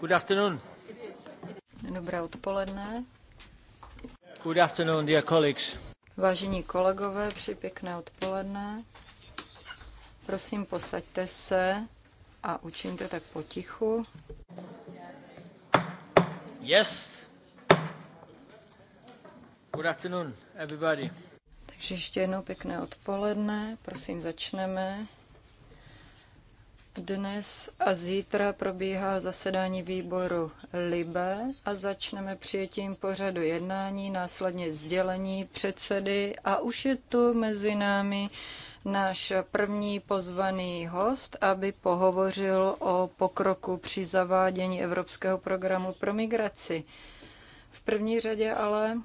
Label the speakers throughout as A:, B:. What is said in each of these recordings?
A: Good afternoon. Dobré odpoledne. Good afternoon, dear colleagues. Vážení kolegové, při pěkné odpoledne. Prosím, posaďte se a učiňte tak potichu. Yes. Good afternoon, everybody. Takže ještě jednou pěkné odpoledne. Prosím, začneme. Dnes a zítra probíhá zasedání výboru LIBE a začneme přijetím pořadu jednání, následně sdělení předsedy a už je tu mezi námi náš první pozvaný host, aby pohovořil o pokroku při zavádění Evropského programu pro migraci. V první řadě ale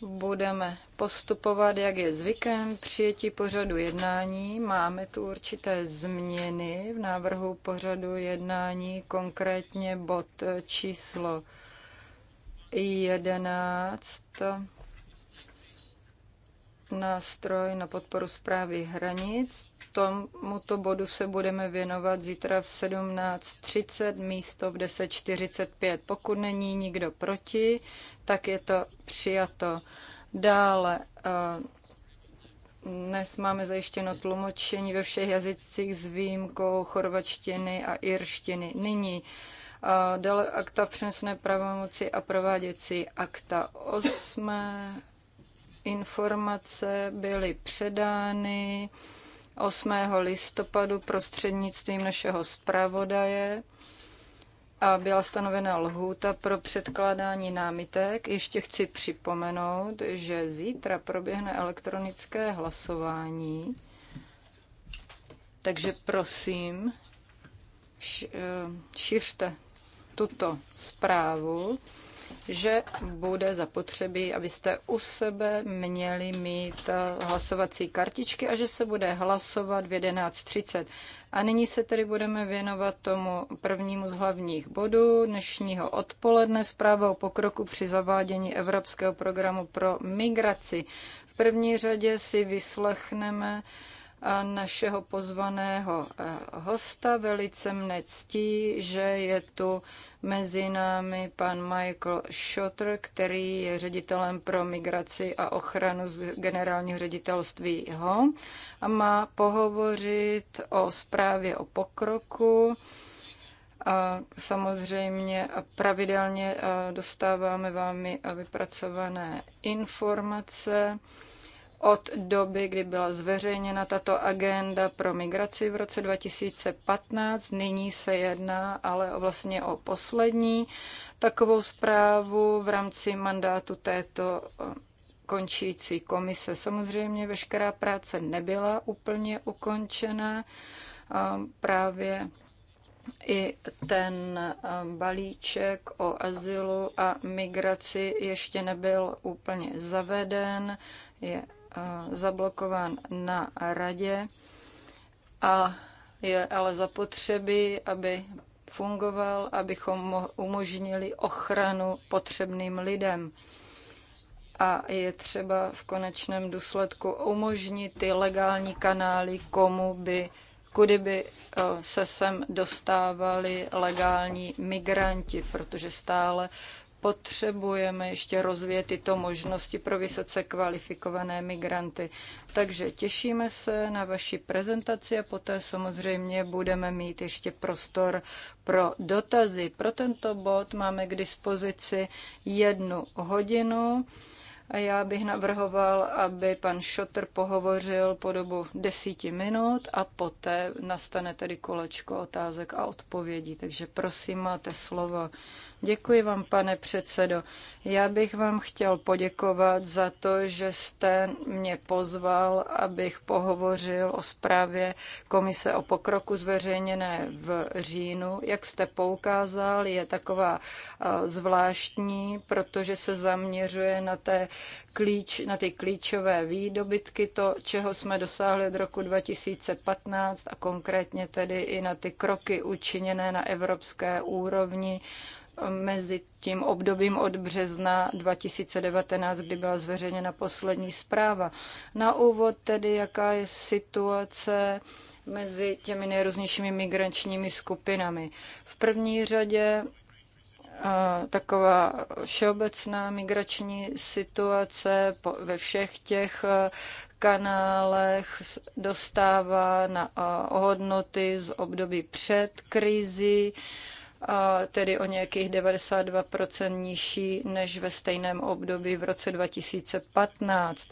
A: budeme postupovat, jak je zvykem, přijetí pořadu jednání. Máme tu určité změny v návrhu pořadu jednání, konkrétně bod číslo 11 nástroj na podporu zprávy hranic tomuto bodu se budeme věnovat zítra v 17.30 místo v 10.45. Pokud není nikdo proti, tak je to přijato. Dále eh, dnes máme zajištěno tlumočení ve všech jazycích s výjimkou chorvačtiny a irštiny. Nyní eh, dále akta v přenesné pravomoci a prováděcí akta 8. Informace byly předány. 8. listopadu prostřednictvím našeho zpravodaje a byla stanovena lhůta pro předkládání námitek. Ještě chci připomenout, že zítra proběhne elektronické hlasování, takže prosím, eh, šiřte tuto zprávu že bude zapotřebí, abyste u sebe měli mít eh, hlasovací kartičky a že se bude hlasovat v 11.30. A nyní se tedy budeme věnovat tomu prvnímu z hlavních bodů dnešního odpoledne zpráva o pokroku při zavádění Evropského programu pro migraci. V první řadě si vyslechneme našeho pozvaného eh, hosta. Velice mne ctí, že je tu mezi námi pan Michael Schotter, který je ředitelem pro migraci a ochranu z generálního ředitelství HO a má pohovořit o zprávě o pokroku. A samozřejmě pravidelně dostáváme vámi eh, vypracované informace od doby, kdy byla zveřejněna tato agenda pro migraci v roce 2015. Nyní se jedná ale vlastně o poslední takovou zprávu v rámci mandátu této eh, končící komise. Samozřejmě veškerá práce nebyla úplně ukončena. Eh, právě i ten eh, balíček o azylu a migraci ještě nebyl úplně zaveden, je zablokován na radě a je ale zapotřebí, aby fungoval, abychom umožnili ochranu potřebným lidem. A je třeba v konečném důsledku umožnit ty legální kanály, komu by, kudy by eh, se sem dostávali legální migranti, protože stále potřebujeme ještě rozvíjet tyto možnosti pro vysoce kvalifikované migranty. Takže těšíme se na vaši prezentaci a poté samozřejmě budeme mít ještě prostor pro dotazy. Pro tento bod máme k dispozici jednu hodinu. A já bych navrhoval, aby pan Šotr pohovořil po dobu desíti minut a poté nastane tedy kolečko otázek a odpovědí. Takže prosím, máte slovo. Děkuji vám, pane předsedo. Já bych vám chtěl poděkovat za to, že jste mě pozval, abych pohovořil o zprávě Komise o pokroku zveřejněné v říjnu. Jak jste poukázal, je taková zvláštní, protože se zaměřuje na, té klíč, na ty klíčové výdobytky, to, čeho jsme dosáhli od roku 2015 a konkrétně tedy i na ty kroky učiněné na evropské úrovni mezi tím obdobím od března 2019, kdy byla zveřejněna poslední zpráva. Na úvod tedy, jaká je situace mezi těmi nejrůznějšími migračními skupinami. V první řadě taková všeobecná migrační situace ve všech těch kanálech dostává na hodnoty z období před krizi tedy o nějakých 92% nižší než ve stejném období v roce 2015.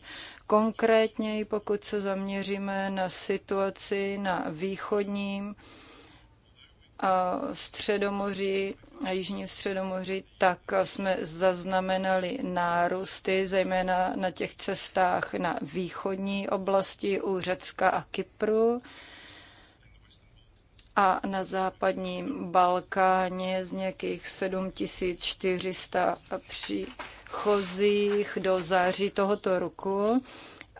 A: Konkrétně, pokud se zaměříme na situaci na východním středomoří a jižním středomoří, tak jsme zaznamenali nárůsty, zejména na těch cestách na východní oblasti u Řecka a Kypru a na západním Balkáně z nějakých 7400 příchozích do září tohoto roku.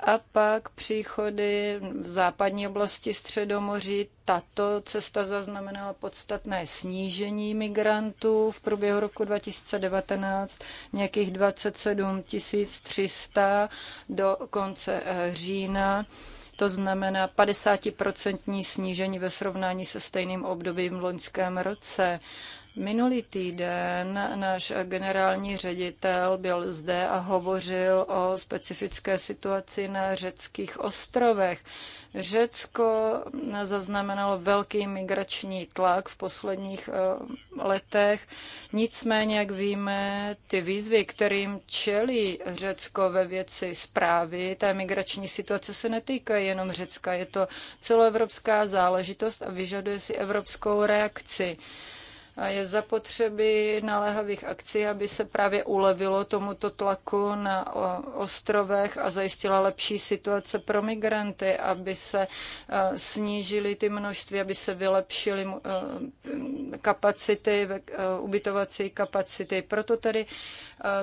A: A pak příchody v západní oblasti Středomoří. Tato cesta zaznamenala podstatné snížení migrantů v průběhu roku 2019, nějakých 27 300 do konce října to znamená 50% snížení ve srovnání se stejným obdobím v loňském roce. Minulý týden náš generální ředitel byl zde a hovořil o specifické situaci na řeckých ostrovech. Řecko zaznamenalo velký migrační tlak v posledních eh, letech. Nicméně, jak víme, ty výzvy, kterým čelí Řecko ve věci zprávy, ta migrační situace se netýká jenom Řecka. Je to celoevropská záležitost a vyžaduje si evropskou reakci je zapotřebí naléhavých akcí, aby se právě ulevilo tomuto tlaku na ostrovech a zajistila lepší situace pro migranty, aby se e, snížily ty množství, aby se vylepšily e, kapacity, e, ubytovací kapacity. Proto tedy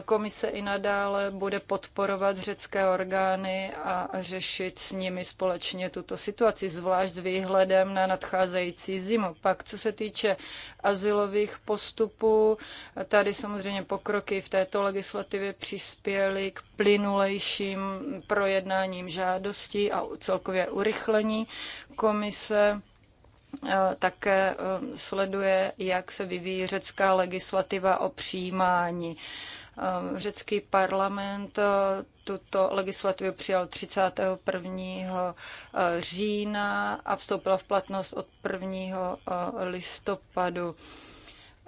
A: komise i nadále bude podporovat řecké orgány a řešit s nimi společně tuto situaci, zvlášť s výhledem na nadcházející zimu. Pak, co se týče azylu, azylových postupů. Tady samozřejmě pokroky v této legislativě přispěly k plynulejším projednáním žádostí a celkově urychlení komise eh, také eh, sleduje, jak se vyvíjí řecká legislativa o přijímání. Eh, řecký parlament tuto legislativu přijal 31. října a vstoupila v platnost od 1. listopadu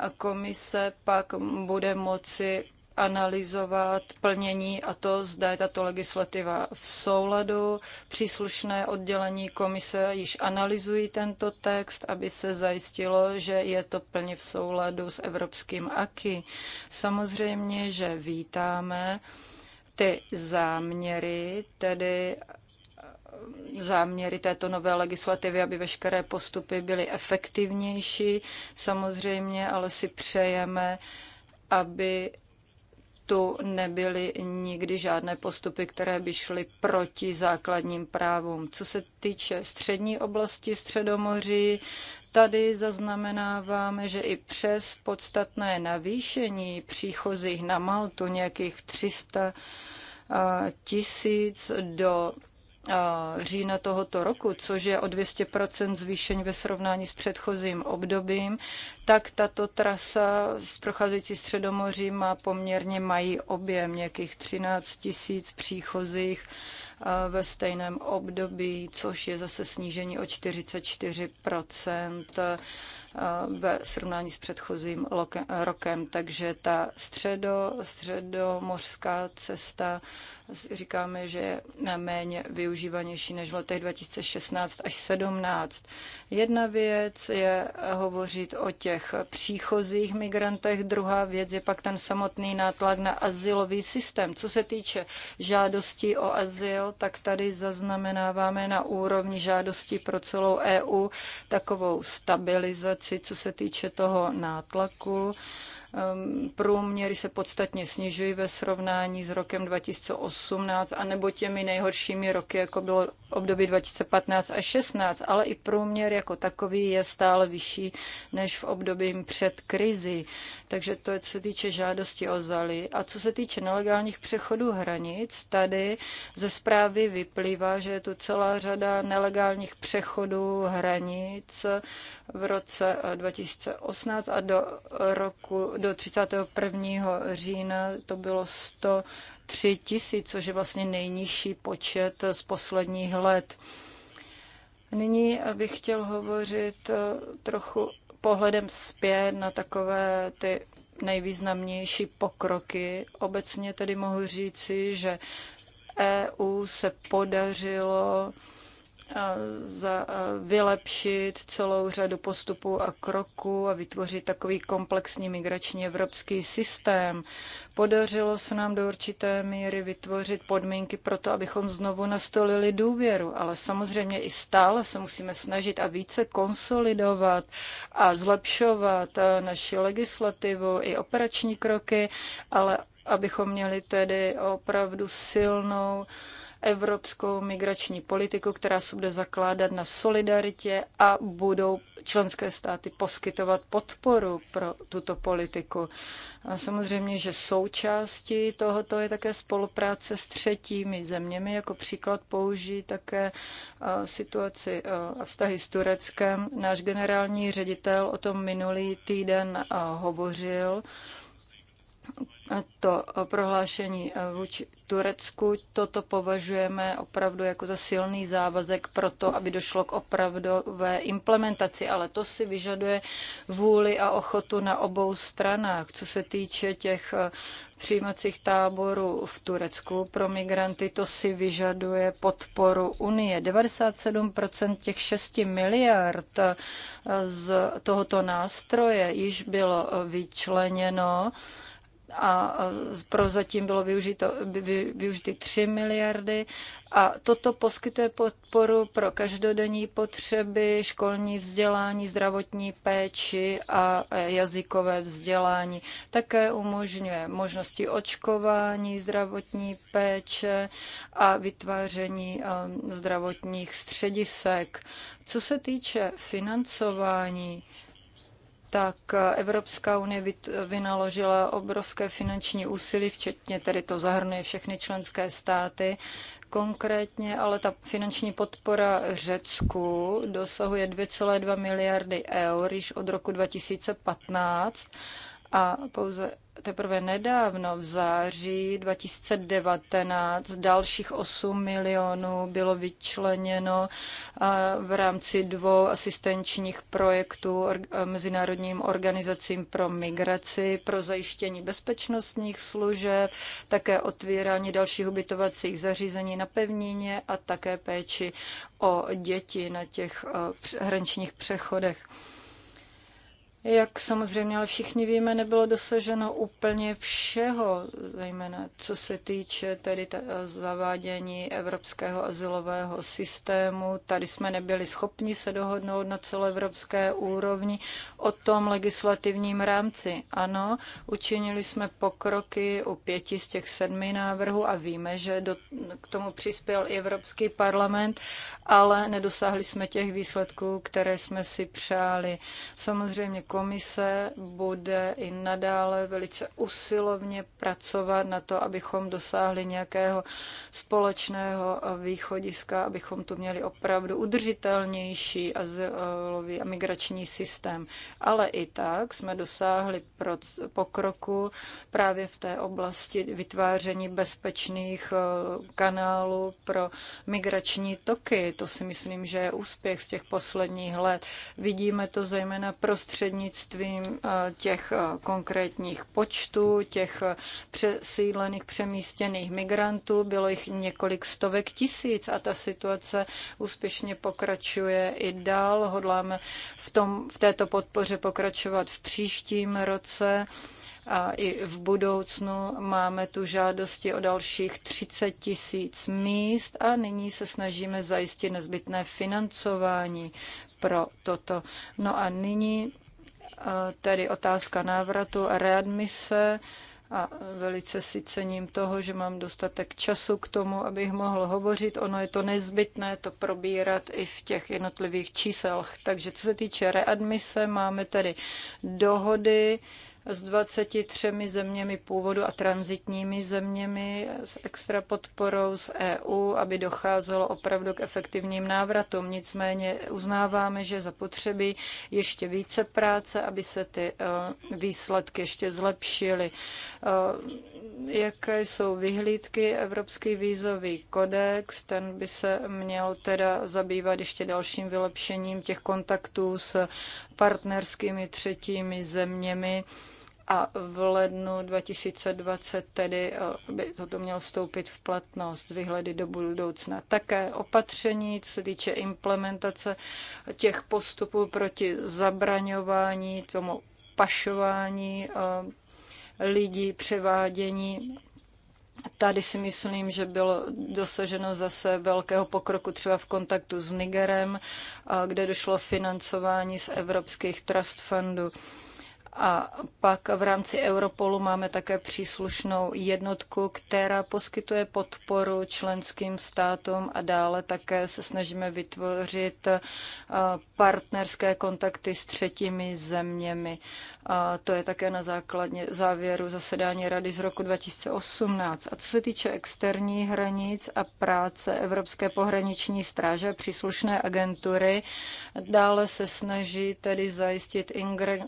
A: a komise pak bude moci analyzovat plnění a to, zda je tato legislativa v souladu. Příslušné oddělení komise již analyzují tento text, aby se zajistilo, že je to plně v souladu s evropským AKI. Samozřejmě, že vítáme ty záměry, tedy záměry této nové legislativy, aby veškeré postupy byly efektivnější. Samozřejmě ale si přejeme, aby tu nebyly nikdy žádné postupy, které by šly proti základním právům. Co se týče střední oblasti Středomoří, tady zaznamenáváme, že i přes podstatné navýšení příchozích na Maltu nějakých 300 tisíc do října tohoto roku, což je o 200 zvýšení ve srovnání s předchozím obdobím, tak tato trasa z procházející středomoří má poměrně mají objem nějakých 13 tisíc příchozích ve stejném období, což je zase snížení o 44 Eh, ve srovnání s předchozím rokem. Takže ta středo, středomořská cesta, říkáme, že je méně využívanější než v letech 2016 až 17. Jedna věc je hovořit o těch příchozích migrantech, druhá věc je pak ten samotný nátlak na asilový systém. Co se týče žádostí o azyl, tak tady zaznamenáváme na úrovni žádostí pro celou EU takovou stabilizaci věci, co se týče toho nátlaku. Ehm, průměry se podstatně snižují ve srovnání s rokem 2018 anebo těmi nejhoršími roky, jako bylo období 2015 až 16, ale i průměr jako takový je stále vyšší než v období před krizi. Takže to je, co se týče žádosti o zali. A co se týče nelegálních přechodů hranic, tady ze zprávy vyplývá, že je tu celá řada nelegálních přechodů hranic v roce 2018 eh, a do roku do 31. října to bylo 100 3 tisíc, což je vlastně nejnižší počet z posledních let. Nyní bych chtěl hovořit eh, trochu pohledem zpět na takové ty nejvýznamnější pokroky. Obecně tedy mohu říci, že EU se podařilo za vylepšit celou řadu postupů a kroků a vytvořit takový komplexní migrační evropský systém. Podařilo se nám do určité míry vytvořit podmínky pro to, abychom znovu nastolili důvěru, ale samozřejmě i stále se musíme snažit a více konsolidovat a zlepšovat naši legislativu i operační kroky, ale abychom měli tedy opravdu silnou evropskou migrační politiku, která se bude zakládat na solidaritě a budou členské státy poskytovat podporu pro tuto politiku. A samozřejmě, že součástí tohoto je také spolupráce s třetími zeměmi. Jako příklad použijí také situaci a vztahy s Tureckem. Náš generální ředitel o tom minulý týden hovořil to e, prohlášení e, vůči Turecku. Toto považujeme opravdu jako za silný závazek pro to, aby došlo k opravdové implementaci, ale to si vyžaduje vůli a ochotu na obou stranách. Co se týče těch e, přijímacích táborů v Turecku pro migranty, to si vyžaduje podporu Unie. 97% těch 6 miliard z tohoto nástroje již bylo vyčleněno a prozatím bylo využito, vy, využity 3 miliardy a toto poskytuje podporu pro každodenní potřeby, školní vzdělání, zdravotní péči a jazykové vzdělání. Také umožňuje možnosti očkování, zdravotní péče a vytváření um, zdravotních středisek. Co se týče financování, tak Evropská unie vynaložila obrovské finanční úsilí, včetně tedy to zahrnuje všechny členské státy. Konkrétně ale ta finanční podpora Řecku dosahuje 2,2 miliardy eur již od roku 2015 a pouze teprve nedávno, v září 2019, dalších 8 milionů bylo vyčleněno v rámci dvou asistenčních projektů Mezinárodním organizacím pro migraci, pro zajištění bezpečnostních služeb, také otvírání dalších ubytovacích zařízení na pevnině a také péči o děti na těch eh, hraničních přechodech. Jak samozřejmě, ale všichni víme, nebylo dosaženo úplně všeho, zejména co se týče tedy eh, zavádění evropského asilového systému. Tady jsme nebyli schopni se dohodnout na celoevropské úrovni o tom legislativním rámci. Ano, učinili jsme pokroky u pěti z těch sedmi návrhů a víme, že do, k tomu přispěl i Evropský parlament, ale nedosáhli jsme těch výsledků, které jsme si přáli. Samozřejmě komise bude i nadále velice usilovně pracovat na to, abychom dosáhli nějakého společného východiska, abychom tu měli opravdu udržitelnější azylový a migrační systém. Ale i tak jsme dosáhli pokroku právě v té oblasti vytváření bezpečných eh, kanálů pro migrační toky. To si myslím, že je úspěch z těch posledních let. Vidíme to zejména prostřední prostřednictvím eh, těch eh, konkrétních počtů, těch eh, přesídlených, přemístěných migrantů. Bylo jich několik stovek tisíc a ta situace úspěšně pokračuje i dál. Hodláme v, tom, v této podpoře pokračovat v příštím roce a i v budoucnu máme tu žádosti o dalších 30 tisíc míst a nyní se snažíme zajistit nezbytné financování pro toto. No a nyní tedy otázka návratu a readmise a velice si cením toho, že mám dostatek času k tomu, abych mohl hovořit. Ono je to nezbytné to probírat i v těch jednotlivých číselch. Takže co se týče readmise, máme tedy dohody, s 23 zeměmi původu a transitními zeměmi s extra podporou z EU, aby docházelo opravdu k efektivním návratům. Nicméně uznáváme, že zapotřebí ještě více práce, aby se ty eh, výsledky ještě zlepšily. Eh, jaké jsou vyhlídky? Evropský vízový kodex, ten by se měl teda zabývat ještě dalším vylepšením těch kontaktů s partnerskými třetími zeměmi a v lednu 2020 tedy eh, by toto mělo vstoupit v platnost z vyhledy do budoucna. Také opatření, co se týče implementace těch postupů proti zabraňování, tomu pašování eh, lidí, převádění Tady si myslím, že bylo dosaženo zase velkého pokroku třeba v kontaktu s Nigerem, eh, kde došlo financování z evropských trust fundů. A pak v rámci Europolu máme také příslušnou jednotku, která poskytuje podporu členským státům a dále také se snažíme vytvořit eh, partnerské kontakty s třetími zeměmi. A to je také na základě závěru zasedání Rady z roku 2018. A co se týče externích hranic a práce Evropské pohraniční stráže a příslušné agentury, dále se snaží tedy zajistit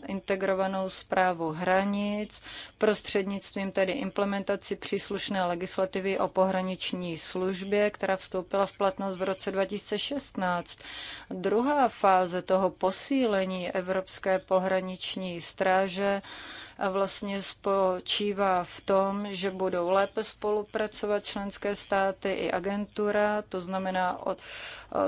A: integrovanou zprávu hranic prostřednictvím tedy implementaci příslušné legislativy o pohraniční službě, která vstoupila v platnost v roce 2016. Druhá fáze toho posílení Evropské pohraniční stráže stráže vlastně spočívá v tom, že budou lépe spolupracovat členské státy i agentura, to znamená, od,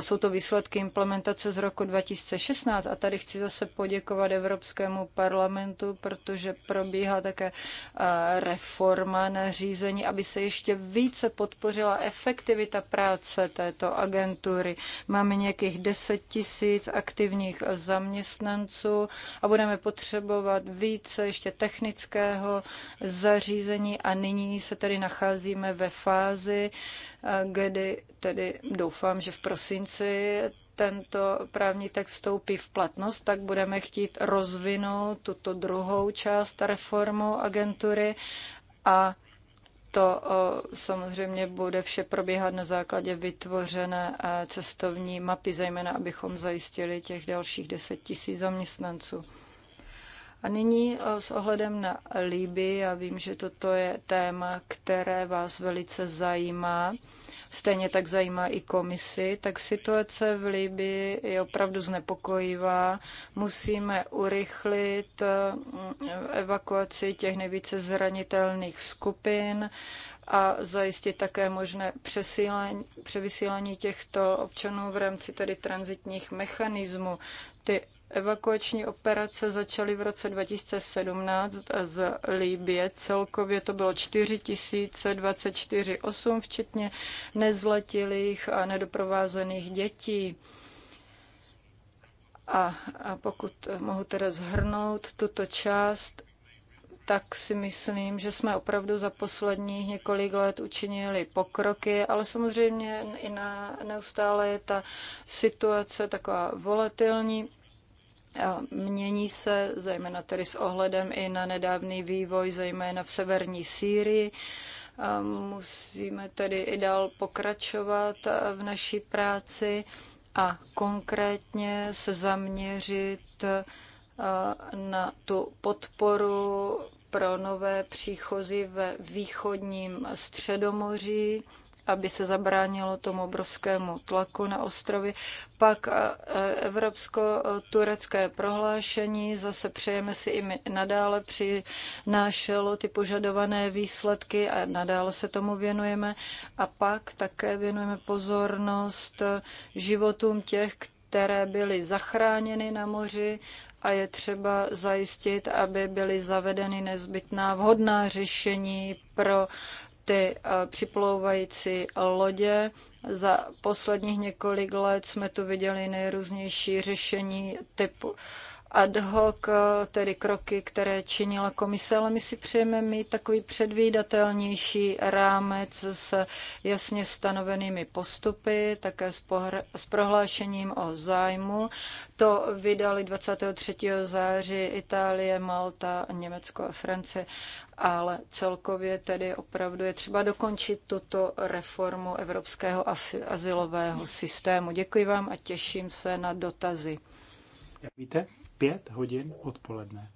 A: jsou to výsledky implementace z roku 2016 a tady chci zase poděkovat Evropskému parlamentu, protože probíhá také reforma nařízení, aby se ještě více podpořila efektivita práce této agentury. Máme nějakých 10 tisíc aktivních zaměstnanců a budeme potřebovat více ještě technického zařízení a nyní se tedy nacházíme ve fázi, eh, kdy tedy doufám, že v prosinci tento právní text vstoupí v platnost, tak budeme chtít rozvinout tuto druhou část reformu agentury a to eh, samozřejmě bude vše probíhat na základě vytvořené eh, cestovní mapy, zejména abychom zajistili těch dalších 10 tisíc zaměstnanců. A nyní eh, s ohledem na Líby, já vím, že toto je téma, které vás velice zajímá, stejně tak zajímá i komisi, tak situace v Libii je opravdu znepokojivá. Musíme urychlit eh, mm, evakuaci těch nejvíce zranitelných skupin a zajistit také možné převysílání těchto občanů v rámci tedy transitních mechanismů. Ty Evakuační operace začaly v roce 2017 z Líbie. Celkově to bylo 4024 osm, včetně nezletilých a nedoprovázených dětí. A, a pokud mohu teda zhrnout tuto část, tak si myslím, že jsme opravdu za posledních několik let učinili pokroky, ale samozřejmě i na, neustále je ta situace taková volatilní Mění se, zejména tedy s ohledem i na nedávný vývoj, zejména v severní Sýrii. Musíme tedy i dál pokračovat v naší práci a konkrétně se zaměřit na tu podporu pro nové příchozí ve východním středomoří aby se zabránilo tomu obrovskému tlaku na ostrovy. Pak eh, evropsko-turecké prohlášení, zase přejeme si i my nadále přinášelo ty požadované výsledky a nadále se tomu věnujeme. A pak také věnujeme pozornost životům těch, které byly zachráněny na moři a je třeba zajistit, aby byly zavedeny nezbytná vhodná řešení pro ty eh, připlouvající lodě. Za posledních několik let jsme tu viděli nejrůznější řešení typu ad hoc, eh, tedy kroky, které činila komise, ale my si přejeme mít takový předvídatelnější rámec s jasně stanovenými postupy, také s, pohr- s prohlášením o zájmu. To vydali 23. září Itálie, Malta, Německo a Francie ale celkově tedy opravdu je třeba dokončit tuto reformu evropského asilového systému. Děkuji vám a těším se na dotazy.
B: Jak víte, v pět hodin odpoledne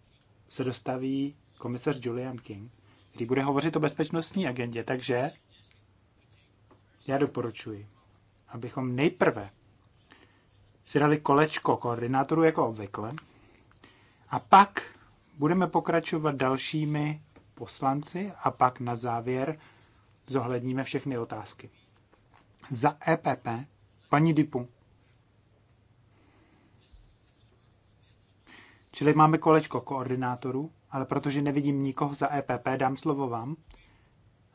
B: se dostaví komisař Julian King, který bude hovořit o bezpečnostní agendě, takže já doporučuji, abychom nejprve si dali kolečko koordinátorů jako obvykle a pak budeme pokračovat dalšími poslanci a pak na závěr zohledníme všechny otázky. Za EPP paní Dipu. Čili máme kolečko koordinátorů, ale protože nevidím nikoho za EPP, dám slovo vám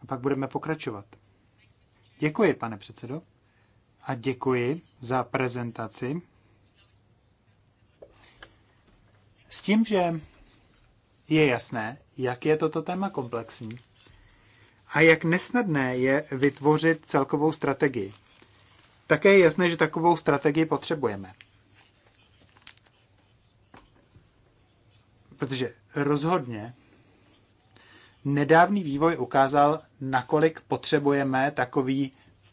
B: a pak budeme pokračovat. Děkuji, pane předsedo, a děkuji za prezentaci. S tím, že je jasné, jak je toto téma komplexní a jak nesnadné je vytvořit celkovou strategii. Také je jasné, že takovou strategii potřebujeme. Protože rozhodně nedávný vývoj ukázal, nakolik potřebujeme takový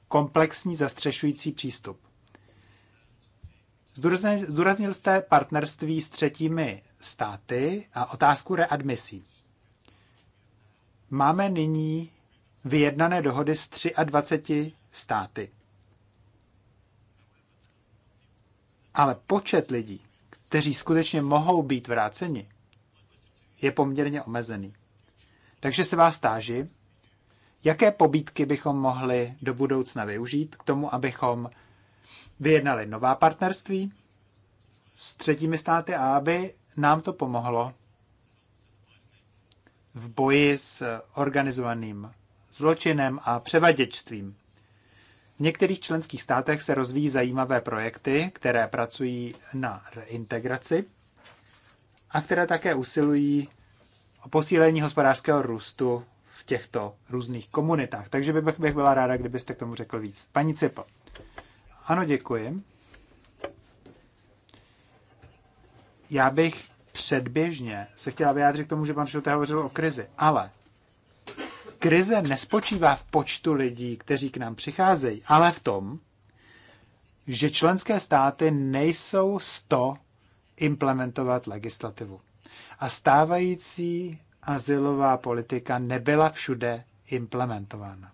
B: komplexní zastřešující přístup. Zdůraznil jste partnerství s třetími státy a otázku readmisí. Máme nyní vyjednané dohody s 23 státy. Ale počet lidí, kteří skutečně mohou být vráceni, je poměrně omezený. Takže se vás táži, jaké pobídky bychom mohli do budoucna využít k tomu, abychom vyjednali nová partnerství s třetími státy a aby nám to pomohlo v boji s organizovaným zločinem a převaděčstvím. V některých členských státech se rozvíjí zajímavé projekty, které pracují na reintegraci a které také usilují o posílení hospodářského růstu v těchto různých komunitách. Takže bych byla ráda, kdybyste k tomu řekl víc. Paní Cipo. Ano, děkuji. Já bych předběžně se chtěl vyjádřit k tomu, že pan Šuté hovořil o krizi, ale krize nespočívá v počtu lidí, kteří k nám přicházejí, ale v tom, že členské státy nejsou sto implementovat legislativu. A stávající asilová politika nebyla všude implementována.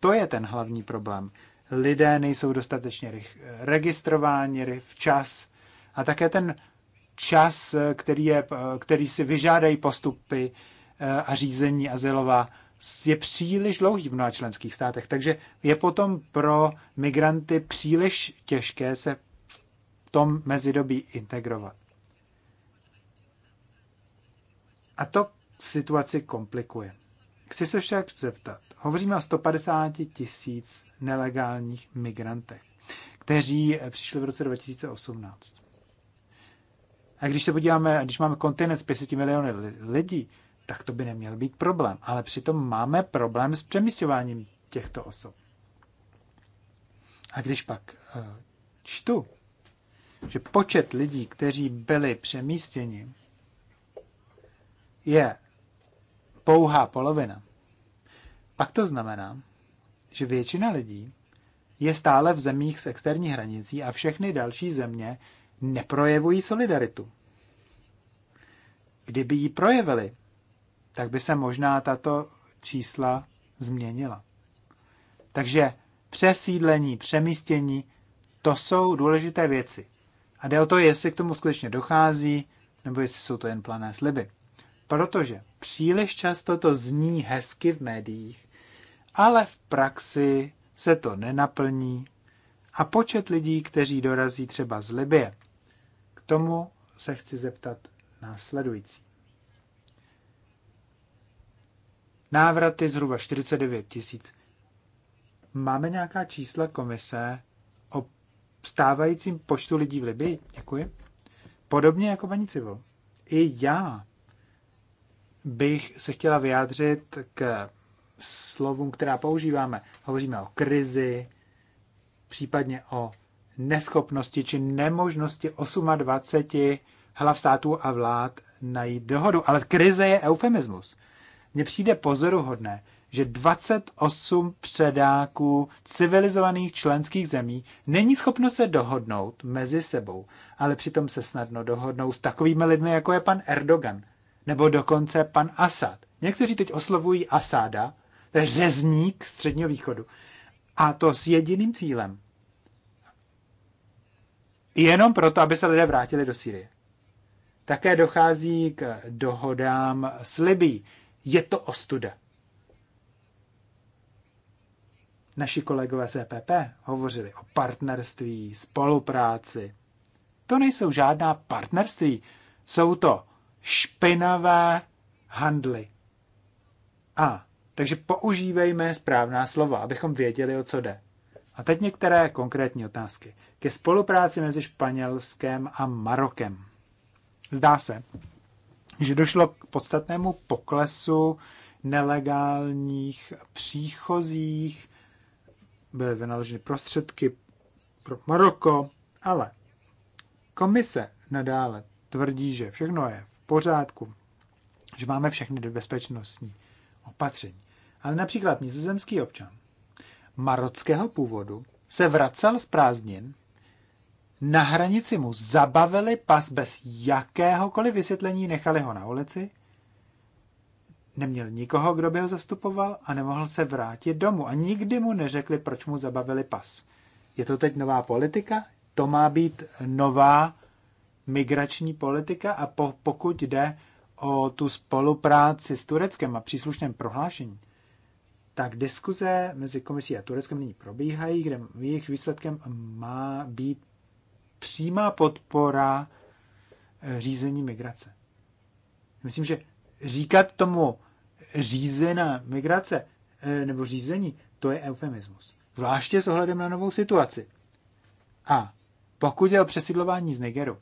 B: To je ten hlavní problém. Lidé nejsou dostatečně registrováni včas a také ten čas, eh, který, je, eh, který si vyžádají postupy eh, a řízení azylová, je příliš dlouhý v mnoha členských státech. Takže je potom pro migranty příliš těžké se v tom mezidobí integrovat. A to situaci komplikuje. Chci se však zeptat. Hovoříme o 150 tisíc nelegálních migrantech, kteří přišli v roce 2018. A když se podíváme, když máme kontinent s 50 miliony lidí, tak to by neměl být problém. Ale přitom máme problém s přemysťováním těchto osob. A když pak eh, čtu, že počet lidí, kteří byli přemístěni, je pouhá polovina, pak to znamená, že většina lidí je stále v zemích s externí hranicí a všechny další země neprojevují solidaritu. Kdyby ji projevili, tak by se možná tato čísla změnila. Takže přesídlení, přemístění, to jsou důležité věci. A jde o to, jestli k tomu skutečně dochází, nebo jestli jsou to jen plané sliby. Protože příliš často to zní hezky v médiích, ale v praxi se to nenaplní a počet lidí, kteří dorazí třeba z Libie, tomu se chci zeptat následující. Návraty zhruba 49 tisíc. Máme nějaká čísla komise o stávajícím počtu lidí v Libii? Děkuji. Podobně jako paní Civil. I já bych se chtěla vyjádřit k slovům, která používáme. Hovoříme o krizi, případně o neschopnosti či nemožnosti 28 hlav států a vlád najít dohodu. Ale krize je eufemismus. Mně přijde pozoruhodné, že 28 předáků civilizovaných členských zemí není schopno se dohodnout mezi sebou, ale přitom se snadno dohodnou s takovými lidmi, jako je pan Erdogan, nebo dokonce pan Asad. Někteří teď oslovují Asada, to je řezník středního východu, a to s jediným cílem, jenom proto, aby se lidé vrátili do Sýrie. Také dochází k dohodám s Libí. Je to ostuda. Naši kolegové z EPP hovořili o partnerství, spolupráci. To nejsou žádná partnerství, jsou to špinavé handly. A, takže používejme správná slova, abychom věděli, o co jde. A teď některé konkrétní otázky. Ke spolupráci mezi Španělskem a Marokem. Zdá se, že došlo k podstatnému poklesu nelegálních příchozích, byly vynaloženy prostředky pro Maroko, ale komise nadále tvrdí, že všechno je v pořádku, že máme všechny bezpečnostní opatření. Ale například nizozemský občan marockého původu se vracel z prázdnin, na hranici mu zabavili pas bez jakéhokoliv vysvětlení, nechali ho na ulici, neměl nikoho, kdo by ho zastupoval a nemohl se vrátit domů a nikdy mu neřekli, proč mu zabavili pas. Je to teď nová politika? To má být nová migrační politika a po, pokud jde o tu spolupráci s Tureckem a příslušném prohlášení, tak diskuze mezi komisí a Tureckem nyní probíhají, kde jejich výsledkem má být přímá podpora eh, řízení migrace. Myslím, že říkat tomu řízená migrace eh, nebo řízení, to je eufemismus. Vláště s ohledem na novou situaci. A pokud je o přesidlování z Nigeru,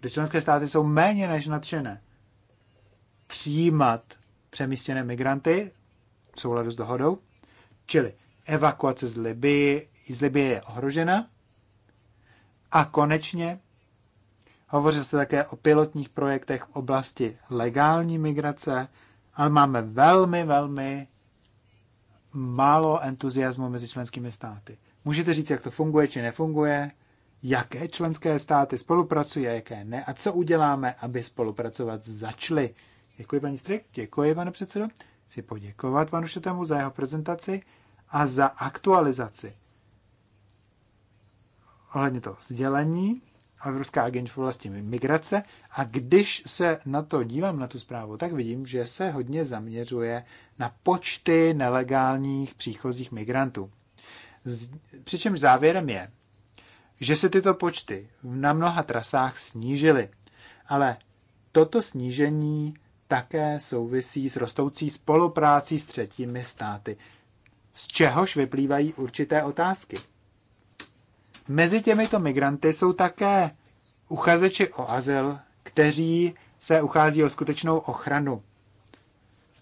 B: kde členské státy jsou méně než nadšené přijímat přemístěné migranty, v souladu s dohodou. Čili evakuace z Libie, z Libie je ohrožena. A konečně hovoří se také o pilotních projektech v oblasti legální migrace, ale máme velmi, velmi málo entuziasmu mezi členskými státy. Můžete říct, jak to funguje či nefunguje, jaké členské státy spolupracují a jaké ne a co uděláme, aby spolupracovat začaly. Děkuji, paní Strik, děkuji, pane předsedo chci poděkovat panu Šetemu za jeho prezentaci a za aktualizaci. Ohledně toho sdělení, Evropská agentura vlastně migrace. A když se na to dívám, na tu zprávu, tak vidím, že se hodně zaměřuje na počty nelegálních příchozích migrantů. přičemž závěrem je, že se tyto počty na mnoha trasách snížily. Ale toto snížení také souvisí s rostoucí spoluprácí s třetími státy, z čehož vyplývají určité otázky. Mezi těmito migranty jsou také uchazeči o azyl, kteří se uchází o skutečnou ochranu.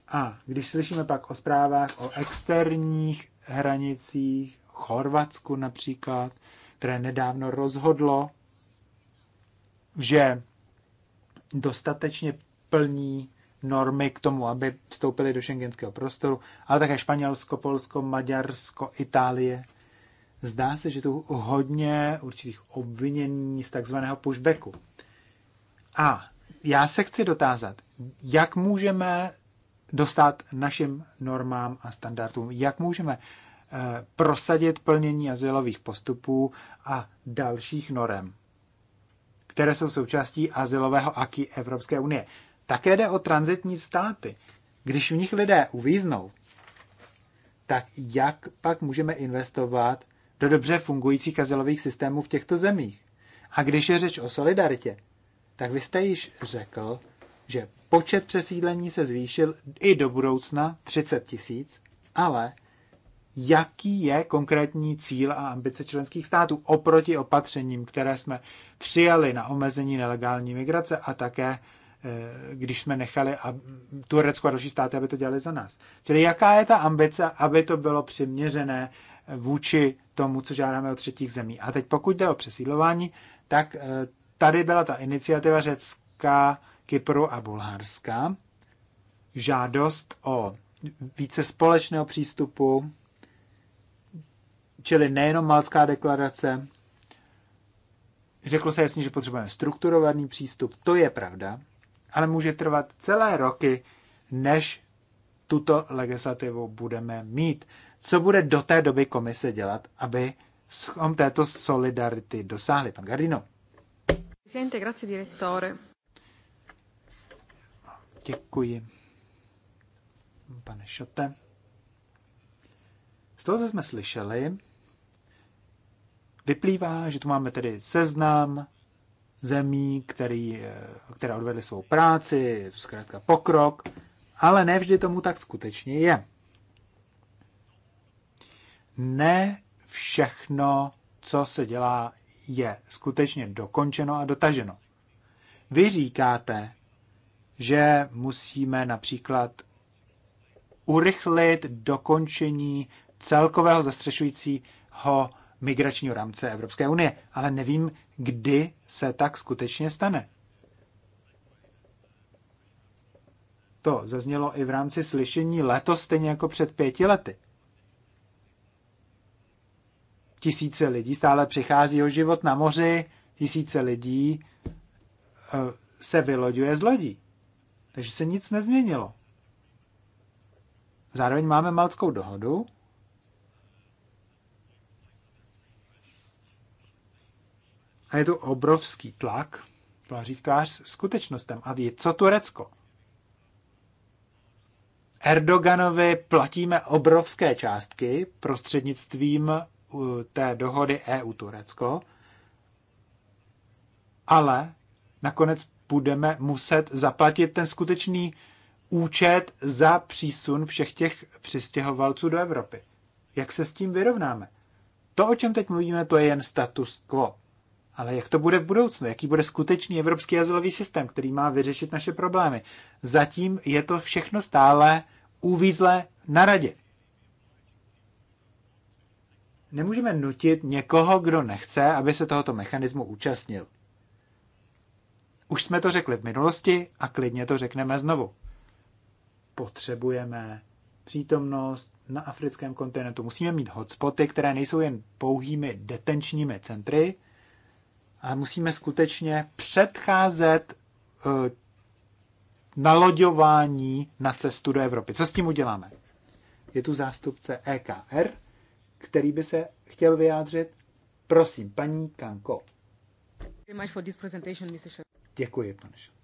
B: A když slyšíme pak o zprávách o externích hranicích, Chorvatsku například, které nedávno rozhodlo, že dostatečně plní normy k tomu, aby vstoupili do šengenského prostoru, ale také Španělsko, Polsko, Maďarsko, Itálie. Zdá se, že tu hodně určitých obvinění z takzvaného pushbacku. A já se chci dotázat, jak můžeme dostat našim normám a standardům, jak můžeme eh, prosadit plnění azylových postupů a dalších norem, které jsou součástí azylového aky Evropské unie. Také jde o transitní státy. Když v nich lidé uvíznou, tak jak pak můžeme investovat do dobře fungujících azylových systémů v těchto zemích? A když je řeč o solidaritě, tak vy jste již řekl, že počet přesídlení se zvýšil i do budoucna 30 tisíc, ale jaký je konkrétní cíl a ambice členských států oproti opatřením, které jsme přijali na omezení nelegální migrace a také Eh, když jsme nechali a Turecko a další státy, aby to dělali za nás. Čili jaká je ta ambice, aby to bylo přiměřené vůči tomu, co žádáme od třetích zemí. A teď pokud jde o přesídlování, tak eh, tady byla ta iniciativa Řecka, Kypru a Bulharska. Žádost o více společného přístupu, čili nejenom Malcká deklarace. Řeklo se jasně, že potřebujeme strukturovaný přístup, to je pravda, ale může trvat celé roky, než tuto legislativu budeme mít. Co bude do té doby komise dělat, aby schom této solidarity dosáhli? Pan Gardino. Děkuji. Pane Šote. Z toho, co jsme slyšeli, vyplývá, že tu máme tedy seznam zemí, který, které odvedly svou práci, je to zkrátka pokrok, ale nevždy tomu tak skutečně je. Ne všechno, co se dělá, je skutečně dokončeno a dotaženo. Vy říkáte, že musíme například urychlit dokončení celkového zastřešujícího migračního rámce Evropské unie, ale nevím, kdy se tak skutečně stane. To zaznělo i v rámci slyšení letos, stejně jako před pěti lety. Tisíce lidí stále přichází o život na moři, tisíce lidí eh, se vyloďuje z lodí. Takže se nic nezměnilo. Zároveň máme Malckou dohodu, A je to obrovský tlak tváří v tvář skutečnostem. A ví, co Turecko? Erdoganovi platíme obrovské částky prostřednictvím té dohody EU-Turecko, ale nakonec budeme muset zaplatit ten skutečný účet za přísun všech těch přistěhovalců do Evropy. Jak se s tím vyrovnáme? To, o čem teď mluvíme, to je jen status quo. Ale jak to bude v budoucnu? Jaký bude skutečný evropský azylový systém, který má vyřešit naše problémy? Zatím je to všechno stále uvízlé na radě. Nemůžeme nutit někoho, kdo nechce, aby se tohoto mechanismu účastnil. Už jsme to řekli v minulosti a klidně to řekneme znovu. Potřebujeme přítomnost na africkém kontinentu. Musíme mít hotspoty, které nejsou jen pouhými detenčními centry, ale musíme skutečně předcházet eh, naloďování na cestu do Evropy. Co s tím uděláme? Je tu zástupce EKR, který by se chtěl vyjádřit. Prosím, paní Kanko. Děkuji, pane Šot.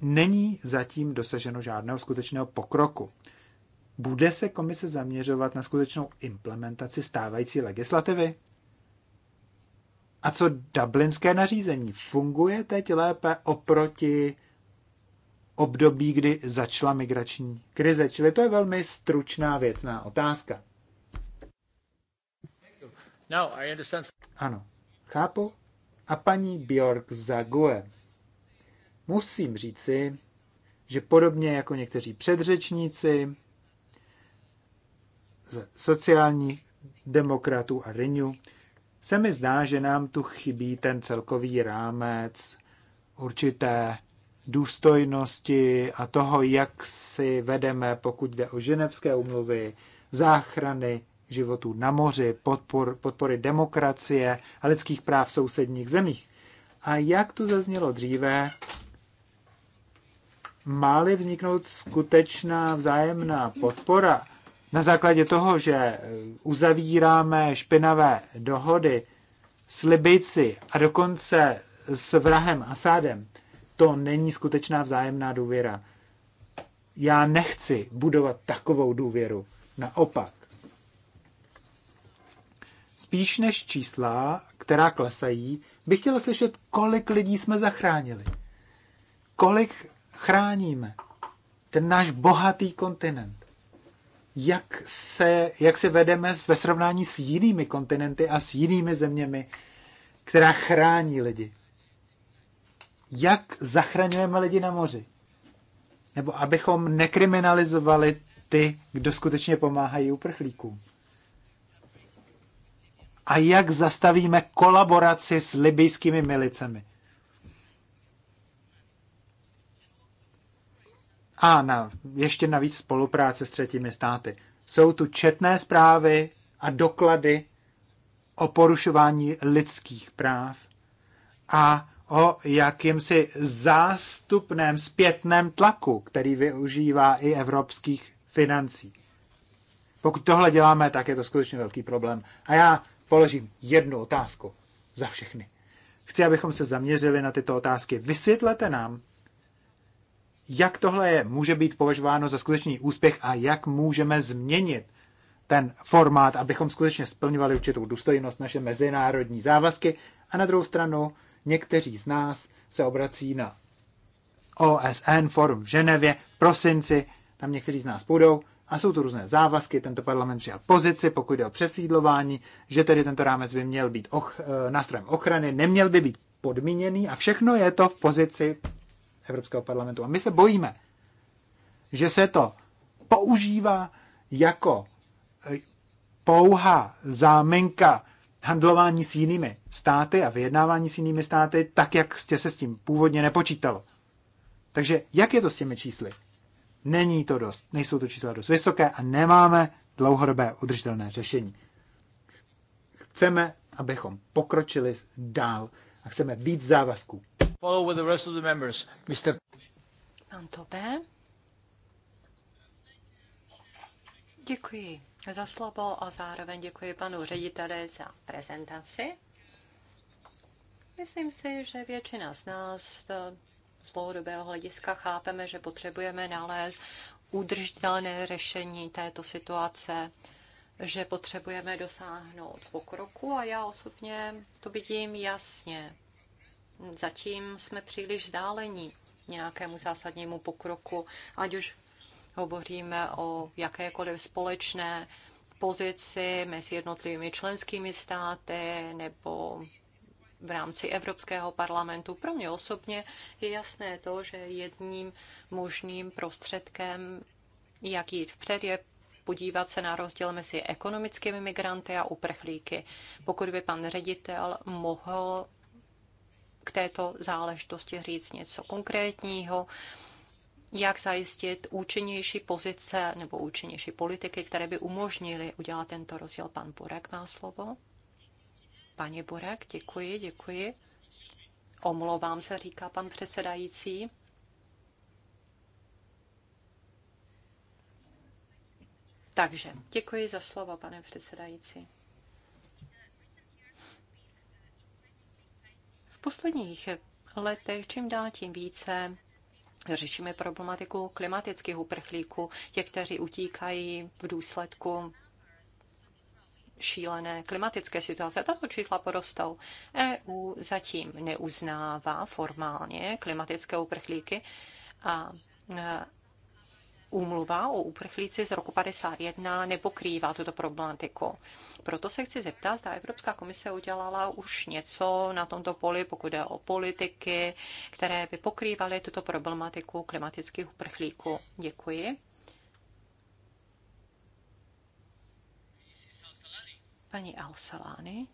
B: Není zatím dosaženo žádného skutečného pokroku. Bude se komise zaměřovat na skutečnou implementaci stávající legislativy? A co dublinské nařízení? Funguje teď lépe oproti období, kdy začala migrační krize? Čili to je velmi stručná věcná otázka. Ano, chápu. A paní Bjork Zague. Musím říci, že podobně jako někteří předřečníci ze sociálních demokratů a Renew, se mi zdá, že nám tu chybí ten celkový rámec určité důstojnosti a toho, jak si vedeme, pokud jde o ženevské umluvy, záchrany životů na moři, podpor, podpory demokracie a lidských práv v sousedních zemích. A jak tu zaznělo dříve, má-li vzniknout skutečná vzájemná podpora na základě toho, že eh, uzavíráme špinavé dohody s Libyjci a dokonce s vrahem Asádem, to není skutečná vzájemná důvěra. Já nechci budovat takovou důvěru. Naopak. Spíš než čísla, která klesají, bych chtěl slyšet, kolik lidí jsme zachránili. Kolik chráníme ten náš bohatý kontinent jak se, jak se vedeme ve srovnání s jinými kontinenty a s jinými zeměmi, která chrání lidi. Jak zachraňujeme lidi na moři? Nebo abychom nekriminalizovali ty, kdo skutečně pomáhají uprchlíkům? A jak zastavíme kolaboraci s libijskými milicemi? a na, ještě navíc spolupráce s třetími státy. Jsou tu četné zprávy a doklady o porušování lidských práv a o jakýmsi zástupném zpětném tlaku, který využívá i evropských financí. Pokud tohle děláme, tak je to skutečně velký problém. A já položím jednu otázku za všechny. Chci, abychom se zaměřili na tyto otázky. Vysvětlete nám, jak tohle je, může být považováno za skutečný úspěch a jak můžeme změnit ten formát, abychom skutečně splňovali určitou důstojnost naše mezinárodní závazky. A na druhou stranu někteří z nás se obrací na OSN forum v Ženevě v prosinci, tam někteří z nás půjdou a jsou tu různé závazky. Tento parlament přijal pozici, pokud jde o přesídlování, že tedy tento rámec by měl být och, eh, nástrojem ochrany, neměl by být podmíněný a všechno je to v pozici Evropského parlamentu. A my se bojíme, že se to používá jako eh, pouhá zámenka handlování s jinými státy a vyjednávání s jinými státy, tak jak jste se s tím původně nepočítalo. Takže jak je to s těmi čísly? Není to dost, nejsou to čísla dost vysoké a nemáme dlouhodobé udržitelné řešení. Chceme, abychom pokročili dál a chceme víc závazků.
A: Follow with the rest of the members.
B: Mr.
C: Pan Děkuji za slovo a zároveň děkuji panu řediteli za prezentaci. Myslím si, že většina z nás eh, z dlouhodobého hlediska chápeme, že potřebujeme nalézt udržitelné řešení této situace, že potřebujeme dosáhnout pokroku a já osobně to vidím jasně zatím jsme příliš vzdálení nějakému zásadnímu pokroku, ať už hovoříme o jakékoliv společné pozici mezi jednotlivými členskými státy nebo v rámci Evropského parlamentu. Pro mě osobně je jasné to, že jedním možným prostředkem, jak jít vpřed, je podívat se na rozdíl mezi ekonomickými migranty a uprchlíky. Pokud by pan ředitel mohl k této záležitosti říct něco konkrétního, jak zajistit účinnější pozice nebo účinnější politiky, které by umožnily udělat tento rozdíl. Pan Burek má slovo. Pani Burek, děkuji, děkuji. Omlouvám se, říká pan předsedající. Takže děkuji za slovo, pane předsedající. posledních letech čím dál tím více řešíme problematiku klimatických uprchlíků, těch, kteří utíkají v důsledku šílené klimatické situace. Tato čísla porostou. EU zatím neuznává formálně klimatické uprchlíky a e, úmluva o uprchlíci z roku 51 nepokrývá tuto problematiku. Proto se chci zeptat, zda Evropská komise udělala už něco na tomto poli, pokud jde o politiky, které by pokrývaly tuto problematiku klimatických uprchlíků. Děkuji. Paní Alsalány.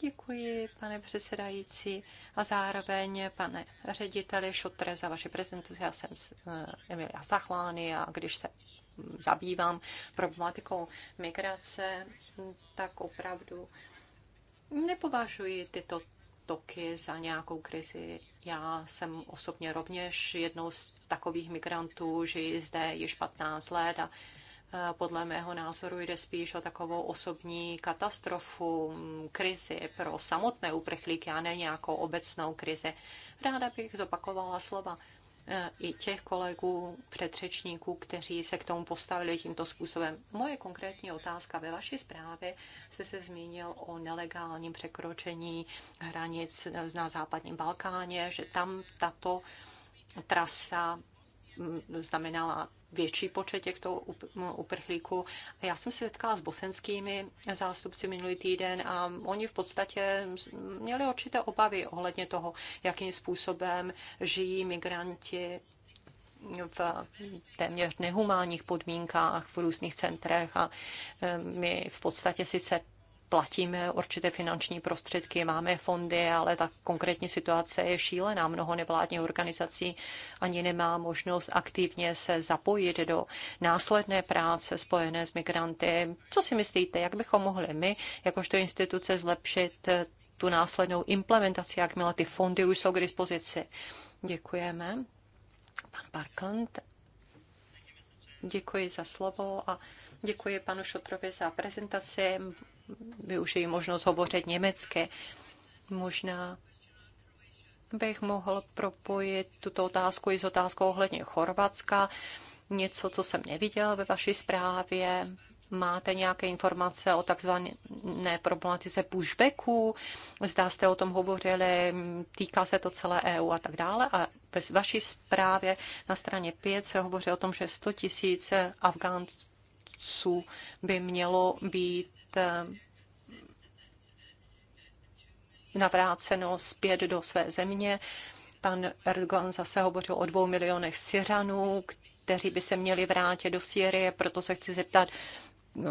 C: Děkuji, pane předsedající, a zároveň, pane řediteli Šutre, za vaši prezentaci. Já jsem eh, Emilia Zachlány a když se zabývám problematikou migrace, tak opravdu nepovažuji tyto toky za nějakou krizi. Já jsem osobně rovněž jednou z takových migrantů, že zde již 15 let a Eh, podle mého názoru jde spíš o takovou osobní katastrofu, mm, krizi pro samotné uprchlíky a ne nějakou obecnou krizi. Ráda bych zopakovala slova eh, i těch kolegů, předřečníků, kteří se k tomu postavili tímto způsobem. Moje konkrétní otázka ve vaší zprávě jste se zmínil o nelegálním překročení hranic na západním Balkáně, že tam tato trasa znamenala větší počet těchto uprchlíků. A já jsem se setkala s bosenskými zástupci minulý týden a oni v podstatě měli určité obavy ohledně toho, jakým způsobem žijí migranti v téměř nehumánních podmínkách v různých centrech a e, my v podstatě sice platíme určité finanční prostředky, máme fondy, ale ta konkrétní situace je šílená. Mnoho nevládních organizací ani nemá možnost aktivně se zapojit do následné práce spojené s migranty. Co si myslíte, jak bychom mohli my, jakožto instituce, zlepšit tu následnou implementaci, jakmile ty fondy už jsou k dispozici? Děkujeme. Pan Barkant. Děkuji za slovo a děkuji panu Šotrovi za prezentaci využijí možnost hovořit německy. Možná bych mohl propojit tuto otázku i s otázkou ohledně Chorvatska. Něco, co jsem neviděl ve vaší zprávě. Máte nějaké informace o takzvané problematice pushbacků? Zdá jste o tom hovořili, týká se to celé EU a tak dále. A ve vaší zprávě na straně 5 se hovoří o tom, že 100 tisíc Afgánců by mělo být Eh, navráceno zpět do své země. Pan Erdogan zase hovořil o dvou milionech Syřanů, kteří by se měli vrátit do Syrie, proto se chci zeptat,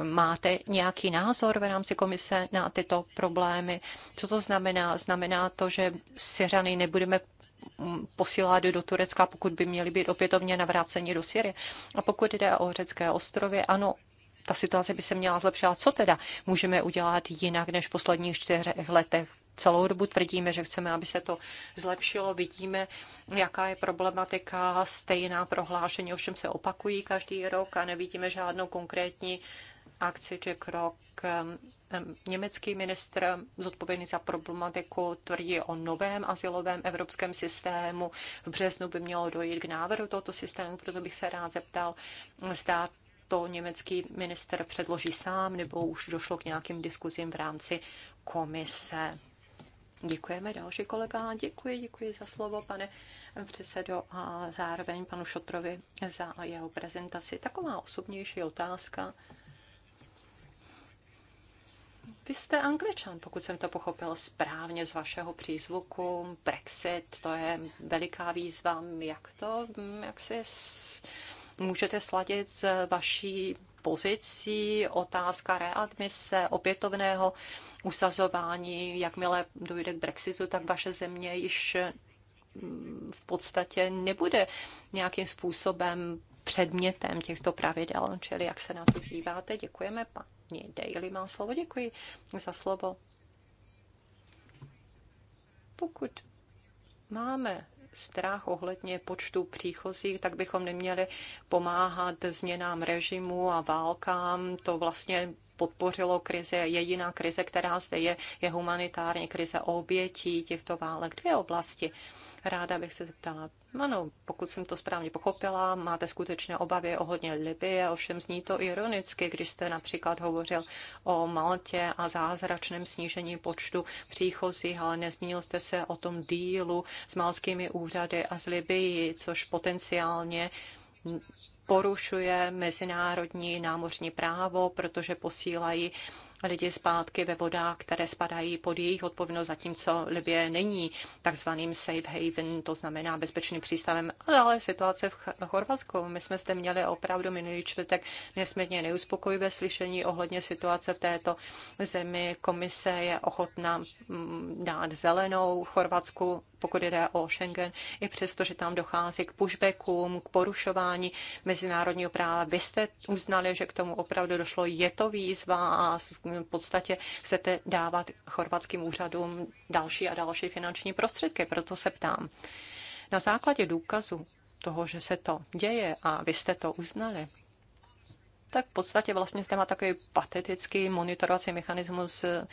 C: máte nějaký názor v rámci komise na tyto problémy? Co to znamená? Znamená to, že Syřany nebudeme posílat do Turecka, pokud by měli být opětovně navráceni do Syrie. A pokud jde o řecké ostrovy, ano, ta situace by se měla zlepšovat. Co teda můžeme udělat jinak než v posledních čtyřech letech? celou dobu tvrdíme, že chceme, aby se to zlepšilo. Vidíme, jaká je problematika. Stejná prohlášení ovšem se opakují každý rok a nevidíme žádnou konkrétní akci či krok. Ehm, ehm, německý ministr zodpovědný za problematiku tvrdí o novém asilovém evropském systému. V březnu by mělo dojít k návrhu tohoto systému, proto bych se rád zeptal, zda to německý minister předloží sám, nebo už došlo k nějakým diskuzím v rámci komise. Děkujeme další kolega. Děkuji, děkuji za slovo, pane předsedo, a zároveň panu Šotrovi za jeho prezentaci. Taková osobnější otázka. Vy jste angličan, pokud jsem to pochopil správně z vašeho přízvuku. Brexit, to je veliká výzva. Jak to, jak si můžete sladit s vaší pozicí, otázka readmise, opětovného usazování, jakmile dojde k Brexitu, tak vaše země již mm, v podstatě nebude nějakým způsobem předmětem těchto pravidel, čili jak se na to díváte. Děkujeme, paní Daily má slovo, děkuji za slovo. Pokud máme strach ohledně počtu příchozích, tak bychom neměli pomáhat změnám režimu a válkám. To vlastně podpořilo krize. Jediná krize, která zde je, je humanitární krize obětí těchto válek. Dvě oblasti Ráda bych se zeptala, ano, pokud jsem to správně pochopila, máte skutečné obavy ohledně Libie, ovšem zní to ironicky, když jste například hovořil o Maltě a zázračném snížení počtu příchozích, ale nezmínil jste se o tom dílu s malskými úřady a z Libii, což potenciálně porušuje mezinárodní námořní právo, protože posílají lidi zpátky ve vodách, které spadají pod jejich odpovědnost, zatímco Libie není takzvaným safe haven, to znamená bezpečným přístavem, ale situace v Chorvatsku. My jsme zde měli opravdu minulý čtvrtek nesmírně neuspokojivé slyšení ohledně situace v této zemi. Komise je ochotná mm, dát zelenou Chorvatsku pokud jde o Schengen, i přesto, že tam dochází k pushbackům, k porušování mezinárodního práva. Vy jste uznali, že k tomu opravdu došlo. Je to výzva a v podstatě chcete dávat chorvatským úřadům další a další finanční prostředky. Proto se ptám. Na základě důkazu toho, že se to děje a vy jste to uznali, tak v podstatě vlastně zde má takový patetický monitorovací mechanismus eh,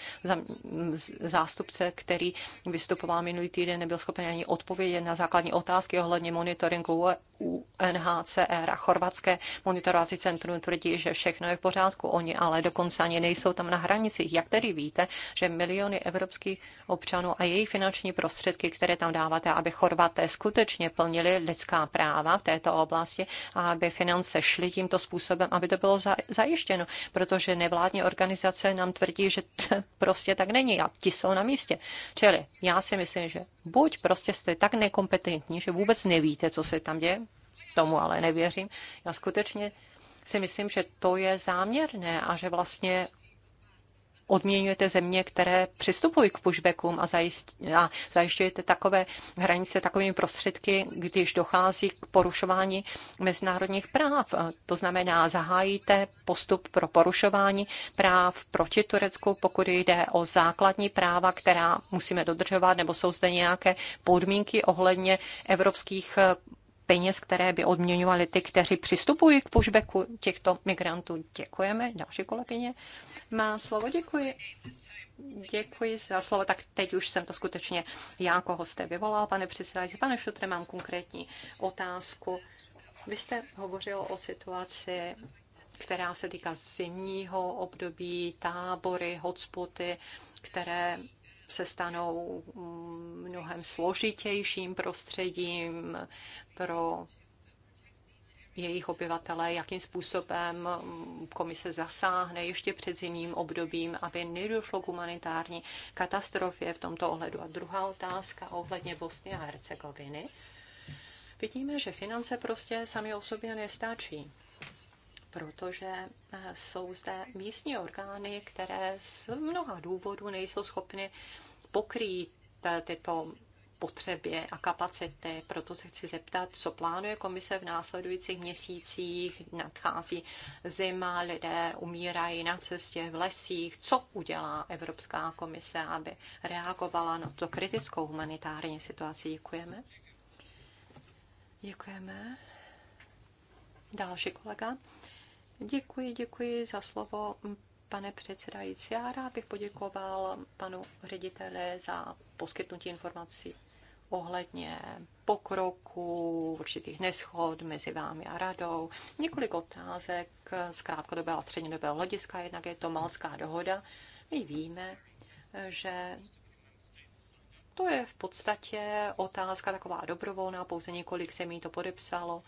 C: zástupce, který vystupoval minulý týden, nebyl schopen ani odpovědět na základní otázky ohledně monitoringu UNHCR a chorvatské monitorovací centrum tvrdí, že všechno je v pořádku. Oni ale dokonce ani nejsou tam na hranicích. Jak tedy víte, že miliony evropských občanů a jejich finanční prostředky, které tam dáváte, aby Chorvaté skutečně plnili lidská práva v této oblasti a aby finance šly tímto způsobem, aby to bylo bylo za, zajištěno, protože nevládní organizace nám tvrdí, že t, prostě tak není a ti jsou na místě. Čili já si myslím, že buď prostě jste tak nekompetentní, že vůbec nevíte, co se tam děje, tomu ale nevěřím. Já skutečně si myslím, že to je záměrné a že vlastně odměňujete země, které přistupují k pushbackům a, zajišť, a zajišťujete takové hranice takovými prostředky, když dochází k porušování mezinárodních práv. To znamená, zahájíte postup pro porušování práv proti Turecku, pokud jde o základní práva, která musíme dodržovat, nebo jsou zde nějaké podmínky ohledně evropských peněz, které by odměňovaly ty, kteří přistupují k pushbacku těchto migrantů. Děkujeme. Další kolegyně má slovo. Děkuji. Děkuji za slovo. Tak teď už jsem to skutečně já, koho jste vyvolal, pane předsedající. Pane Šutre, mám konkrétní otázku. Vy jste hovořil o situaci, která se týká zimního období, tábory, hotspoty, které se stanou mm, mnohem složitějším prostředím pro jejich obyvatele, jakým způsobem mm, komise zasáhne ještě před zimním obdobím, aby nedošlo k humanitární katastrofě v tomto ohledu. A druhá otázka ohledně Bosny a Hercegoviny. Vidíme, že finance prostě sami o sobě nestačí protože eh, jsou zde místní orgány, které z mnoha důvodů nejsou schopny pokrýt eh, tyto potřeby a kapacity. Proto se chci zeptat, co plánuje komise v následujících měsících. Nadchází zima, lidé umírají na cestě v lesích. Co udělá Evropská komise, aby reagovala na to kritickou humanitární situaci? Děkujeme. Děkujeme. Další kolega. Děkuji, děkuji za slovo, pane předsedající. Já rád bych poděkoval panu ředitele za poskytnutí informací ohledně pokroku, určitých neschod mezi vámi a radou. Několik otázek z krátkodobého a střednědobého hlediska, jednak je to malská dohoda. My víme, že to je v podstatě otázka taková dobrovolná, pouze několik zemí to podepsalo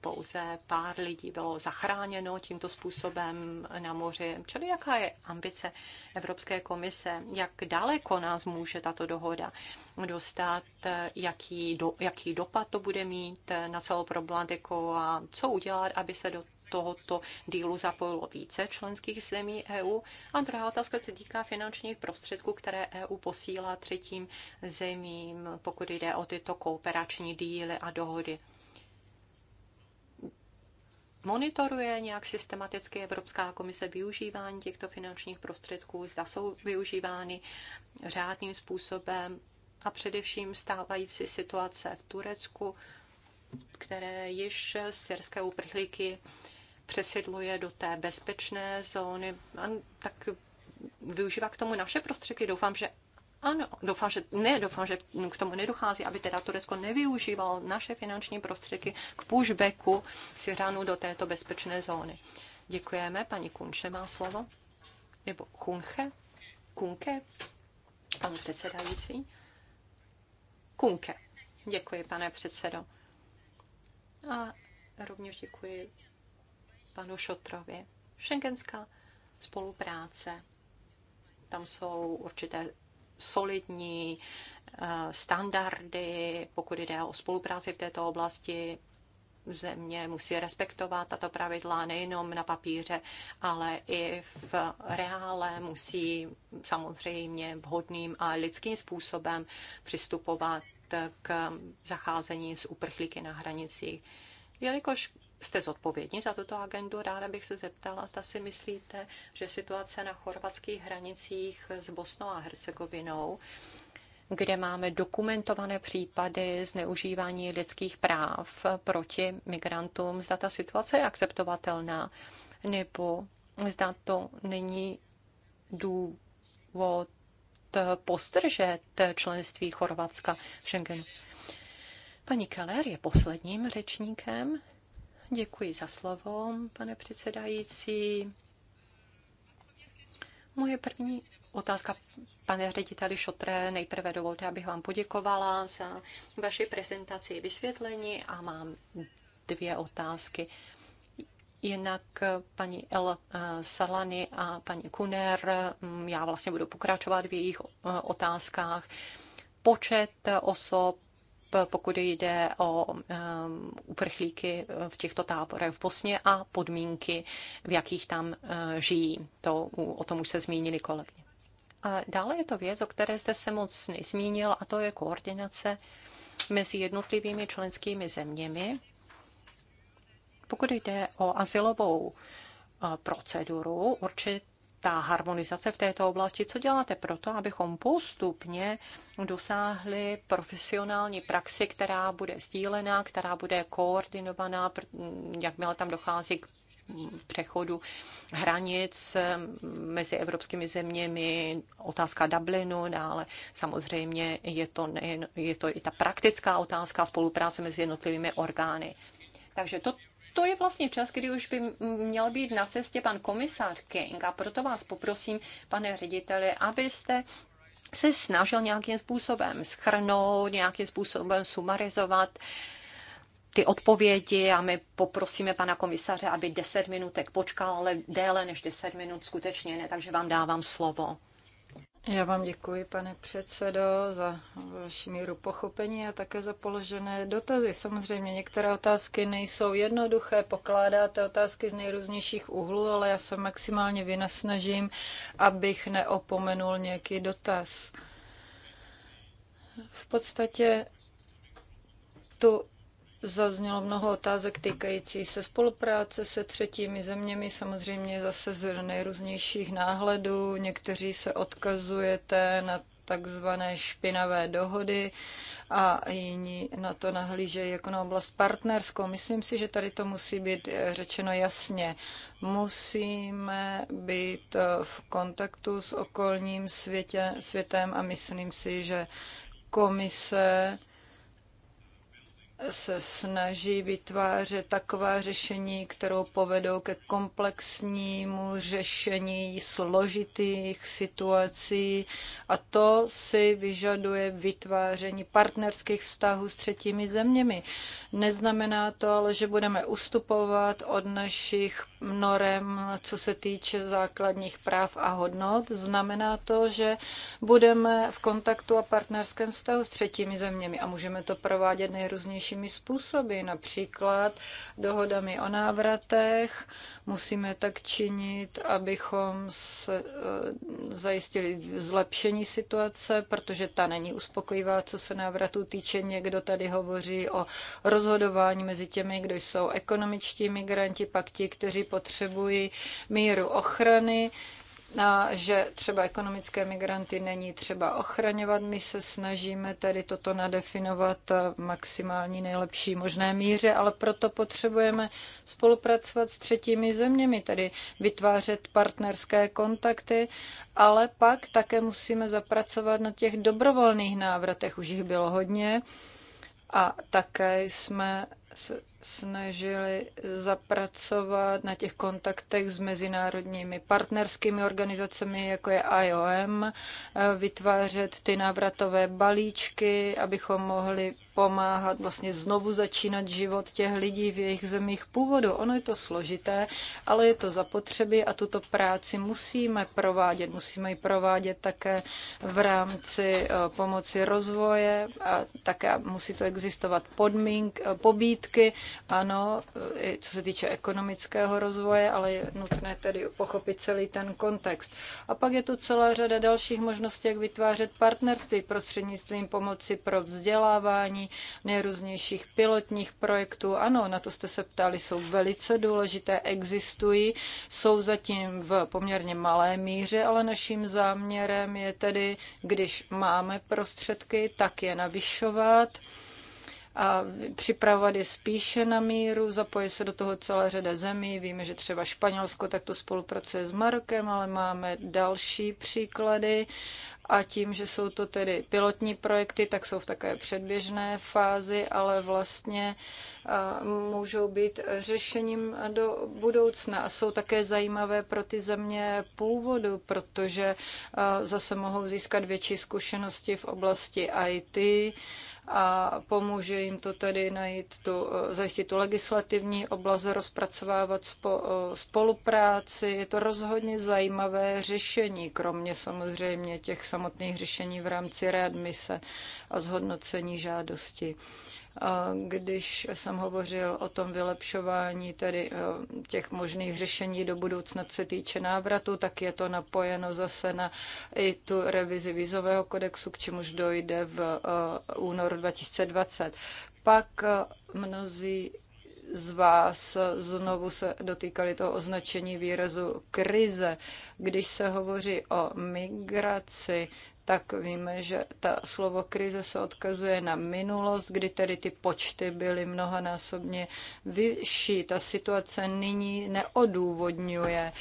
C: pouze pár lidí bylo zachráněno tímto způsobem na moři. Čili jaká je ambice Evropské komise? Jak daleko nás může tato dohoda dostat? Jaký, do, jaký dopad to bude mít na celou problematiku a co udělat, aby se do tohoto dílu zapojilo více členských zemí EU. A druhá otázka se týká finančních prostředků, které EU posílá třetím zemím, pokud jde o tyto kooperační díly a dohody monitoruje nějak systematicky Evropská komise využívání těchto finančních prostředků, zda jsou využívány řádným způsobem a především stávající situace v Turecku, které již syrské uprchlíky přesidluje do té bezpečné zóny, tak využívá k tomu naše prostředky. Doufám, že ano, doufám, že ne, doufám, že k tomu nedochází, aby teda Turecko nevyužívalo naše finanční prostředky k pushbacku Syřanů do této bezpečné zóny. Děkujeme. Paní Kunče má slovo. Nebo Kunche? Kunke? Pan předsedající? Kunke. Děkuji, pane předsedo. A rovněž děkuji panu Šotrovi. Schengenská spolupráce. Tam jsou určité solidní eh, standardy, pokud jde o spolupráci v této oblasti, země musí respektovat tato pravidla nejenom na papíře, ale i v reále musí samozřejmě vhodným a lidským způsobem přistupovat k zacházení s uprchlíky na hranicích. Jelikož jste zodpovědní za tuto agendu. Ráda bych se zeptala, zda si myslíte, že situace na chorvatských hranicích s Bosnou a Hercegovinou kde máme dokumentované případy zneužívání lidských práv proti migrantům. Zda ta situace je akceptovatelná, nebo zda to není důvod postržet členství Chorvatska v Schengenu. Paní Keller je posledním řečníkem. Děkuji za slovo, pane předsedající. Moje první otázka, pane řediteli Šotré, nejprve dovolte, abych vám poděkovala za vaši prezentaci vysvětlení a mám dvě otázky. Jinak paní El eh, Salany a paní Kuner, mm, já vlastně budu pokračovat v jejich eh, otázkách. Počet osob pokud jde o um, uprchlíky v těchto táborech v Bosně a podmínky, v jakých tam uh, žijí. To, o tom už se zmínili kolegy. A dále je to věc, o které jste se moc nezmínil, a to je koordinace mezi jednotlivými členskými zeměmi. Pokud jde o asilovou uh, proceduru, určitě ta harmonizace v této oblasti. Co děláte pro to, abychom postupně dosáhli profesionální praxi, která bude sdílená, která bude koordinovaná, jakmile tam dochází k v přechodu hranic mezi evropskými zeměmi, otázka Dublinu, ale samozřejmě je to, nejen, je to i ta praktická otázka spolupráce mezi jednotlivými orgány. Takže to, to je vlastně čas, kdy už by měl být na cestě pan komisář King a proto vás poprosím, pane řediteli, abyste se snažil nějakým způsobem schrnout, nějakým způsobem sumarizovat ty odpovědi a my poprosíme pana komisaře, aby 10 minutek počkal, ale déle než 10 minut skutečně ne, takže vám dávám slovo.
A: Já vám děkuji, pane předsedo, za vaši míru pochopení a také za položené dotazy. Samozřejmě některé otázky nejsou jednoduché, pokládáte otázky z nejrůznějších úhlů, ale já se maximálně vynasnažím, abych neopomenul nějaký dotaz. V podstatě tu Zaznělo mnoho otázek týkající se spolupráce se třetími zeměmi, samozřejmě zase z nejrůznějších náhledů. Někteří se odkazujete na takzvané špinavé dohody a jiní na to nahlížejí jako na oblast partnerskou. Myslím si, že tady to musí být eh, řečeno jasně. Musíme být eh, v kontaktu s okolním světě, světem a myslím si, že komise se snaží vytvářet taková řešení, kterou povedou ke komplexnímu řešení složitých situací a to si vyžaduje vytváření partnerských vztahů s třetími zeměmi. Neznamená to ale, že budeme ustupovat od našich norem, co se týče základních práv a hodnot. Znamená to, že budeme v kontaktu a partnerském vztahu s třetími zeměmi a můžeme to provádět nejrůznějšími způsoby, například dohodami o návratech. Musíme tak činit, abychom se, eh, zajistili zlepšení situace, protože ta není uspokojivá, co se návratu týče. Někdo tady hovoří o rozhodování mezi těmi, kdo jsou ekonomičtí migranti, pak ti, kteří potřebují míru ochrany, a že třeba ekonomické migranty není třeba ochraňovat. My se snažíme tedy toto nadefinovat v maximální nejlepší možné míře, ale proto potřebujeme spolupracovat s třetími zeměmi, tedy vytvářet partnerské kontakty, ale pak také musíme zapracovat na těch dobrovolných návratech, už jich bylo hodně a také jsme snažili zapracovat na těch kontaktech s mezinárodními partnerskými organizacemi, jako je IOM, vytvářet ty návratové balíčky, abychom mohli pomáhat vlastně znovu začínat život těch lidí v jejich zemích původu. Ono je to složité, ale je to zapotřebí a tuto práci musíme provádět. Musíme ji provádět také v rámci eh, pomoci rozvoje a také musí to existovat podmínk, eh, pobídky, ano, co se týče ekonomického rozvoje, ale je nutné tedy pochopit celý ten kontext. A pak je tu celá řada dalších možností, jak vytvářet partnerství prostřednictvím pomoci pro vzdělávání, nejrůznějších pilotních projektů. Ano, na to jste se ptali, jsou velice důležité, existují, jsou zatím v poměrně malé míře, ale naším záměrem je tedy, když máme prostředky, tak je navyšovat a připravovat je spíše na míru, zapojí se do toho celá řada zemí. Víme, že třeba Španělsko takto spolupracuje s Marokem, ale máme další příklady a tím, že jsou to tedy pilotní projekty, tak jsou v také předběžné fázi, ale vlastně můžou být řešením do budoucna a jsou také zajímavé pro ty země původu, protože zase mohou získat větší zkušenosti v oblasti IT, a pomůže jim to tedy najít tu, eh, zajistit tu legislativní oblast, rozpracovávat spo, eh, spolupráci. Je to rozhodně zajímavé řešení, kromě samozřejmě těch samotných řešení v rámci readmise a zhodnocení žádosti když jsem hovořil o tom vylepšování tedy eh, těch možných řešení do budoucna, co se týče návratu, tak je to napojeno zase na i tu revizi vizového kodexu, k čemuž dojde v eh, únoru 2020. Pak eh, mnozí z vás znovu se dotýkali toho označení výrazu krize. Když se hovoří o migraci, tak víme, že ta slovo krize se odkazuje na minulost, kdy tedy ty počty byly mnohonásobně vyšší. Ta situace nyní neodůvodňuje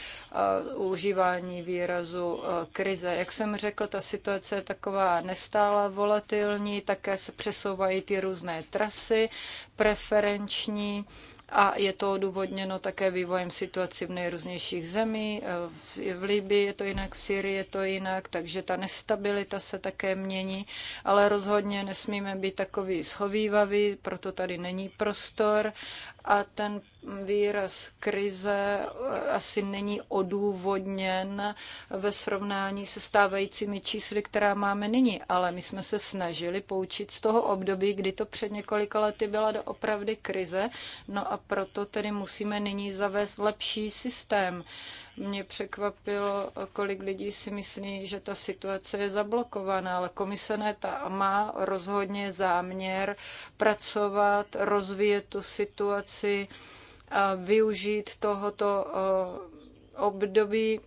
A: uh, užívání výrazu uh, krize. Jak jsem řekl, ta situace je taková nestála, volatilní, také se přesouvají ty různé trasy preferenční. Uh, a je to odůvodněno také vývojem situaci v nejrůznějších zemí. Eh, v, Libii je to jinak, v Syrii je to jinak, takže ta nestabilita se také mění, ale rozhodně nesmíme být takový schovývaví, proto tady není prostor a ten výraz krize eh, asi není odůvodněn ve srovnání se stávajícími čísly, která máme nyní, ale my jsme se snažili poučit z toho období, kdy to před několika lety byla doopravdy krize, no a proto tedy musíme nyní zavést lepší systém. Mě překvapilo, kolik lidí si myslí, že ta situace je zablokovaná, ale komise ne, ta má rozhodně záměr pracovat, rozvíjet tu situaci, využít tohoto eh, období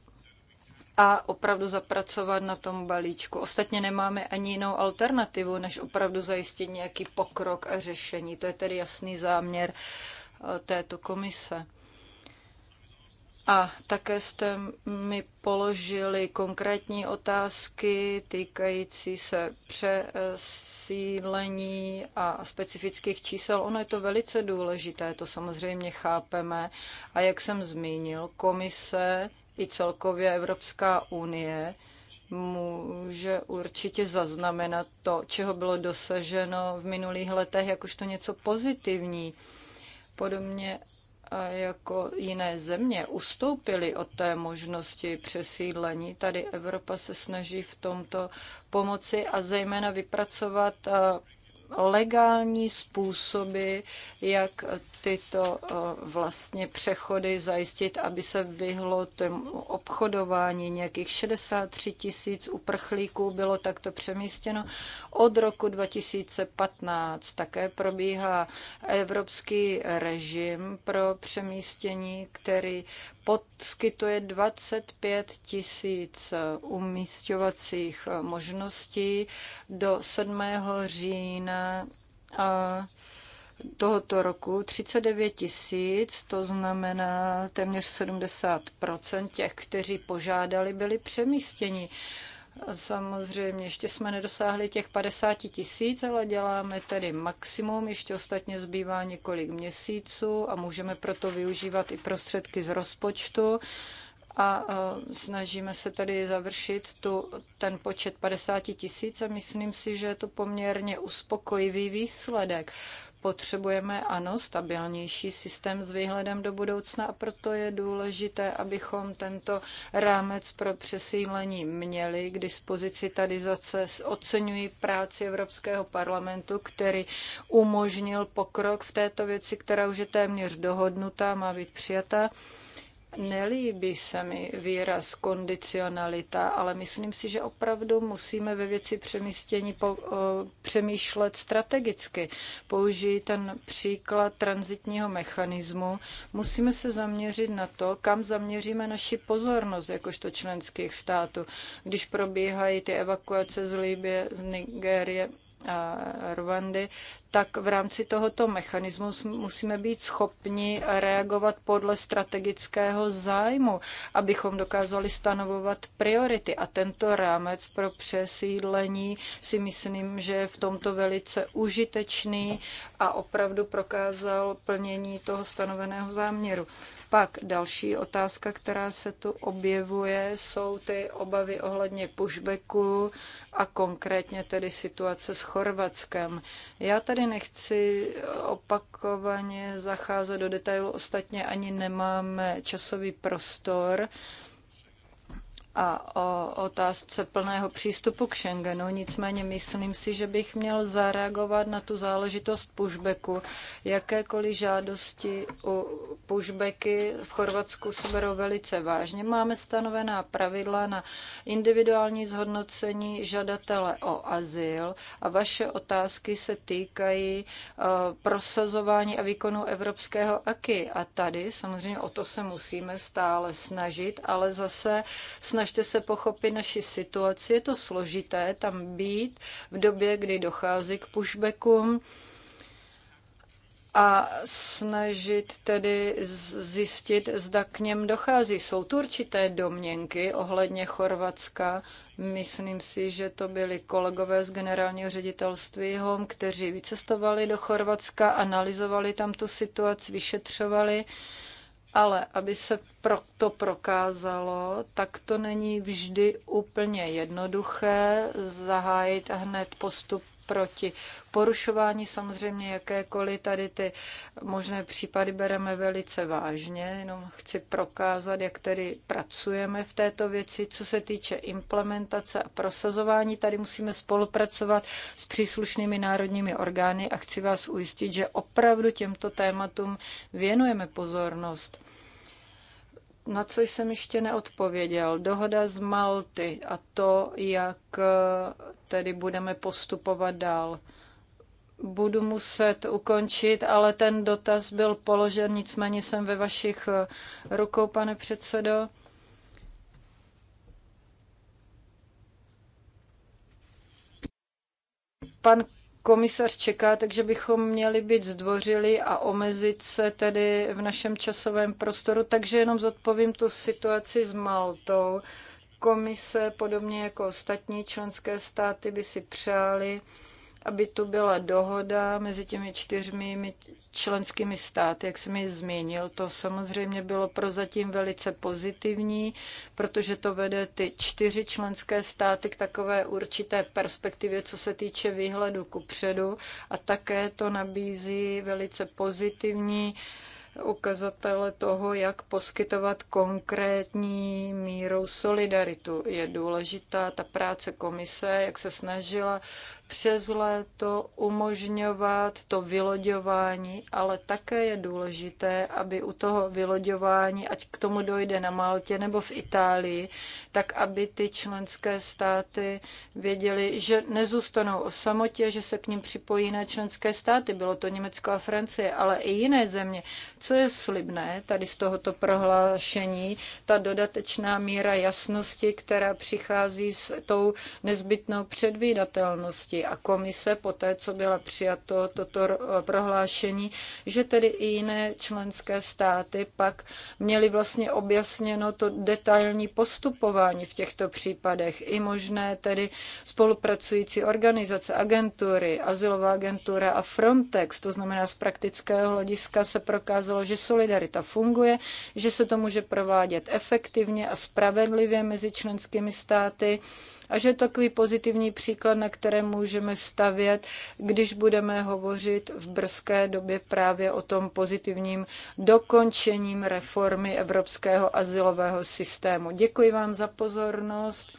A: a opravdu zapracovat na tom balíčku. Ostatně nemáme ani jinou alternativu, než opravdu zajistit nějaký pokrok a řešení. To je tedy jasný záměr eh, této komise. A také jste mi položili konkrétní otázky týkající se přesídlení a specifických čísel. Ono je to velice důležité, to samozřejmě chápeme. A jak jsem zmínil, komise i celkově Evropská unie může určitě zaznamenat to, čeho bylo dosaženo v minulých letech, jakožto něco pozitivní. Podobně jako jiné země ustoupili od té možnosti přesídlení. Tady Evropa se snaží v tomto pomoci a zejména vypracovat legální způsoby, jak tyto eh, vlastně přechody zajistit, aby se vyhlo tomu obchodování. Nějakých 63 tisíc uprchlíků bylo takto přemístěno od roku 2015. Také probíhá evropský režim pro přemístění, který poskytuje 25 tisíc eh, umístěvacích eh, možností do 7. října eh, tohoto roku 39 tisíc, to znamená téměř 70 těch, kteří požádali, byli přemístěni. Samozřejmě ještě jsme nedosáhli těch 50 tisíc, ale děláme tedy maximum, ještě ostatně zbývá několik měsíců a můžeme proto využívat i prostředky z rozpočtu a e, snažíme se tady završit tu, ten počet 50 tisíc a myslím si, že je to poměrně uspokojivý výsledek potřebujeme, ano, stabilnější systém s výhledem do budoucna a proto je důležité, abychom tento rámec pro přesídlení měli k dispozici. Tady zase oceňuji práci Evropského parlamentu, který umožnil pokrok v této věci, která už je téměř dohodnutá, má být přijata. Nelíbí se mi výraz kondicionalita, ale myslím si, že opravdu musíme ve věci přemístění po, o, přemýšlet strategicky. Použijí ten příklad transitního mechanismu. Musíme se zaměřit na to, kam zaměříme naši pozornost jakožto členských států. Když probíhají ty evakuace z Libie, z Nigérie, a Rwandy, tak v rámci tohoto mechanismu musíme být schopni reagovat podle strategického zájmu, abychom dokázali stanovovat priority. A tento rámec pro přesídlení si myslím, že je v tomto velice užitečný a opravdu prokázal plnění toho stanoveného záměru. Pak další otázka, která se tu objevuje, jsou ty obavy ohledně pushbacku a konkrétně tedy situace s Chorvatskem. Já tady nechci opakovaně zacházet do detailu, ostatně ani nemáme časový prostor a o otázce plného přístupu k Schengenu. Nicméně myslím si, že bych měl zareagovat na tu záležitost pushbacku. Jakékoliv žádosti o pushbacky v Chorvatsku se berou velice vážně. Máme stanovená pravidla na individuální zhodnocení žadatele o azyl a vaše otázky se týkají e, prosazování a výkonu evropského AKY. A tady samozřejmě o to se musíme stále snažit, ale zase snažit snažte se pochopit naši situaci. Je to složité tam být v době, kdy dochází k pushbackům a snažit tedy zjistit, zda k něm dochází. Jsou tu určité domněnky ohledně Chorvatska. Myslím si, že to byli kolegové z generálního ředitelství HOM, kteří vycestovali do Chorvatska, analyzovali tam tu situaci, vyšetřovali. Uh, ale aby se pro to prokázalo, tak to není vždy úplně jednoduché zahájit hned postup proti porušování. Samozřejmě jakékoliv tady ty možné případy bereme velice vážně, jenom chci prokázat, jak tedy pracujeme v této věci. Co se týče implementace a prosazování, tady musíme spolupracovat s příslušnými národními orgány a chci vás ujistit, že opravdu těmto tématům věnujeme pozornost na co jsem ještě neodpověděl. Dohoda z Malty a to, jak eh, tedy budeme postupovat dál. Budu muset ukončit, ale ten dotaz byl položen, nicméně jsem ve vašich eh, rukou, pane předsedo. Pan komisař čeká, takže bychom měli být zdvořili a omezit se tedy v našem časovém prostoru. Takže jenom zodpovím tu situaci s Maltou. Komise, podobně jako ostatní členské státy, by si přáli aby tu byla dohoda mezi těmi čtyřmi členskými státy, jak jsem ji zmínil. To samozřejmě bylo prozatím velice pozitivní, protože to vede ty čtyři členské státy k takové určité perspektivě, co se týče výhledu kupředu a také to nabízí velice pozitivní ukazatele toho, jak poskytovat konkrétní mírou solidaritu. Je důležitá ta práce komise, jak se snažila přes léto umožňovat to vyloďování, ale také je důležité, aby u toho vyloďování, ať k tomu dojde na Maltě nebo v Itálii, tak aby ty členské státy věděly, že nezůstanou o samotě, že se k ním připojí jiné členské státy. Bylo to Německo a Francie, ale i jiné země. Co je slibné tady z tohoto prohlášení, ta dodatečná míra jasnosti, která přichází s tou nezbytnou předvídatelností oblasti a komise po té, co byla přijato toto eh, prohlášení, že tedy i jiné členské státy pak měly vlastně objasněno to detailní postupování v těchto případech i možné tedy spolupracující organizace, agentury, asilová agentura a Frontex, to znamená z praktického hlediska se prokázalo, že solidarita funguje, že se to může provádět efektivně a spravedlivě mezi členskými státy, a že je takový pozitivní příklad, na kterém můžeme stavět, když budeme hovořit v brzké době právě o tom pozitivním dokončením reformy evropského asilového systému. Děkuji vám za pozornost.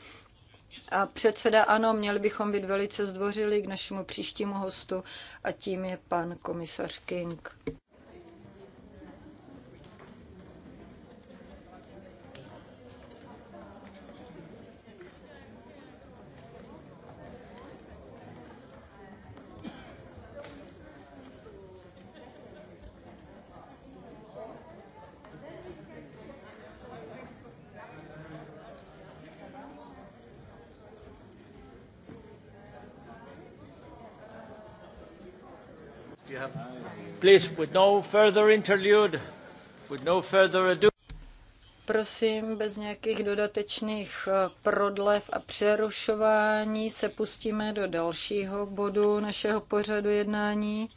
A: A předseda, ano, měli bychom být velice zdvořili k našemu příštímu hostu a tím je pan komisař King. Please, with no further interlude, with no further ado. Prosím, bez nějakých dodatečných eh, prodlev a přerušování se pustíme do dalšího bodu našeho pořadu jednání.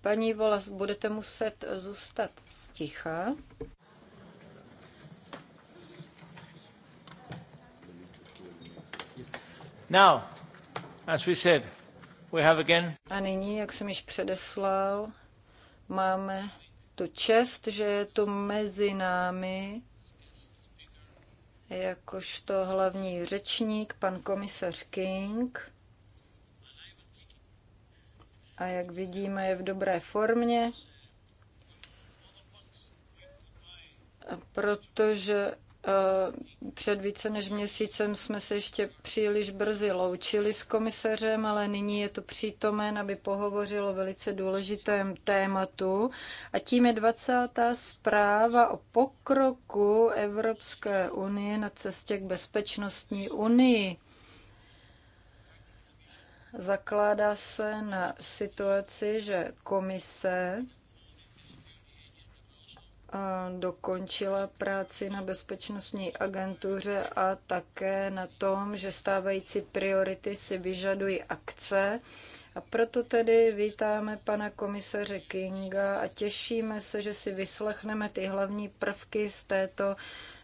A: Paní Volas, budete muset zůstat sticha. Now, as we said, We have again. A nyní, jak jsem již předeslal, máme tu čest, že je tu mezi námi jakožto hlavní řečník, pan komisař King. A jak vidíme, je v dobré formě, protože Eh, před více než měsícem jsme se ještě příliš brzy loučili s komisařem, ale nyní je to přítomen, aby pohovořil o velice důležitém tématu. A tím je 20. zpráva o pokroku Evropské unie na cestě k bezpečnostní unii. Zakládá se na situaci, že komise dokončila práci na bezpečnostní agentuře a také na tom, že stávající priority si vyžadují akce. A proto tedy vítáme pana komisaře Kinga a těšíme se, že si vyslechneme ty hlavní prvky z této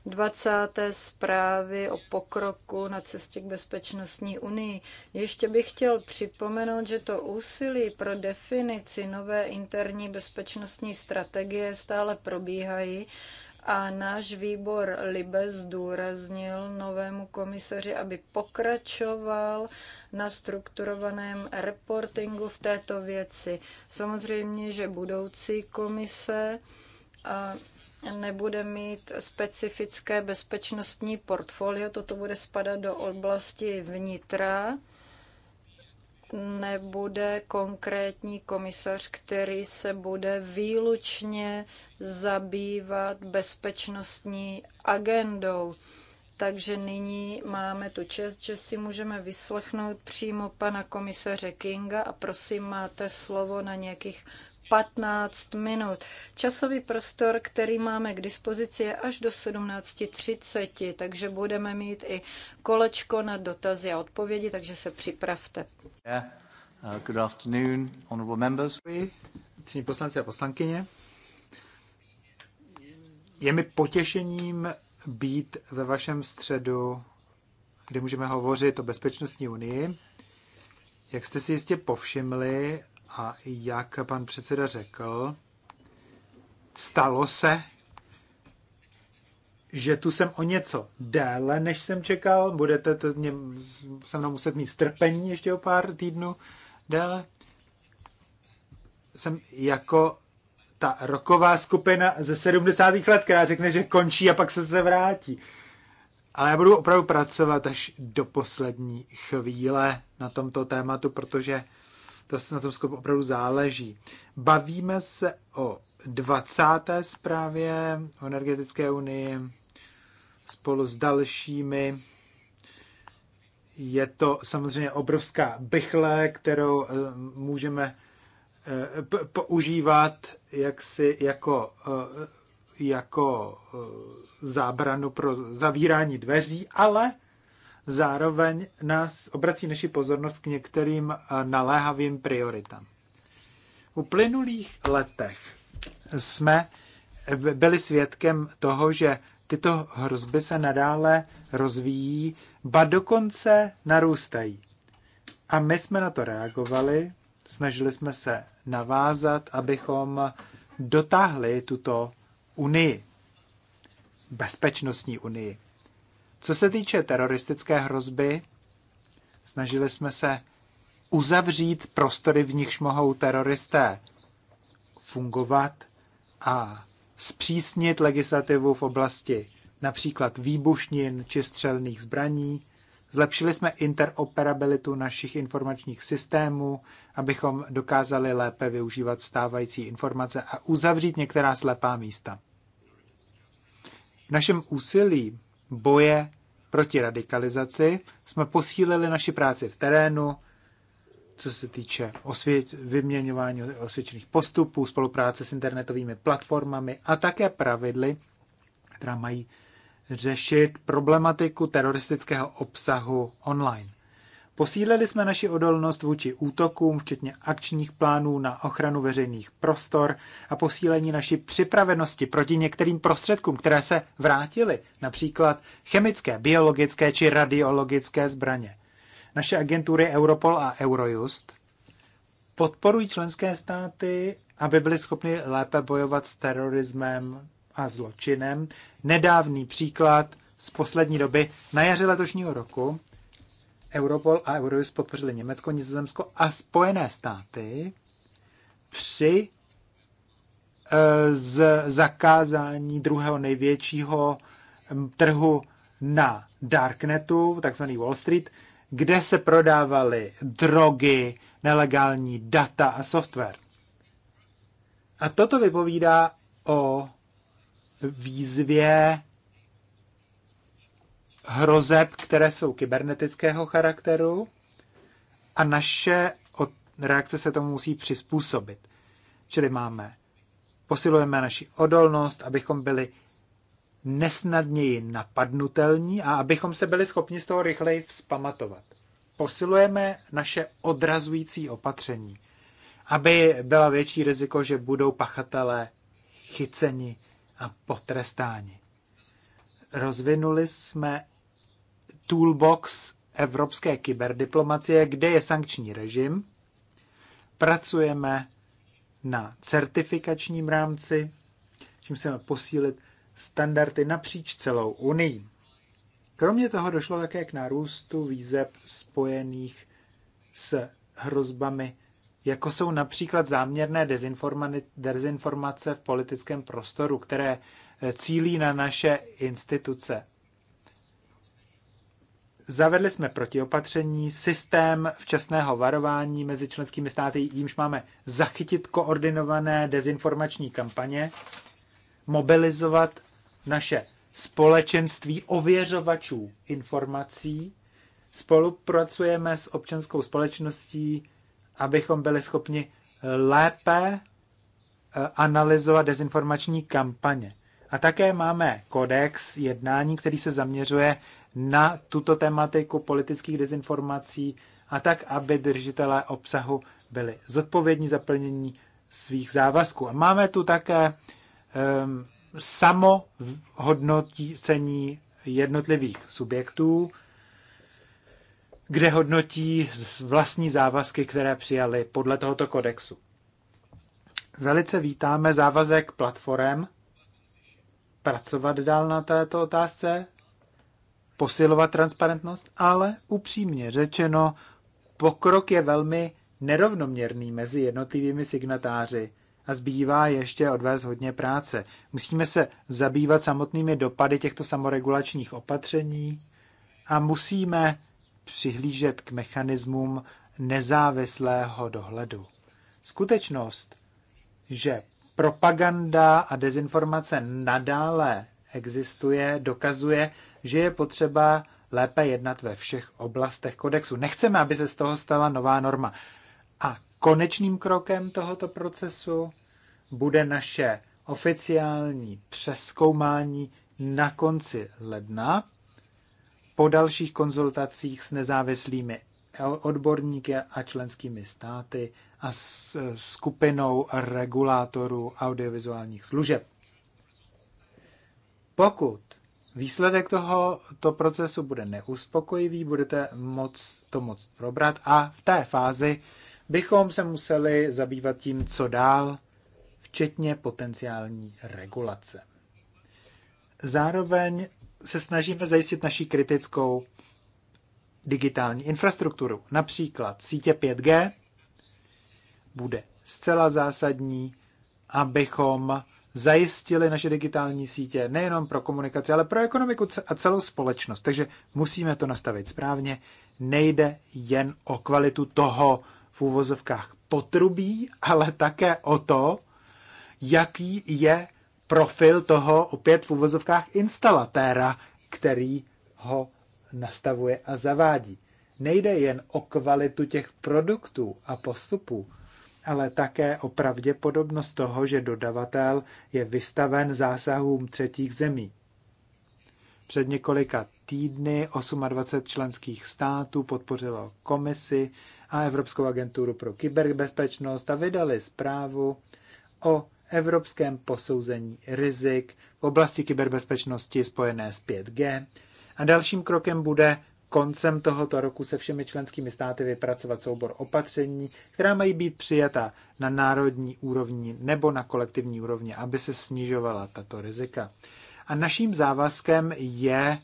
A: 20. zprávy o pokroku na cestě k bezpečnostní unii. Ještě bych chtěl připomenout, že to úsilí pro definici nové interní bezpečnostní strategie stále probíhají a náš výbor Libe zdůraznil novému komisaři, aby pokračoval na strukturovaném reportingu v této věci. Samozřejmě, že budoucí komise a nebude mít specifické bezpečnostní portfolio, toto bude spadat do oblasti vnitra, nebude konkrétní komisař, který se bude výlučně zabývat bezpečnostní agendou. Takže nyní máme tu čest, že si můžeme vyslechnout přímo pana komisaře Kinga a prosím, máte slovo na nějakých 15 minut. Časový prostor, který máme k dispozici, je až do 17.30, takže budeme mít i kolečko na dotazy a odpovědi, takže se připravte.
B: Yeah. Uh, good afternoon, honorable members. Cení poslanci a poslankyně. Je mi potěšením být ve vašem středu, kde můžeme hovořit o bezpečnostní unii. Jak jste si jistě povšimli, a jak pan předseda řekl, stalo se, že tu jsem o něco déle, než jsem čekal. Budete to mě, se mnou muset mít strpení ještě o pár týdnů déle. Jsem jako ta roková skupina ze 70. let, která řekne, že končí a pak se se vrátí. Ale já budu opravdu pracovat až do poslední chvíle na tomto tématu, protože to na tom skopu opravdu záleží. Bavíme se o 20. zprávě o energetické unii spolu s dalšími. Je to samozřejmě obrovská bychle, kterou eh, můžeme eh, používat jaksi jako, eh, jako zábranu pro zavírání dveří, ale zároveň nás obrací naši pozornost k některým eh, naléhavým prioritám. V uplynulých letech jsme eh, byli svědkem toho, že tyto hrozby se nadále rozvíjí, ba dokonce narůstají. A my jsme na to reagovali, snažili jsme se navázat, abychom dotáhli tuto unii, bezpečnostní unii. Co se týče teroristické hrozby, snažili jsme se uzavřít prostory, v nichž mohou teroristé fungovat a zpřísnit legislativu v oblasti například výbušnin či střelných zbraní. Zlepšili jsme interoperabilitu našich informačních systémů, abychom dokázali lépe využívat stávající informace a uzavřít některá slepá místa. V našem úsilí boje proti radikalizaci, jsme posílili naši práci v terénu, co se týče osvět, vyměňování osvědčených postupů, spolupráce s internetovými platformami a také pravidly, která mají řešit problematiku teroristického obsahu online. Posílili jsme naši odolnost vůči útokům, včetně akčních plánů na ochranu veřejných prostor a posílení naší připravenosti proti některým prostředkům, které se vrátily, například chemické, biologické či radiologické zbraně. Naše agentury Europol a Eurojust podporují členské státy, aby byly schopny lépe bojovat s terorismem a zločinem. Nedávný příklad z poslední doby na jaře letošního roku Europol a Eurojust podpořili Německo, Nizozemsko a Spojené státy při eh, z zakázání druhého největšího mm, trhu na Darknetu, takzvaný Wall Street, kde se prodávaly drogy, nelegální data a software. A toto vypovídá o výzvě hrozeb, které jsou kybernetického charakteru a naše reakce se tomu musí přizpůsobit. Čili máme, posilujeme naši odolnost, abychom byli nesnadněji napadnutelní a abychom se byli schopni z toho rychleji vzpamatovat. Posilujeme naše odrazující opatření, aby byla větší riziko, že budou pachatelé chyceni a potrestáni. Rozvinuli jsme toolbox evropské kyberdiplomacie, kde je sankční režim. Pracujeme na certifikačním rámci, čím chceme posílit standardy napříč celou Unii. Kromě toho došlo také k nárůstu výzeb spojených s hrozbami, jako jsou například záměrné dezinformace v politickém prostoru, které eh, cílí na naše instituce. Zavedli jsme protiopatření, systém včasného varování mezi členskými státy, jímž máme zachytit koordinované dezinformační kampaně, mobilizovat naše společenství ověřovačů informací, spolupracujeme s občanskou společností, abychom byli schopni lépe eh, analyzovat dezinformační kampaně. A také máme kodex jednání, který se zaměřuje na tuto tematiku politických dezinformací a tak, aby držitelé obsahu byli zodpovědní za plnění svých závazků. A máme tu také um, ehm, samohodnotícení jednotlivých subjektů, kde hodnotí vlastní závazky, které přijali podle tohoto kodexu. Velice vítáme závazek platform pracovat dál na této otázce, posilovat transparentnost, ale upřímně řečeno, pokrok je velmi nerovnoměrný mezi jednotlivými signatáři a zbývá ještě odvést hodně práce. Musíme se zabývat samotnými dopady těchto samoregulačních opatření a musíme přihlížet k mechanismům nezávislého dohledu. Skutečnost, že propaganda a dezinformace nadále existuje, dokazuje, že je potřeba lépe jednat ve všech oblastech kodexu. Nechceme, aby se z toho stala nová norma. A konečným krokem tohoto procesu bude naše oficiální přeskoumání na konci ledna po dalších konzultacích s nezávislými odborníky a členskými státy a s skupinou regulátorů audiovizuálních služeb. Pokud Výsledek tohoto procesu bude neuspokojivý, budete moc to moc probrat a v té fázi bychom se museli zabývat tím, co dál, včetně potenciální regulace. Zároveň se snažíme zajistit naší kritickou digitální infrastrukturu. Například sítě 5G bude zcela zásadní, abychom zajistili naše digitální sítě nejenom pro komunikaci, ale pro ekonomiku a celou společnost. Takže musíme to nastavit správně. Nejde jen o kvalitu toho v úvozovkách potrubí, ale také o to, jaký je profil toho opět v úvozovkách instalatéra, který ho nastavuje a zavádí. Nejde jen o kvalitu těch produktů a postupů, ale také o pravděpodobnost toho, že dodavatel je vystaven zásahům třetích zemí. Před několika týdny 28 členských států podpořilo komisi a Evropskou agenturu pro kyberbezpečnost a vydali zprávu o evropském posouzení rizik v oblasti kyberbezpečnosti spojené s 5G. A dalším krokem bude koncem tohoto roku se všemi členskými státy vypracovat soubor opatření, která mají být přijata na národní úrovni nebo na kolektivní úrovni, aby se snižovala tato rizika. A naším závazkem je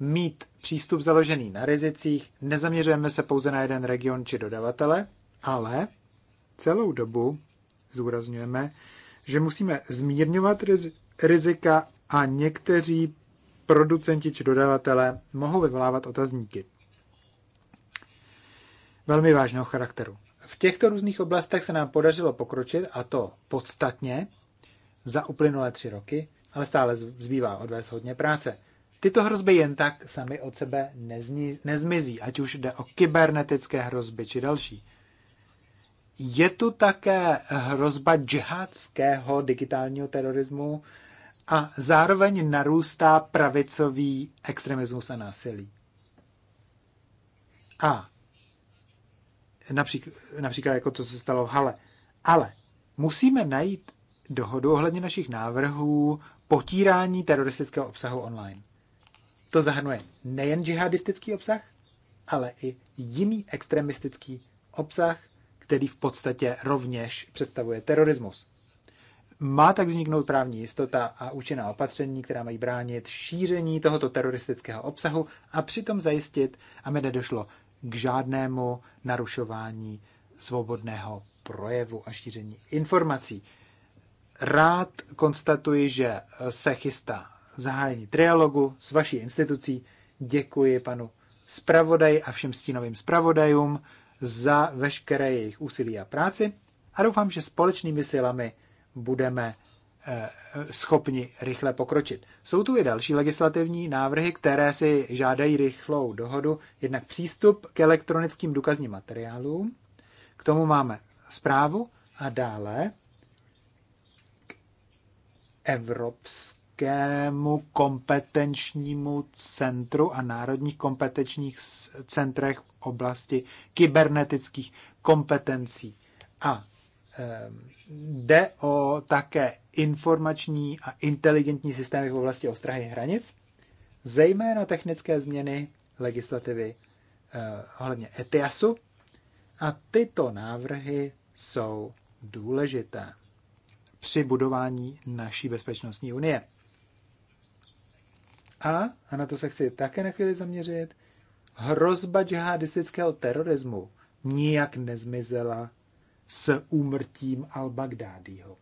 B: mít přístup založený na rizicích, nezaměřujeme se pouze na jeden region či dodavatele, ale celou dobu zúrazňujeme, že musíme zmírňovat rizika a někteří producenti či dodavatelé mohou vyvolávat otazníky velmi vážného charakteru. V těchto různých oblastech se nám podařilo pokročit, a to podstatně, za uplynulé tři roky, ale stále zbývá odvést hodně práce. Tyto hrozby jen tak sami od sebe nezni, nezmizí, ať už jde o kybernetické hrozby či další. Je tu také hrozba džihadského digitálního terorismu, a zároveň narůstá pravicový extremismus a násilí. A například, například jako to, co se stalo v Hale. Ale musíme najít dohodu ohledně našich návrhů potírání teroristického obsahu online. To zahrnuje nejen džihadistický obsah, ale i jiný extremistický obsah, který v podstatě rovněž představuje terorismus. Má tak vzniknout právní jistota a účinná opatření, která mají bránit šíření tohoto teroristického obsahu a přitom zajistit, aby nedošlo k žádnému narušování svobodného projevu a šíření informací. Rád konstatuji, že se chystá zahájení trialogu s vaší institucí. Děkuji panu zpravodaji a všem stínovým zpravodajům za veškeré jejich úsilí a práci a doufám, že společnými silami budeme eh, schopni rychle pokročit. Jsou tu i další legislativní návrhy, které si žádají rychlou dohodu, jednak přístup k elektronickým důkazním materiálům, k tomu máme zprávu a dále k Evropskému kompetenčnímu centru a národních kompetenčních centrech v oblasti kybernetických kompetencí. A Ehm, jde o také informační a inteligentní systémy v oblasti ostrahy hranic, zejména technické změny legislativy eh, ohledně ETIASu. A tyto návrhy jsou důležité při budování naší bezpečnostní unie. A, a na to se chci také na chvíli zaměřit, hrozba džihadistického terorismu nijak nezmizela s úmrtím al-Baghdádího.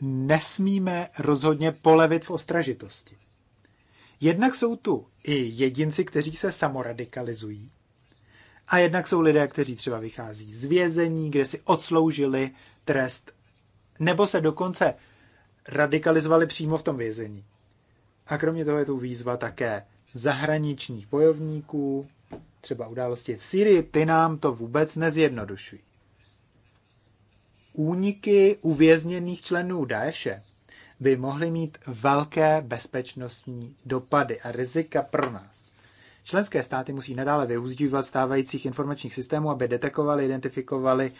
B: Nesmíme rozhodně polevit v ostražitosti. Jednak jsou tu i jedinci, kteří se samoradikalizují, a jednak jsou lidé, kteří třeba vychází z vězení, kde si odsloužili trest, nebo se dokonce radikalizovali přímo v tom vězení. A kromě toho je tu výzva také zahraničních bojovníků, třeba události v Syrii, ty nám to vůbec nezjednodušují. Úniky uvězněných členů Daeše by mohly mít velké bezpečnostní dopady a rizika pro nás. Členské státy musí nadále využívat stávajících informačních systémů, aby detekovali, identifikovali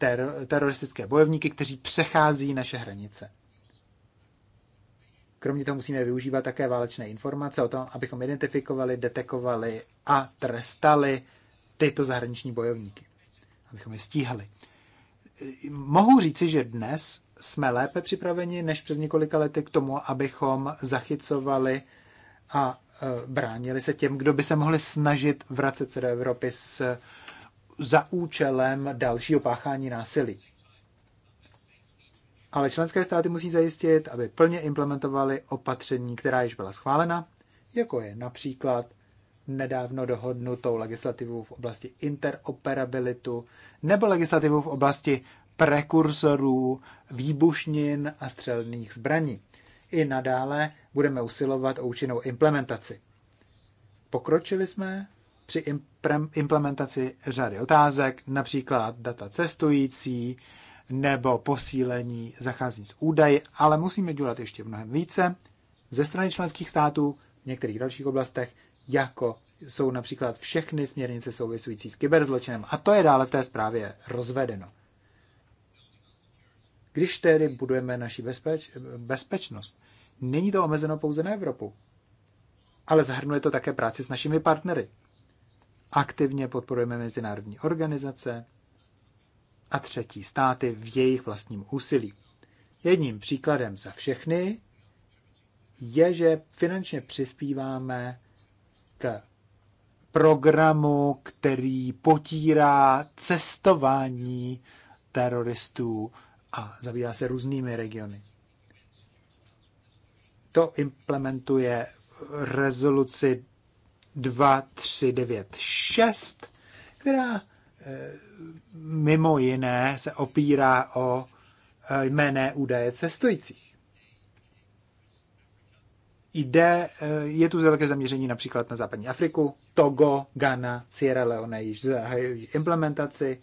B: ter- teroristické bojovníky, kteří přechází naše hranice. Kromě toho musíme využívat také válečné informace o tom, abychom identifikovali, detekovali a trestali tyto zahraniční bojovníky, abychom je stíhali. Mohu říci, že dnes jsme lépe připraveni než před několika lety k tomu, abychom zachycovali a e, bránili se těm, kdo by se mohli snažit vracet se do Evropy s, za účelem dalšího páchání násilí ale členské státy musí zajistit, aby plně implementovaly opatření, která již byla schválena, jako je například nedávno dohodnutou legislativu v oblasti interoperabilitu nebo legislativu v oblasti prekursorů, výbušnin a střelných zbraní. I nadále budeme usilovat o účinnou implementaci. Pokročili jsme při implementaci řady otázek, například data cestující, nebo posílení zacházení s údaji, ale musíme dělat ještě mnohem více ze strany členských států v některých dalších oblastech, jako jsou například všechny směrnice související s kyberzločinem. A to je dále v té zprávě rozvedeno. Když tedy budujeme naši bezpeč, bezpečnost, není to omezeno pouze na Evropu, ale zahrnuje to také práci s našimi partnery. Aktivně podporujeme mezinárodní organizace, a třetí státy v jejich vlastním úsilí. Jedním příkladem za všechny je, že finančně přispíváme k programu, který potírá cestování teroristů a zabývá se různými regiony. To implementuje rezoluci 2396, která mimo jiné se opírá o eh, jméné údaje cestujících. Jde, eh, je tu velké zaměření například na západní Afriku, Togo, Ghana, Sierra Leone již zahajují implementaci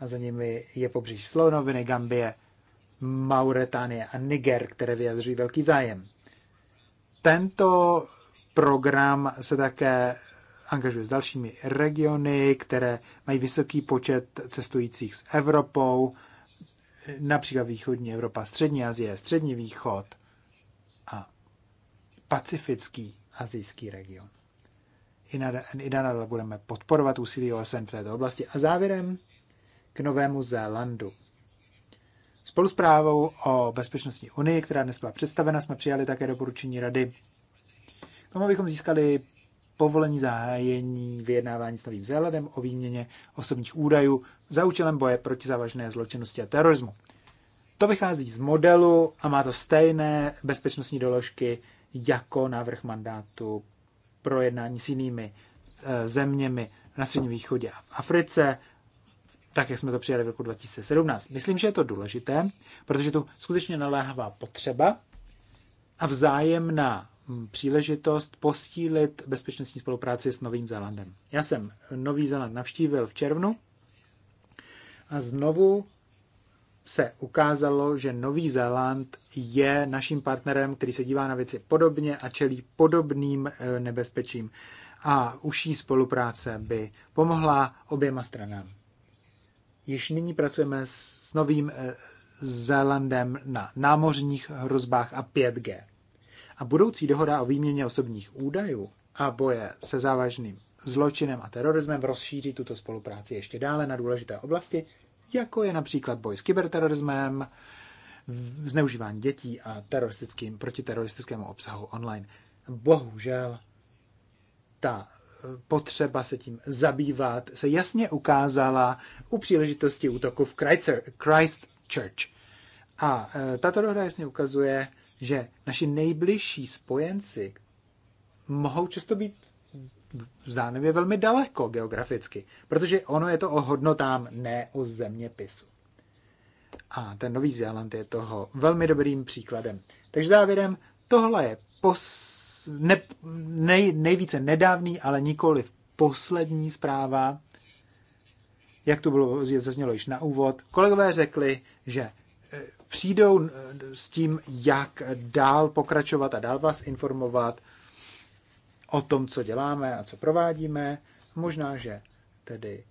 B: a za nimi je pobřeží Slonoviny, Gambie, Mauretánie a Niger, které vyjadřují velký zájem. Tento program se také angažuje s dalšími regiony, které mají vysoký počet cestujících s Evropou, například východní Evropa, střední Asie, střední východ a pacifický azijský region. I nadále budeme podporovat úsilí OSN v této oblasti. A závěrem k Novému Zélandu. Spolu s právou o bezpečnostní unii, která dnes byla představena, jsme přijali také doporučení rady, tomu bychom získali povolení zahájení vyjednávání s Novým Zélandem o výměně osobních údajů za účelem boje proti závažné zločinnosti a terorismu. To vychází z modelu a má to stejné bezpečnostní doložky jako návrh mandátu pro jednání s jinými eh, zeměmi na Středním východě a v Africe, tak jak jsme to přijali v roku 2017. Myslím, že je to důležité, protože tu skutečně naléhavá potřeba a vzájemná Mm, příležitost postílit bezpečnostní spolupráci s Novým Zélandem. Já jsem Nový Zéland navštívil v červnu a znovu se ukázalo, že Nový Zéland je naším partnerem, který se dívá na věci podobně a čelí podobným eh, nebezpečím. A užší spolupráce by pomohla oběma stranám. Již nyní pracujeme s Novým eh, Zélandem na námořních hrozbách a 5G a budoucí dohoda o výměně osobních údajů a boje se závažným zločinem a terorismem rozšíří tuto spolupráci ještě dále na důležité oblasti, jako je například boj s kyberterorismem, zneužívání dětí a teroristickým, protiteroristickému obsahu online. Bohužel ta eh, potřeba se tím zabývat se jasně ukázala u příležitosti útoku v Christchurch. A eh, tato dohoda jasně ukazuje, že naši nejbližší spojenci mohou často být zdánlivě velmi daleko geograficky, protože ono je to o hodnotám, ne o zeměpisu. A ten Nový Zéland je toho velmi dobrým příkladem. Takže závěrem, tohle je pos, ne, nej, nejvíce nedávný, ale nikoli poslední zpráva. Jak to bylo, zaznělo již na úvod, kolegové řekli, že eh, přijdou eh, s tím, jak dál pokračovat a dál vás informovat o tom, co děláme a co provádíme. Možná, že tedy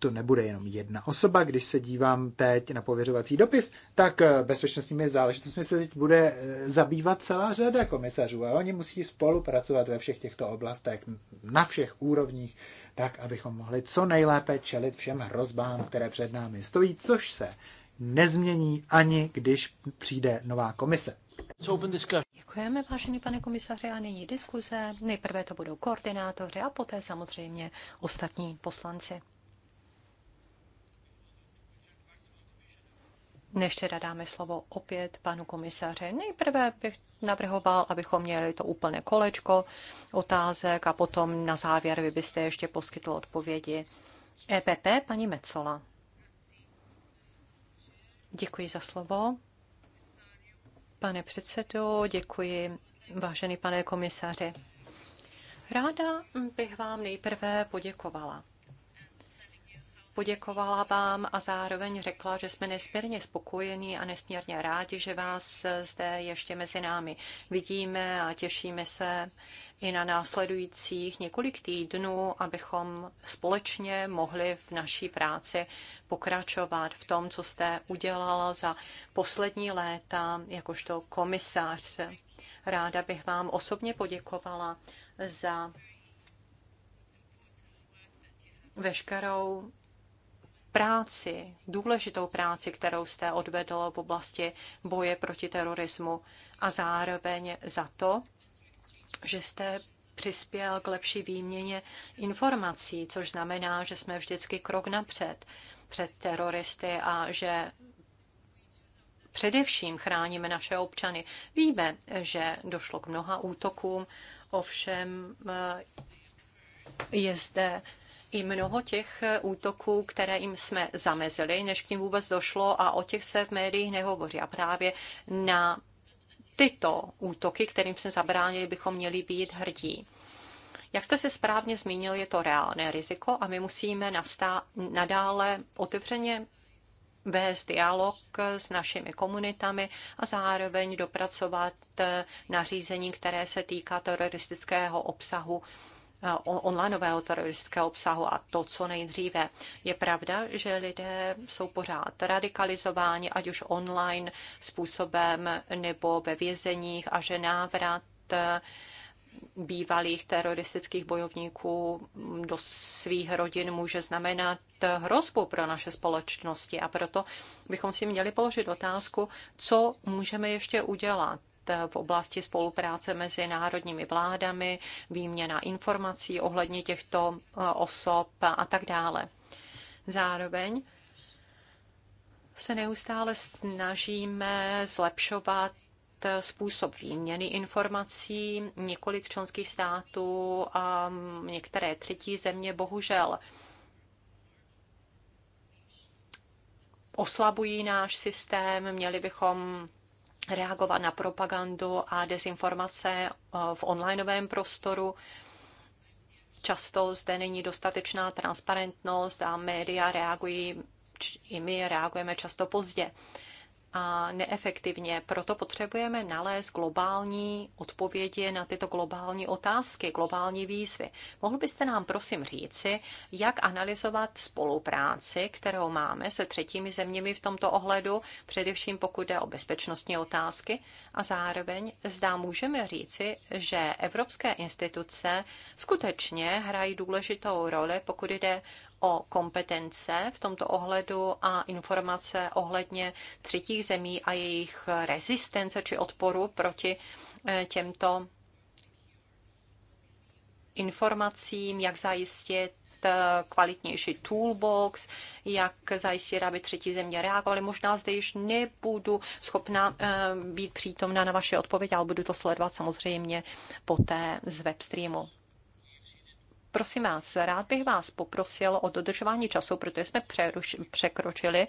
B: to nebude jenom jedna osoba. Když se dívám teď na pověřovací dopis, tak eh, bezpečnostními záležitostmi se teď bude eh, zabývat celá řada komisařů a oni musí spolupracovat ve všech těchto oblastech, na všech úrovních, tak, abychom mohli co nejlépe čelit všem hrozbám, které před námi stojí, což se nezmění ani, když přijde nová komise.
C: Děkujeme, vážený pane komisaři, a nyní diskuze. Nejprve to budou koordinátoři a poté samozřejmě ostatní poslanci. Než teda dáme slovo opět panu komisaře, nejprve bych navrhoval, abychom měli to úplné kolečko otázek a potom na závěr vy byste ještě poskytl odpovědi. EPP, paní Mecola. Děkuji za slovo. Pane předsedo, děkuji, vážený pane komisaři. Ráda bych vám nejprve poděkovala poděkovala vám a zároveň řekla, že jsme nesmírně spokojení a nesmírně rádi, že vás zde ještě mezi námi vidíme a těšíme se i na následujících několik týdnů, abychom společně mohli v naší práci pokračovat v tom, co jste udělala za poslední léta jakožto komisář. Ráda bych vám osobně poděkovala za veškerou práci, důležitou práci, kterou jste odvedl v oblasti boje proti terorismu a zároveň za to, že jste přispěl k lepší výměně informací, což znamená, že jsme vždycky krok napřed před teroristy a že především chráníme naše občany. Víme, že došlo k mnoha útokům, ovšem eh, je zde i mnoho těch eh, útoků, které jim jsme zamezili, než k ním vůbec došlo a o těch se v médiích nehovoří. A právě na tyto útoky, kterým jsme zabránili, bychom měli být hrdí. Jak jste se správně zmínil, je to reálné riziko a my musíme nastá- nadále otevřeně vést dialog s našimi komunitami a zároveň dopracovat eh, nařízení, které se týká teroristického obsahu onlineového teroristického obsahu a to, co nejdříve. Je pravda, že lidé jsou pořád radikalizováni, ať už online způsobem nebo ve vězeních a že návrat eh, bývalých teroristických bojovníků mm, do svých rodin může znamenat hrozbu pro naše společnosti. A proto bychom si měli položit otázku, co můžeme ještě udělat v oblasti spolupráce mezi národními vládami, výměna informací ohledně těchto eh, osob a tak dále. Zároveň se neustále snažíme zlepšovat eh, způsob výměny informací. Několik členských států a mm, některé třetí země bohužel oslabují náš systém. Měli bychom reagovat na propagandu a dezinformace eh, v onlineovém prostoru. Často zde není dostatečná transparentnost a média reagují, i my reagujeme často pozdě a neefektivně. Proto potřebujeme nalézt globální odpovědi na tyto globální otázky, globální výzvy. Mohl byste nám prosím říci, jak analyzovat spolupráci, kterou máme se třetími zeměmi v tomto ohledu, především pokud jde o bezpečnostní otázky a zároveň zdá můžeme říci, že evropské instituce skutečně hrají důležitou roli, pokud jde o kompetence v tomto ohledu a informace ohledně třetích zemí a jejich rezistence či odporu proti eh, těmto informacím, jak zajistit eh, kvalitnější toolbox, jak zajistit, aby třetí země reagovaly. Možná zde již nebudu schopna eh, být přítomna na vaše odpověď, ale budu to sledovat samozřejmě poté z webstreamu. Prosím vás, rád bych vás poprosil o dodržování času, protože jsme překročili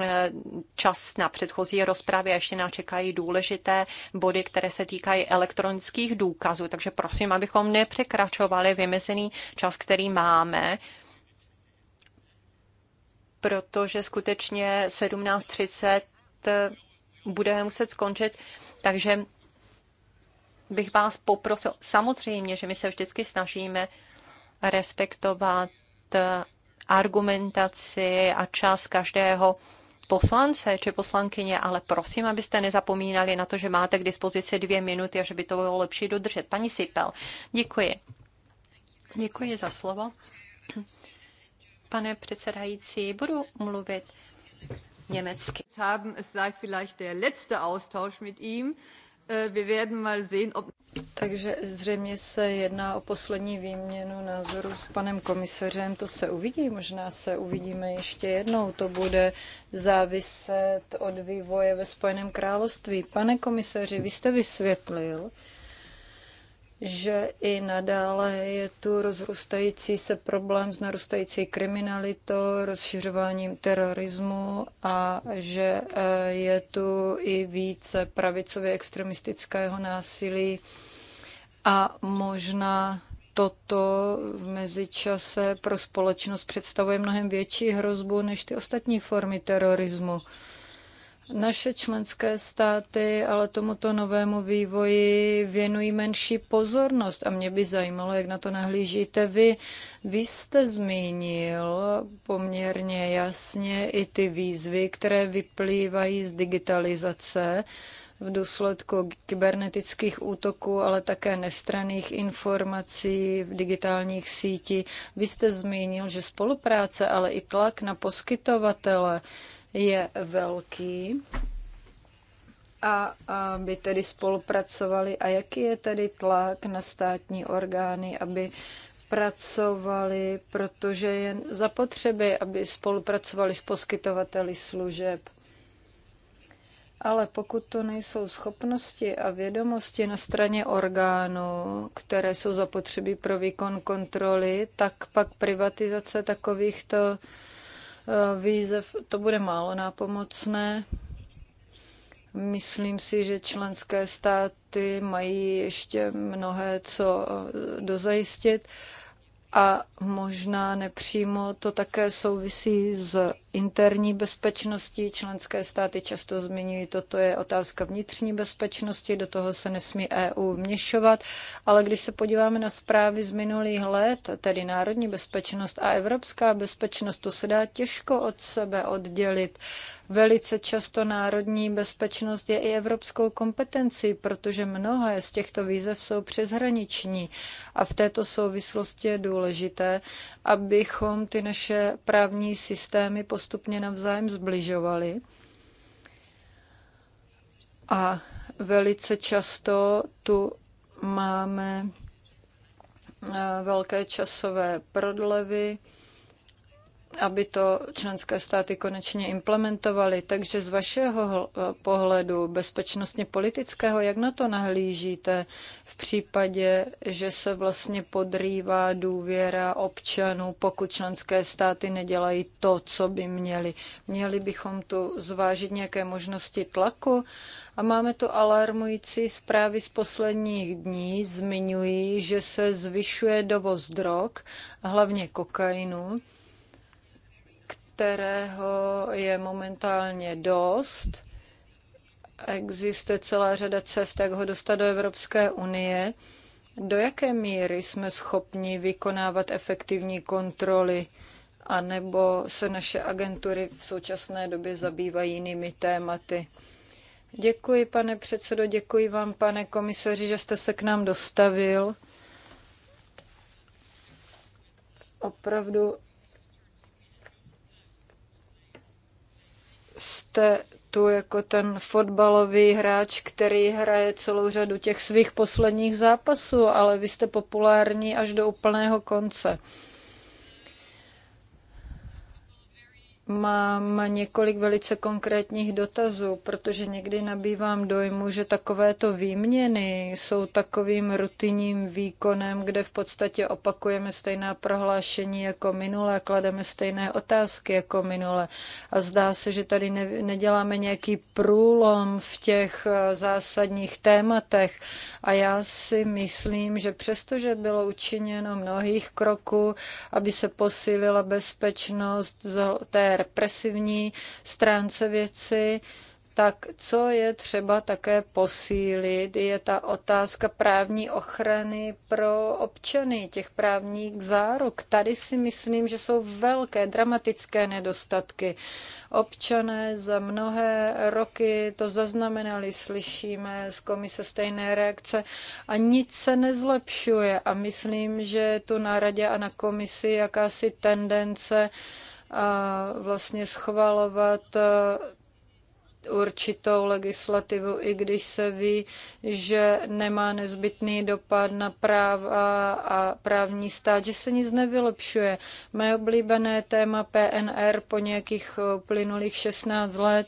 C: eh, čas na předchozí rozpravě. Ještě nás čekají důležité body, které se týkají elektronických důkazů, takže prosím, abychom nepřekračovali vymezený čas, který máme protože skutečně 17.30 eh, budeme muset skončit, takže bych vás poprosil, samozřejmě, že my se vždycky snažíme respektovat eh, argumentaci a čas každého poslance či poslankyně, ale prosím, abyste nezapomínali na to, že máte k dispozici dvě minuty a že by to bylo lepší dodržet. Paní Sipel, děkuji. Děkuji za slovo. Pane předsedající, budu mluvit německy. Haben, es sei
A: vielleicht der letzte Austausch mit ihm. Äh, wir werden mal sehen, ob takže zřejmě se jedná o poslední výměnu názoru s panem komisařem. To se uvidí, možná se uvidíme ještě jednou. To bude záviset od vývoje ve Spojeném království. Pane komisaři, vy jste vysvětlil, že i nadále je tu rozrůstající se problém s narůstající kriminalitou, rozšiřováním terorismu a že e, je tu i více pravicově extremistického násilí a možná toto v mezičase pro společnost představuje mnohem větší hrozbu než ty ostatní formy terorismu. Naše členské státy ale tomuto novému vývoji věnují menší pozornost a mě by zajímalo, jak na to nahlížíte vy. Vy jste zmínil poměrně jasně i ty výzvy, které vyplývají z digitalizace v důsledku kybernetických útoků, ale také nestraných informací v digitálních sítích. Vy jste zmínil, že spolupráce, ale i tlak na poskytovatele je velký a aby tedy spolupracovali a jaký je tedy tlak na státní orgány, aby pracovali, protože je potřeby, aby spolupracovali s poskytovateli služeb. Ale pokud to nejsou schopnosti a vědomosti na straně orgánů, které jsou zapotřebí pro výkon kontroly, tak pak privatizace takovýchto Eh, výzev, to bude málo nápomocné. Myslím si, že členské státy mají ještě mnohé co eh, dozajistit a možná nepřímo to také souvisí s interní bezpečností. Členské státy často zmiňují, toto je otázka vnitřní bezpečnosti, do toho se nesmí EU měšovat, ale když se podíváme na zprávy z minulých let, tedy národní bezpečnost a evropská bezpečnost, to se dá těžko od sebe oddělit. Velice často národní bezpečnost je i evropskou kompetencí, protože mnohé z těchto výzev jsou přeshraniční. A v této souvislosti je důležité, abychom ty naše právní systémy postupně navzájem zbližovali. A velice často tu máme eh, velké časové prodlevy, aby to členské státy konečně implementovaly. Takže z vašeho eh, pohledu bezpečnostně politického, jak na to nahlížíte v případě, že se vlastně podrývá důvěra občanů, pokud členské státy nedělají to, co by měly? Měli bychom tu zvážit nějaké možnosti tlaku? A máme tu alarmující zprávy z posledních dní, zmiňují, že se zvyšuje dovoz drog, hlavně kokainu kterého je momentálně dost. Existuje celá řada cest, jak ho dostat do Evropské unie. Do jaké míry jsme schopni vykonávat efektivní kontroly, anebo se naše agentury v současné době zabývají jinými tématy? Děkuji, pane předsedo, děkuji vám, pane komisaři, že jste se k nám dostavil. Opravdu jste tu jako ten fotbalový hráč, který hraje celou řadu těch svých posledních zápasů, ale vy jste populární až do úplného konce. Mám několik velice konkrétních dotazů, protože někdy nabývám dojmu, že takovéto výměny jsou takovým rutinním výkonem, kde v podstatě opakujeme stejná prohlášení jako minule, klademe stejné otázky jako minule. A zdá se, že tady ne, neděláme nějaký průlom v těch eh, zásadních tématech. A já si myslím, že přestože bylo učiněno mnohých kroků, aby se posílila bezpečnost z té represivní stránce věci, tak co je třeba také posílit, je ta otázka právní ochrany pro občany, těch právních zárok. Tady si myslím, že jsou velké, dramatické nedostatky. Občané za mnohé roky to zaznamenali, slyšíme z komise stejné reakce a nic se nezlepšuje. A myslím, že tu na radě a na komisi jakási tendence, uh, a vlastně schvalovat e, určitou legislativu, i když se ví, že nemá nezbytný dopad na práva a právní stát, že se nic nevylepšuje. Moje oblíbené téma PNR po nějakých e, plynulých 16 let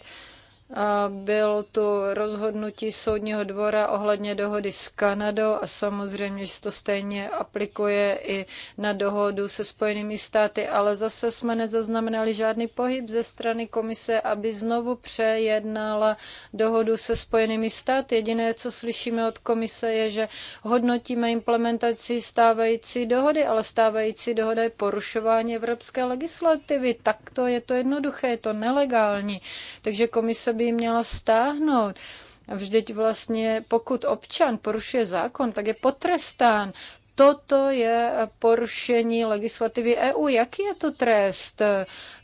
A: bylo to rozhodnutí soudního dvora ohledně dohody s Kanadou a samozřejmě, že to stejně aplikuje i na dohodu se Spojenými státy, ale zase jsme nezaznamenali žádný pohyb ze strany komise, aby znovu přejednala dohodu se Spojenými státy. Jediné, co slyšíme od komise, je, že hodnotíme implementaci stávající dohody, ale stávající dohoda je porušování evropské legislativy. Takto je to jednoduché, je to nelegální. Takže komise by by ji měla stáhnout. Vždyť vlastně, pokud občan porušuje zákon, tak je potrestán toto je porušení legislativy EU. Jaký je to trest?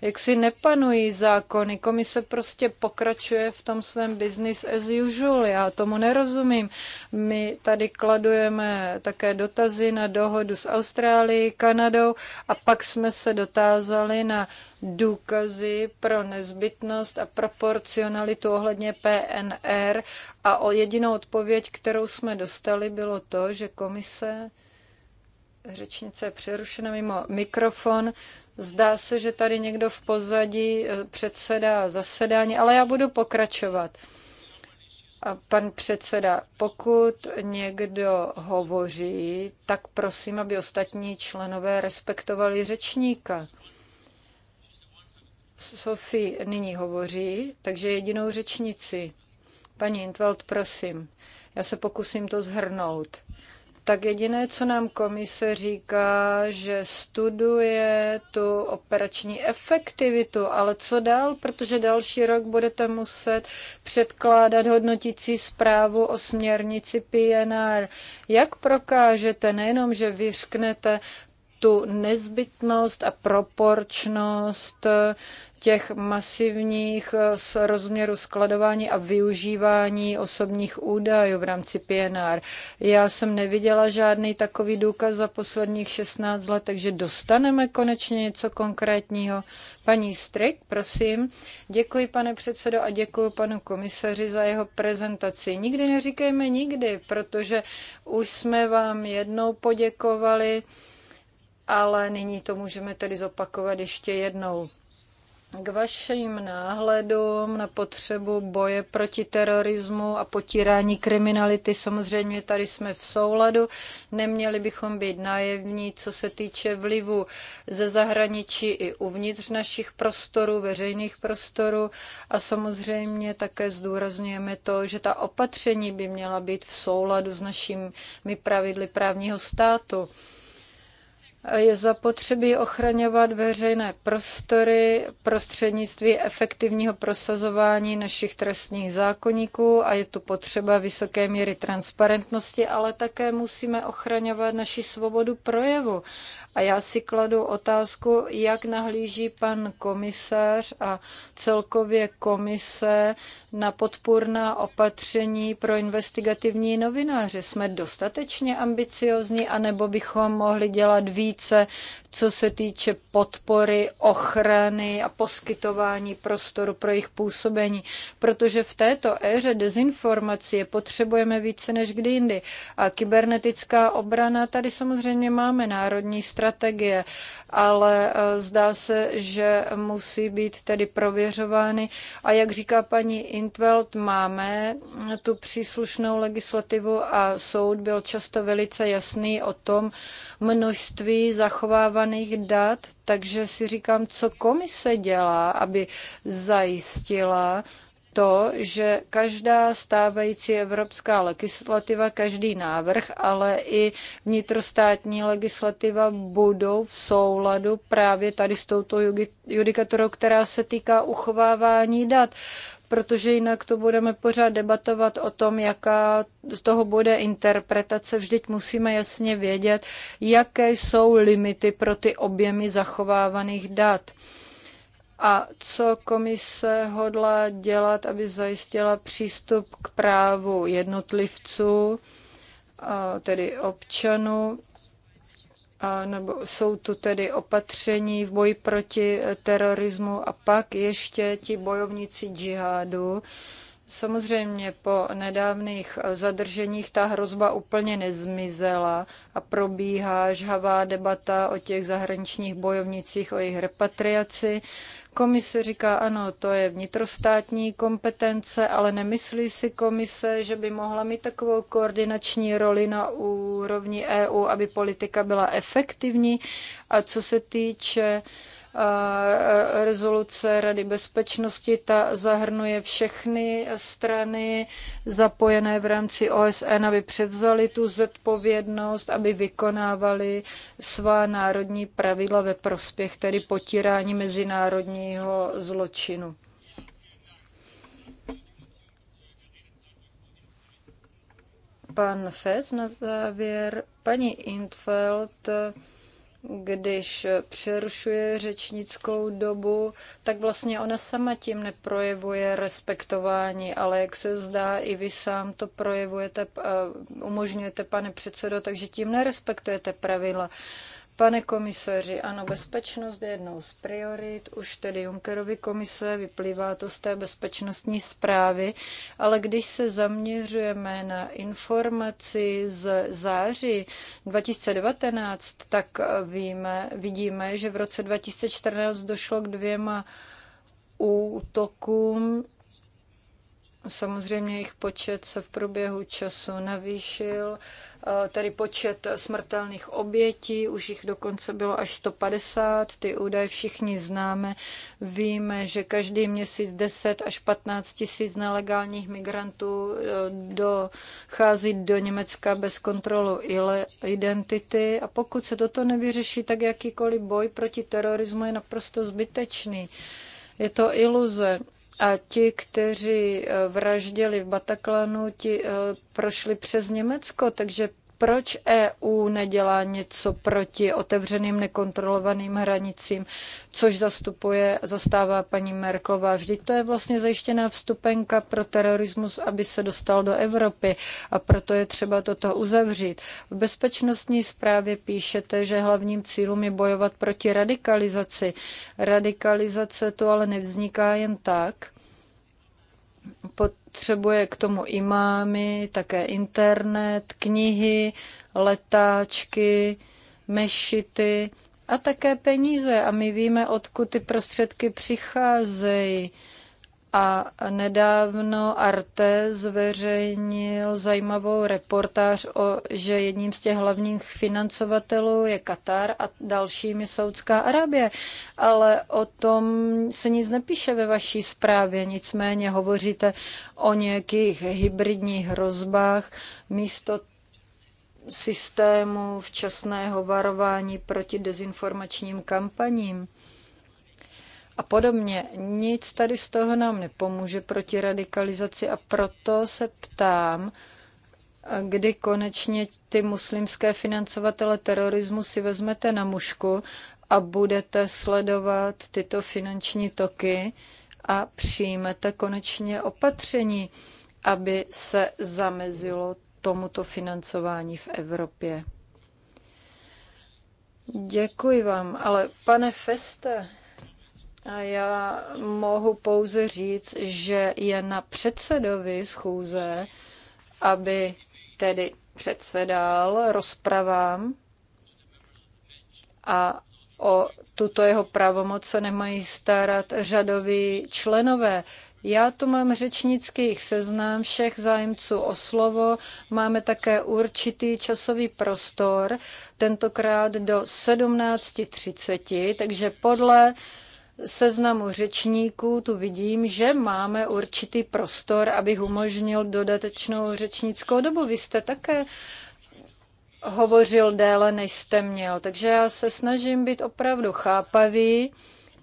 A: Jak si nepanují zákony? Komise prostě pokračuje v tom svém business as usual. Já tomu nerozumím. My tady kladujeme také dotazy na dohodu s Austrálií, Kanadou a pak jsme se dotázali na důkazy pro nezbytnost a proporcionalitu ohledně PNR a o jedinou odpověď, kterou jsme dostali, bylo to, že komise Řečnice je přerušena mimo mikrofon. Zdá se, že tady někdo v pozadí eh, předseda zasedání, ale já budu pokračovat. A pan předseda, pokud někdo hovoří, tak prosím, aby ostatní členové respektovali řečníka. Sofie nyní hovoří, takže jedinou řečnici. Paní Intveld, prosím, já se pokusím to zhrnout tak jediné, co nám komise říká, že studuje tu operační efektivitu, ale co dál, protože další rok budete muset předkládat hodnotící zprávu o směrnici PNR. Jak prokážete nejenom, že vyřknete tu nezbytnost a proporčnost těch masivních z eh, rozměru skladování a využívání osobních údajů v rámci PNR. Já jsem neviděla žádný takový důkaz za posledních 16 let, takže dostaneme konečně něco konkrétního. Paní Strik, prosím. Děkuji, pane předsedo, a děkuji panu komisaři za jeho prezentaci. Nikdy neříkejme nikdy, protože už jsme vám jednou poděkovali, ale nyní to můžeme tedy zopakovat ještě jednou. K vašim náhledům na potřebu boje proti terorismu a potírání kriminality, samozřejmě tady jsme v souladu. Neměli bychom být najevní, co se týče vlivu ze zahraničí i uvnitř našich prostorů, veřejných prostorů. A samozřejmě také zdůrazňujeme to, že ta opatření by měla být v souladu s našimi pravidly právního státu je zapotřebí ochraňovat veřejné prostory prostřednictvím efektivního prosazování našich trestních zákonníků a je tu potřeba vysoké míry transparentnosti, ale také musíme ochraňovat naši svobodu projevu. A já si kladu otázku, jak nahlíží pan komisař a celkově komise na podpůrná opatření pro investigativní novináře. Jsme dostatečně ambiciozní, anebo bychom mohli dělat víc? více, co se týče podpory, ochrany a poskytování prostoru pro jejich působení. Protože v této éře dezinformací je potřebujeme více než kdy jindy. A kybernetická obrana, tady samozřejmě máme národní strategie, ale eh, zdá se, že musí být tedy prověřovány. A jak říká paní Intveld, máme tu příslušnou legislativu a soud byl často velice jasný o tom množství množství zachovávaných dat, takže si říkám, co komise dělá, aby zajistila, to, že každá stávající evropská legislativa, každý návrh, ale i vnitrostátní legislativa budou v souladu právě tady s touto judikaturou, která se týká uchovávání dat protože jinak to budeme pořád debatovat o tom, jaká z toho bude interpretace. Vždyť musíme jasně vědět, jaké jsou limity pro ty objemy zachovávaných dat. A co komise hodla dělat, aby zajistila přístup k právu jednotlivců, tedy občanů, nebo jsou tu tedy opatření v boji proti eh, terorismu a pak ještě ti bojovníci džihádu. Samozřejmě po nedávných eh, zadrženích ta hrozba úplně nezmizela a probíhá žhavá debata o těch zahraničních bojovnicích, o jejich repatriaci. Komise říká, ano, to je vnitrostátní kompetence, ale nemyslí si komise, že by mohla mít takovou koordinační roli na úrovni EU, aby politika byla efektivní. A co se týče uh, rezoluce Rady bezpečnosti. Ta zahrnuje všechny strany zapojené v rámci OSN, aby převzali tu zodpovědnost, aby vykonávali svá národní pravidla ve prospěch tedy potírání mezinárodního zločinu. Pan fez na závěr, paní Intfeld, když přerušuje řečnickou dobu, tak vlastně ona sama tím neprojevuje respektování, ale jak se zdá, i vy sám to projevujete, eh, umožňujete, pane předsedo, takže tím nerespektujete pravidla. Pane komisaři, ano, bezpečnost je jednou z priorit, už tedy Junckerovi komise, vyplývá to z té bezpečnostní zprávy, ale když se zaměřujeme na informaci z září 2019, tak víme, vidíme, že v roce 2014 došlo k dvěma útokům Samozřejmě jejich počet se v průběhu času navýšil, eh, tedy počet smrtelných obětí, už jich dokonce bylo až 150, ty údaje všichni známe. Víme, že každý měsíc 10 až 15 tisíc nelegálních migrantů eh, dochází do Německa bez kontrolu identity a pokud se toto nevyřeší, tak jakýkoliv boj proti terorismu je naprosto zbytečný. Je to iluze. A ti, kteří eh, vraždili v Bataklanu, ti eh, prošli přes Německo, takže proč EU nedělá něco proti otevřeným nekontrolovaným hranicím, což zastupuje, zastává paní Merklová? Vždyť to je vlastně zajištěná vstupenka pro terorismus, aby se dostal do Evropy a proto je třeba toto uzavřít. V bezpečnostní zprávě píšete, že hlavním cílem je bojovat proti radikalizaci. Radikalizace tu ale nevzniká jen tak Potřebuje k tomu imámy, také internet, knihy, letáčky, mešity a také peníze. A my víme, odkud ty prostředky přicházejí. A nedávno Arte zveřejnil zajímavou reportáž, o, že jedním z těch hlavních financovatelů je Katar a dalšími Saudská Arábie. Ale o tom se nic nepíše ve vaší zprávě. Nicméně hovoříte o nějakých hybridních hrozbách místo systému včasného varování proti dezinformačním kampaním a podobně. Nic tady z toho nám nepomůže proti radikalizaci a proto se ptám, kdy konečně ty muslimské financovatele terorismu si vezmete na mušku a budete sledovat tyto finanční toky a přijmete konečně opatření, aby se zamezilo tomuto financování v Evropě. Děkuji vám, ale pane Feste, já mohu pouze říct, že je na předsedovi schůze, aby tedy předsedal rozpravám a o tuto jeho pravomoc se nemají starat řadoví členové. Já tu mám řečnický seznam všech zájemců o slovo. Máme také určitý časový prostor, tentokrát do 17.30, takže podle seznamu řečníků tu vidím, že máme určitý prostor, abych umožnil dodatečnou řečnickou dobu. Vy jste také hovořil déle, než jste měl. Takže já se snažím být opravdu chápavý.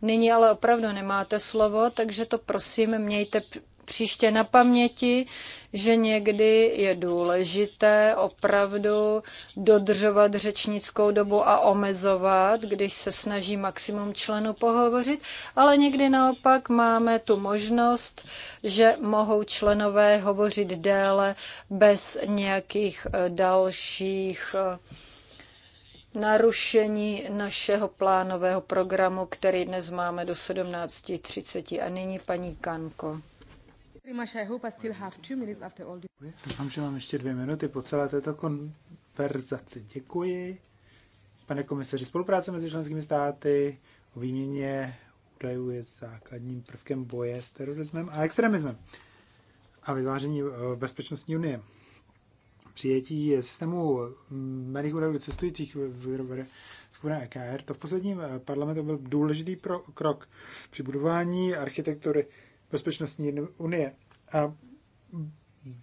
A: Nyní ale opravdu nemáte slovo, takže to prosím mějte příště na paměti, že někdy je důležité opravdu dodržovat řečnickou dobu a omezovat, když se snaží maximum členů pohovořit, ale někdy naopak máme tu možnost, že mohou členové hovořit déle bez nějakých eh, dalších eh, narušení našeho plánového programu, který dnes máme do 17.30. A nyní paní Kanko.
B: Doufám, že mám ještě dvě minuty po celé této konverzaci. Děkuji. Pane komisaři, spolupráce mezi členskými státy o výměně údajů je základním prvkem boje s terorismem a extremismem a vytváření eh, bezpečnostní unie. Přijetí systému mých mm, údajů cestujících v skupina EKR, to v posledním eh, parlamentu byl důležitý pro, krok při budování architektury bezpečnostní unie. A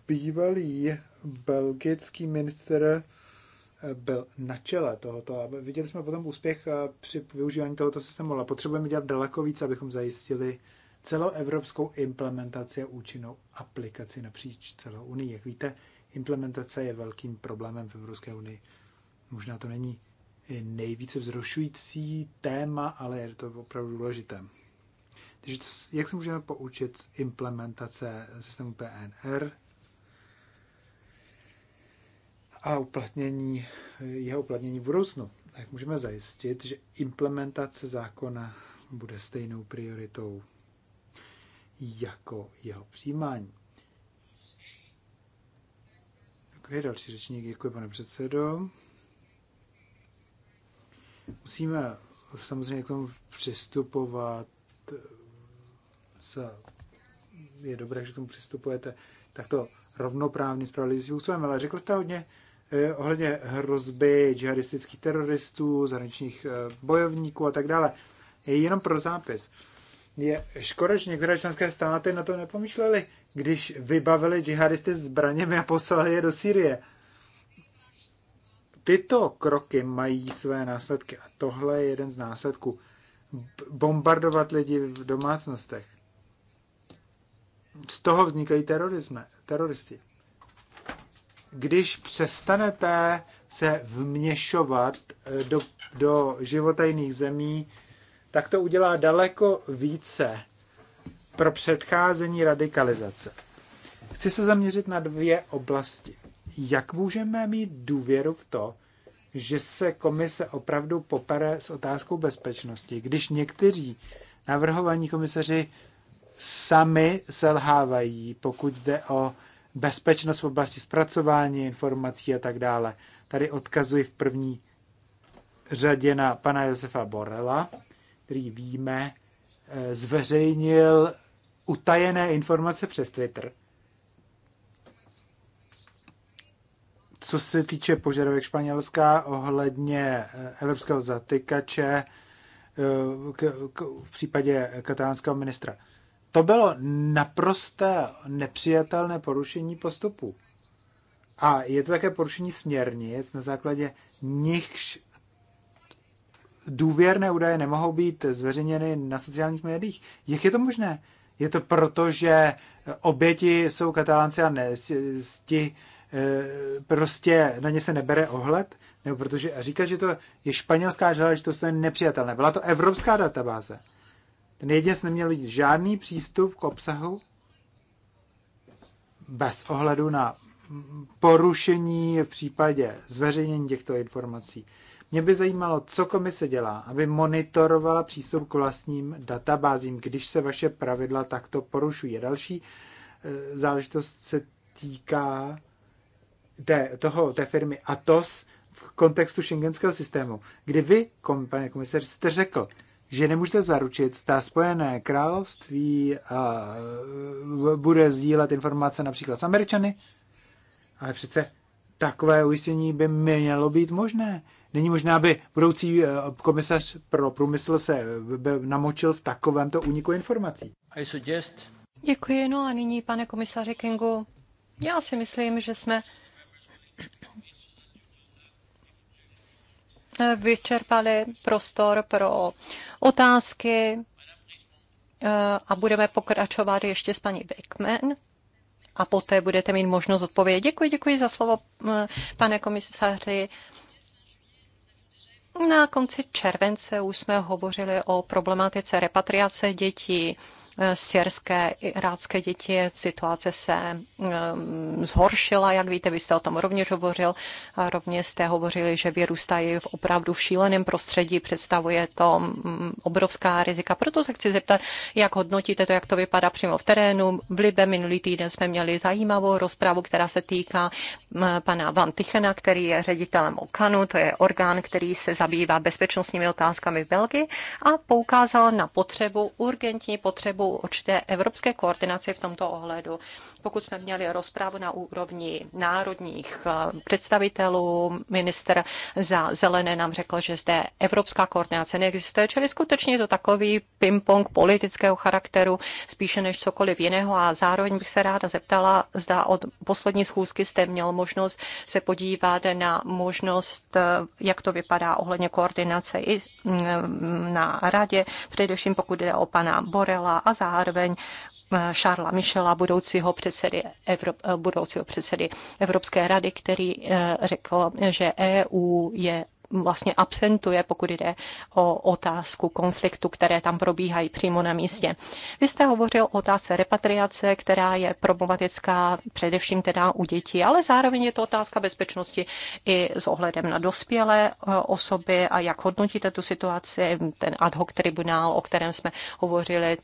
B: bývalý belgický minister eh, byl na čele tohoto. A viděli jsme potom úspěch eh, při využívání tohoto systému, ale potřebujeme dělat daleko víc, abychom zajistili celoevropskou implementaci a účinnou aplikaci napříč celou Unii. Jak víte, implementace je velkým problémem v Evropské unii. Možná to není nejvíce vzrušující téma, ale je to opravdu důležité. Takže co, jak se můžeme poučit z implementace systému PNR a uplatnění, jeho uplatnění v budoucnu? Jak můžeme zajistit, že implementace zákona bude stejnou prioritou jako jeho přijímání? Děkuji, další řečník. Děkuji, pane předsedo. Musíme samozřejmě k tomu přistupovat s, je dobré, že tomu přistupujete takto rovnoprávně spravedlivým způsobem, ale řekl jste hodně eh, ohledně hrozby džihadistických teroristů, zahraničních eh, bojovníků a tak dále. Je jenom pro zápis. Je škoda, že některé členské státy na to nepomýšleli, když vybavili džihadisty zbraněmi a poslali je do Sýrie. Tyto kroky mají své následky a tohle je jeden z následků. B bombardovat lidi v domácnostech z toho vznikají terorisme, teroristi. Když přestanete se vměšovat eh, do, do života jiných zemí, tak to udělá daleko více pro předcházení radikalizace. Chci se zaměřit na dvě oblasti. Jak můžeme mít důvěru v to, že se komise opravdu popere s otázkou bezpečnosti, když někteří navrhovaní komisaři sami selhávají, pokud jde o bezpečnost v oblasti zpracování informací a tak dále. Tady odkazuji v první řadě na pana Josefa Borela, který víme, eh, zveřejnil utajené informace přes Twitter. Co se týče požadavek Španělska ohledně eh, evropského zatykače eh, k, k, v případě katalánského ministra to bylo naprosté nepřijatelné porušení postupu. A je to také porušení směrnic, na základě nichž důvěrné údaje nemohou být zveřejněny na sociálních médiích. Jak je to možné? Je to proto, že oběti jsou katalánci a ne, ti eh, prostě na ně se nebere ohled? Nebo protože říká, že to je španělská žádost, to je nepřijatelné. Byla to evropská databáze. Ten jedinec neměl mít žádný přístup k obsahu bez ohledu na porušení v případě zveřejnění těchto informací. Mě by zajímalo, co komise dělá, aby monitorovala přístup k vlastním databázím, když se vaše pravidla takto porušují. Další eh, záležitost se týká té, toho, té firmy Atos v kontextu šengenského systému, kdy vy, pane komisař, jste řekl, že nemůžete zaručit, zda Spojené království uh, bude sdílet informace například s Američany, ale přece takové ujištění by mělo být možné. Není možné, aby budoucí e, komisař pro průmysl se e, namočil v takovémto úniku informací.
C: Suggest... Děkuji, no a nyní, pane komisaři Kingu, já si myslím, že jsme vyčerpali prostor pro otázky eh, a budeme pokračovat ještě s paní Beckman a poté budete mít možnost odpovědět. Děkuji, děkuji za slovo, eh, pane komisaři. Na konci července už jsme hovořili o problematice repatriace dětí. Eh, syrské, irácké děti. Situace se eh, zhoršila, jak víte, vy jste o tom rovněž hovořil. A rovně jste hovořili, že vyrůstají v opravdu v šíleném prostředí, představuje to mm, obrovská rizika. Proto se chci zeptat, jak hodnotíte to, jak to vypadá přímo v terénu. V Libe minulý týden jsme měli zajímavou rozpravu, která se týká eh, pana Van Tichena, který je ředitelem OKANu, to je orgán, který se zabývá bezpečnostními otázkami v Belgii a poukázal na potřebu, urgentní potřebu potřebu určité evropské koordinace v tomto ohledu pokud jsme měli rozprávu na úrovni národních eh, představitelů, minister za zelené nám řekl, že zde evropská koordinace neexistuje, čili skutečně je to takový ping-pong politického charakteru spíše než cokoliv jiného a zároveň bych se ráda zeptala, zda od poslední schůzky jste měl možnost se podívat na možnost, eh, jak to vypadá ohledně koordinace i mm, na radě, především pokud jde o pana Borela a zároveň Eh, Šárla, Michela, budoucího předsedy, Evrop, eh, budoucího předsedy Evropské rady, který eh, řekl, že EU je vlastně absentuje, pokud jde o otázku konfliktu, které tam probíhají přímo na místě. Vy jste hovořil o otázce repatriace, která je problematická především teda u dětí, ale zároveň je to otázka bezpečnosti i s ohledem na dospělé osoby a jak hodnotíte tu situaci, ten ad hoc tribunál, o kterém jsme hovořili,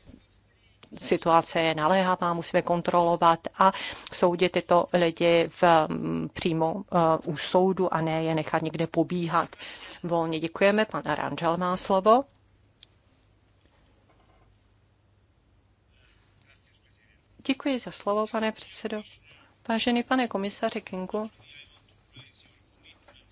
C: situace je naléhavá, musíme kontrolovat a soudit tyto lidi v, mm, přímo eh, u soudu a ne je nechat někde pobíhat. Volně děkujeme, pan Aranžel má slovo. Děkuji za slovo, pane předsedo. Vážený pane komisaři Kingu,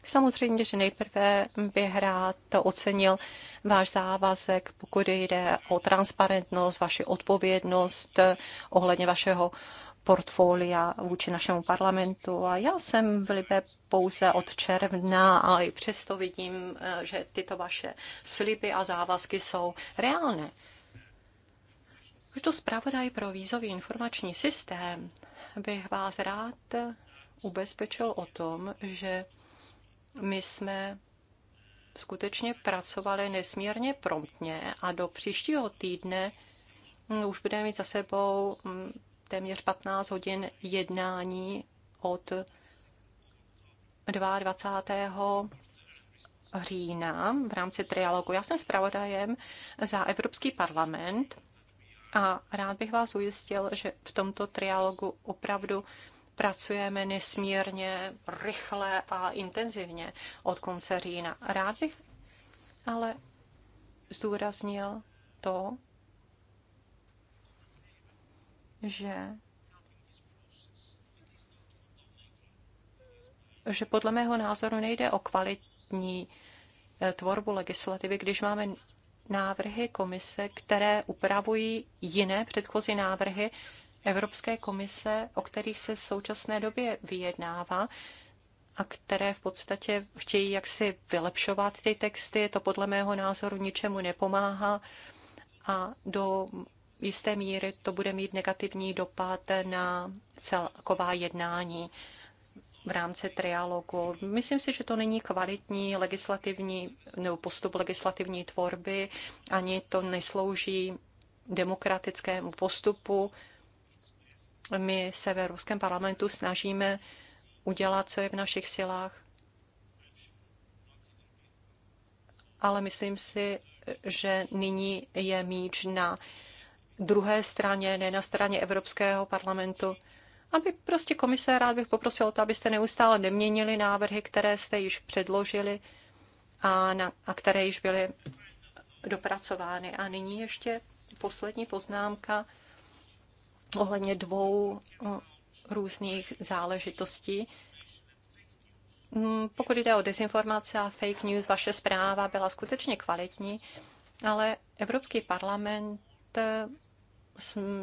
C: Samozřejmě, že nejprve bych rád to ocenil váš závazek, pokud jde o transparentnost, vaši odpovědnost ohledně vašeho portfolia vůči našemu parlamentu. A já jsem v Libe pouze od června a i přesto vidím, že tyto vaše sliby a závazky jsou reálné. to zpravodaj pro vízový informační systém bych vás rád ubezpečil o tom, že my jsme skutečně pracovali nesmírně promptně a do příštího týdne už budeme mít za sebou mm, téměř 15 hodin jednání od 22. října v rámci trialogu. Já jsem zpravodajem za Evropský parlament a rád bych vás ujistil, že v tomto trialogu opravdu pracujeme nesmírně rychle a intenzivně od konce října. Rád bych ale zdůraznil to, že že podle mého názoru nejde o kvalitní eh, tvorbu legislativy, když máme návrhy komise, které upravují jiné předchozí návrhy, Evropské komise, o kterých se v současné době vyjednává a které v podstatě chtějí jaksi vylepšovat ty texty. To podle mého názoru ničemu nepomáhá a do jisté míry to bude mít negativní dopad na celková jednání v rámci trialogu. Myslím si, že to není kvalitní legislativní nebo postup legislativní tvorby, ani to neslouží demokratickému postupu my se ve Ruském parlamentu snažíme udělat, co je v našich silách. Ale myslím si, že nyní je míč na druhé straně, ne na straně Evropského parlamentu. Aby prostě komise, rád bych poprosil o to, abyste neustále neměnili návrhy, které jste již předložili a, na, a které již byly dopracovány. A nyní ještě poslední poznámka ohledně dvou různých záležitostí. Mm, pokud jde o dezinformace a fake news, vaše zpráva byla skutečně kvalitní, ale Evropský parlament e,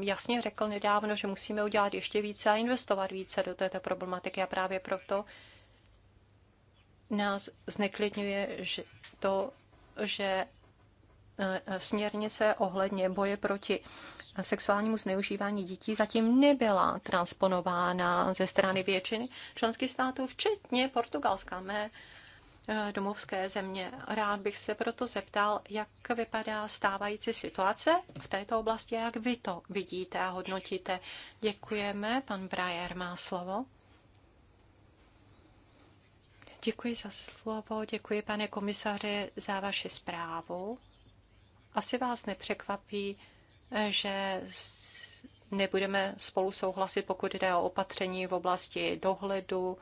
C: jasně řekl nedávno, že musíme udělat ještě více a investovat více do této problematiky a právě proto nás zneklidňuje že to, že Eh, směrnice ohledně boje proti sexuálnímu zneužívání dětí zatím nebyla transponována ze strany většiny členských států, včetně Portugalska, mé eh, domovské země. Rád bych se proto zeptal, jak vypadá stávající situace v této oblasti, jak vy to vidíte a hodnotíte. Děkujeme. Pan Brajer má slovo. Děkuji za slovo, děkuji pane komisaři za vaši zprávu. Asi vás nepřekvapí, že nebudeme spolu souhlasit, pokud jde o opatření v oblasti dohledu.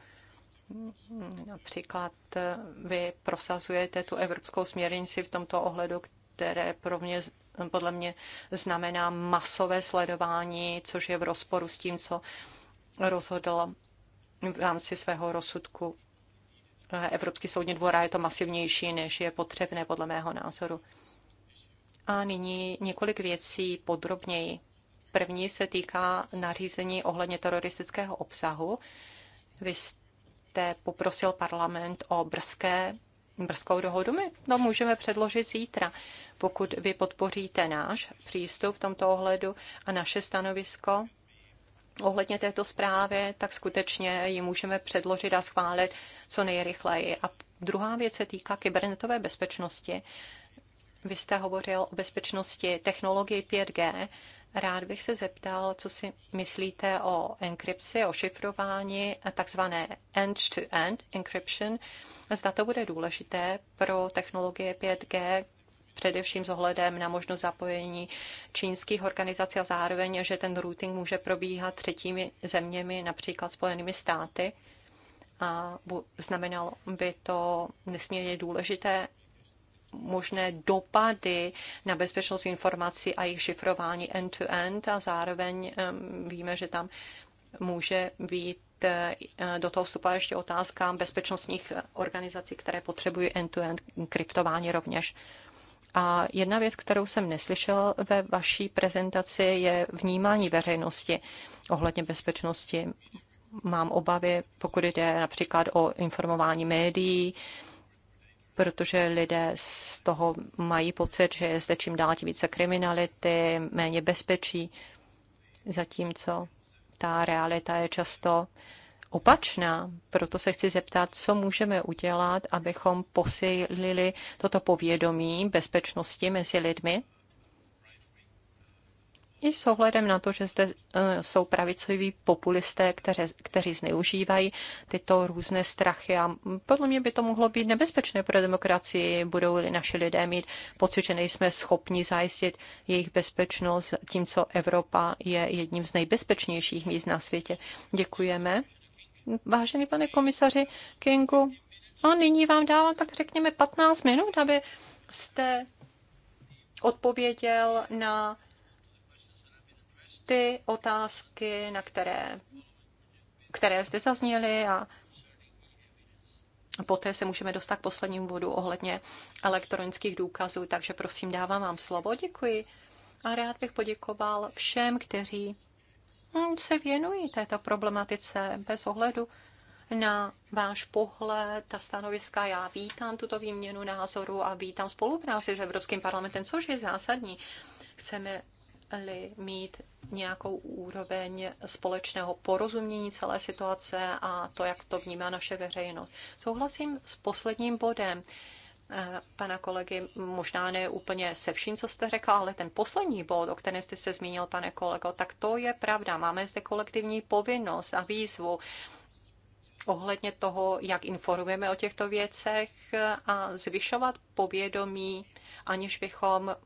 C: Například eh, vy prosazujete tu evropskou směrnici v tomto ohledu, které pro mě, podle mě znamená masové sledování, což je v rozporu s tím, co rozhodl v rámci svého rozsudku eh, Evropský soudní dvora. Je to masivnější, než je potřebné, podle mého názoru. A nyní několik věcí podrobněji. První se týká nařízení ohledně teroristického obsahu. Vy jste poprosil parlament o brzké, brzkou dohodu. My to můžeme předložit zítra, pokud vy podpoříte náš přístup v tomto ohledu a naše stanovisko. Ohledně této zprávy, tak skutečně ji můžeme předložit a schválit co nejrychleji. A druhá věc se týká kybernetové bezpečnosti. Vy jste hovořil o bezpečnosti technologii 5G. Rád bych se zeptal, co si myslíte o enkrypci, o šifrování, takzvané end-to-end encryption. Zda to bude důležité pro technologie 5G, především s ohledem na možnost zapojení čínských organizací a zároveň, že ten routing může probíhat třetími zeměmi, například Spojenými státy. A znamenalo by to nesmírně důležité možné dopady na bezpečnost informací a jejich šifrování end-to-end -end a zároveň víme, že tam může být eh, do toho vstupuje ještě otázka bezpečnostních organizací, které potřebují end-to-end kryptování rovněž. A jedna věc, kterou jsem neslyšel ve vaší prezentaci, je vnímání veřejnosti ohledně bezpečnosti. Mám obavy, pokud jde například o informování médií, protože lidé z toho mají pocit, že je zde čím dál tím více kriminality, méně bezpečí, zatímco ta realita je často opačná. Proto se chci zeptat, co můžeme udělat, abychom posílili toto povědomí bezpečnosti mezi lidmi i s ohledem na to, že zde eh, jsou pravicoví populisté, které, kteří zneužívají tyto různé strachy a podle mě by to mohlo být nebezpečné pro demokracii, budou-li naši lidé mít pocit, že nejsme schopni zajistit jejich bezpečnost, tím, co Evropa je jedním z nejbezpečnějších míst na světě. Děkujeme. Vážený pane komisaři Kingu, a nyní vám dávám tak řekněme 15 minut, aby jste odpověděl na ty otázky, na které, které zde zazněly a poté se můžeme dostat k poslednímu bodu ohledně elektronických důkazů, takže prosím, dávám vám slovo, děkuji. A rád bych poděkoval všem, kteří se věnují této problematice bez ohledu na váš pohled a stanoviska. Já vítám tuto výměnu názoru a vítám spolupráci s Evropským parlamentem, což je zásadní. Chceme měli mít nějakou úroveň společného porozumění celé situace a to, jak to vnímá naše veřejnost. Souhlasím s posledním bodem eh, pana kolegy, možná ne úplně se vším, co jste řekl, ale ten poslední bod, o kterém jste se zmínil, pane kolego, tak to je pravda. Máme zde kolektivní povinnost a výzvu ohledně toho, jak informujeme o těchto věcech a zvyšovat povědomí, aniž bychom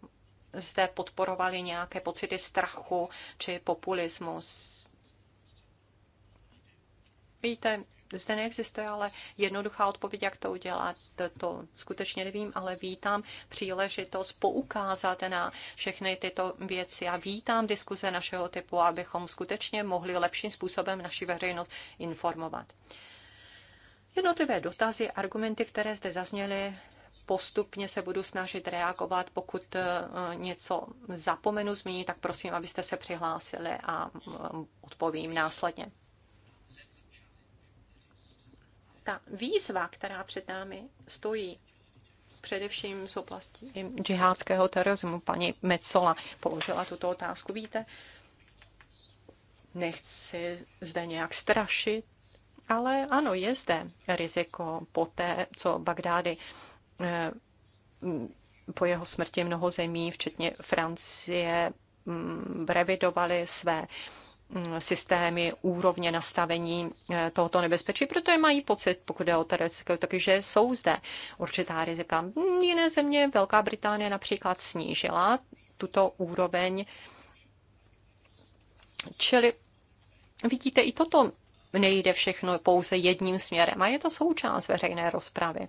C: zde podporovali nějaké pocity strachu či populismus. Víte, zde neexistuje ale jednoduchá odpověď, jak to udělat. To skutečně nevím, ale vítám příležitost poukázat na všechny tyto věci a vítám diskuze našeho typu, abychom skutečně mohli lepším způsobem naši veřejnost informovat. Jednotlivé dotazy, argumenty, které zde zazněly, postupně se budu snažit reagovat. Pokud eh, něco zapomenu zmínit, tak prosím, abyste se přihlásili a eh, odpovím následně. Ta výzva, která před námi stojí, především z oblasti džihádského terorismu, paní Mecola položila tuto otázku. Víte, nechci zde nějak strašit, ale ano, je zde riziko po té, co Bagdády Eh, po jeho smrti mnoho zemí, včetně Francie, mm, revidovali své mm, systémy, úrovně nastavení eh, tohoto nebezpečí, protože mají pocit, pokud je o teroristické útoky, že jsou zde určitá rizika. Jiné země, Velká Británie například snížila tuto úroveň. Čili vidíte, i toto nejde všechno pouze jedním směrem a je to součást veřejné rozpravy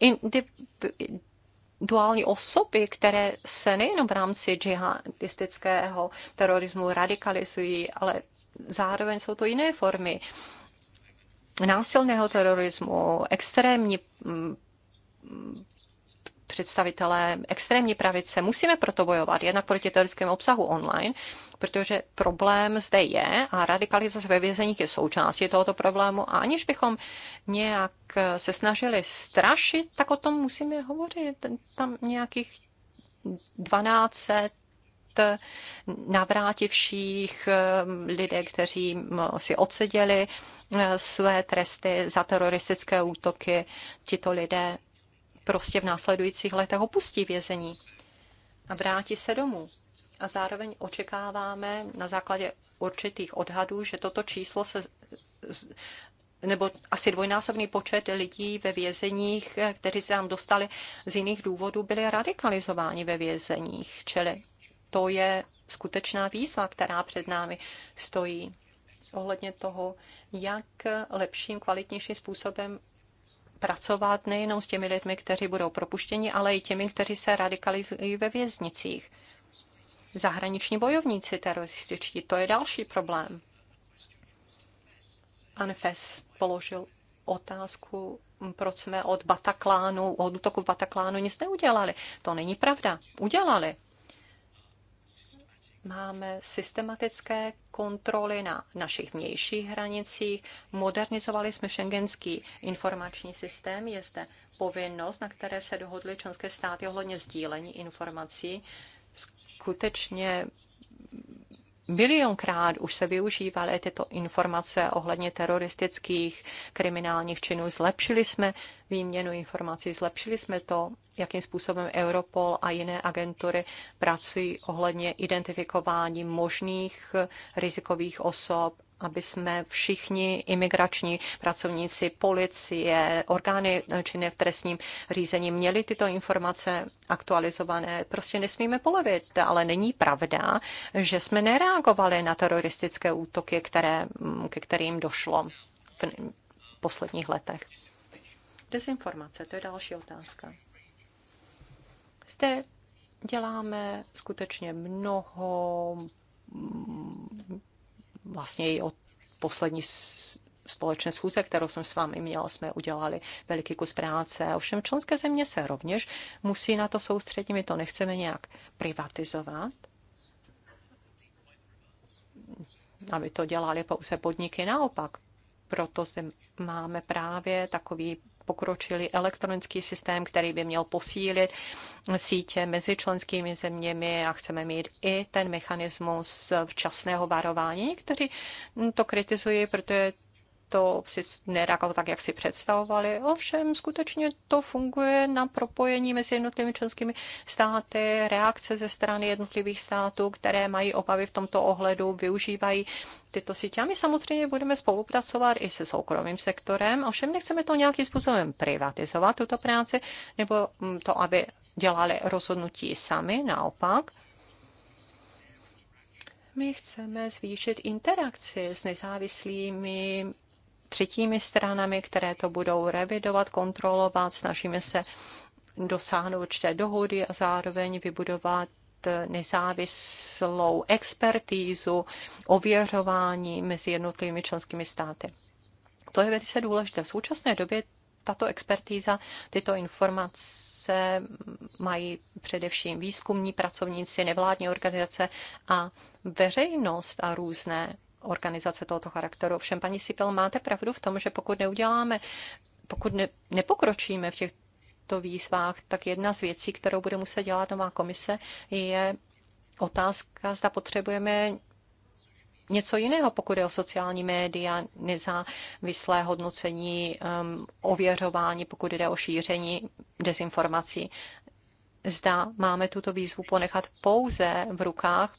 C: individuální osoby, které se nejenom v rámci džihadistického terorismu radikalizují, ale zároveň jsou to jiné formy násilného terorismu, extrémní mm, představitelé extrémní pravice. Musíme proto bojovat jednak proti teroristickému obsahu online, protože problém zde je a radikalizace ve vězeních je součástí tohoto problému a aniž bychom nějak se snažili strašit, tak o tom musíme hovořit. Tam nějakých 12 navrátivších eh, lidé, kteří mm, si odseděli eh, své tresty za teroristické útoky. Tito lidé prostě v následujících letech opustí vězení a vrátí se domů a zároveň očekáváme na základě určitých odhadů, že toto číslo se nebo asi dvojnásobný počet lidí ve vězeních, kteří se nám dostali z jiných důvodů, byli radikalizováni ve vězeních. Čili to je skutečná výzva, která před námi stojí ohledně toho, jak lepším, kvalitnějším způsobem pracovat nejenom s těmi lidmi, kteří budou propuštěni, ale i těmi, kteří se radikalizují ve věznicích zahraniční bojovníci terorističtí. To je další problém. Pan Fes položil otázku, proč jsme od Bataklánu, od útoku Bataklánu nic neudělali. To není pravda. Udělali. Máme systematické kontroly na našich vnějších hranicích, modernizovali jsme šengenský informační systém, je zde povinnost, na které se dohodly členské státy ohledně sdílení informací skutečně milionkrát už se využívaly tyto informace ohledně teroristických kriminálních činů. Zlepšili jsme výměnu informací, zlepšili jsme to, jakým způsobem Europol a jiné agentury pracují ohledně identifikování možných rizikových osob aby jsme všichni imigrační pracovníci, policie, orgány činné v trestním řízení měli tyto informace aktualizované. Prostě nesmíme polevit, ale není pravda, že jsme nereagovali na teroristické útoky, které, ke kterým došlo v posledních letech. Dezinformace, to je další otázka. Zde děláme skutečně mnoho vlastně i od poslední společné schůze, kterou jsem s vámi měla, jsme udělali veliký kus práce. Ovšem členské země se rovněž musí na to soustředit. My to nechceme nějak privatizovat, aby to dělali pouze podniky. Naopak, proto zde máme právě takový pokročilý elektronický systém, který by měl posílit sítě mezi členskými zeměmi a chceme mít i ten mechanismus včasného varování. Někteří to kritizují, protože to nereagovalo tak, jak si představovali. Ovšem, skutečně to funguje na propojení mezi jednotlivými členskými státy, reakce ze strany jednotlivých států, které mají obavy v tomto ohledu, využívají tyto sítě. A my samozřejmě budeme spolupracovat i se soukromým sektorem, ovšem nechceme to nějakým způsobem privatizovat, tuto práci, nebo mm, to, aby dělali rozhodnutí sami, naopak my chceme zvýšit interakci s nezávislými třetími stranami, které to budou revidovat, kontrolovat. Snažíme se dosáhnout určité dohody a zároveň vybudovat nezávislou expertízu, ověřování mezi jednotlivými členskými státy. To je velice důležité. V současné době tato expertíza, tyto informace mají především výzkumní pracovníci, nevládní organizace a veřejnost a různé organizace tohoto charakteru. Všem, paní Sipel, máte pravdu v tom, že pokud neuděláme, pokud ne, nepokročíme v těchto výzvách, tak jedna z věcí, kterou bude muset dělat nová komise, je otázka, zda potřebujeme něco jiného, pokud je o sociální média, nezávislé hodnocení, um, ověřování, pokud jde o šíření dezinformací. Zda máme tuto výzvu ponechat pouze v rukách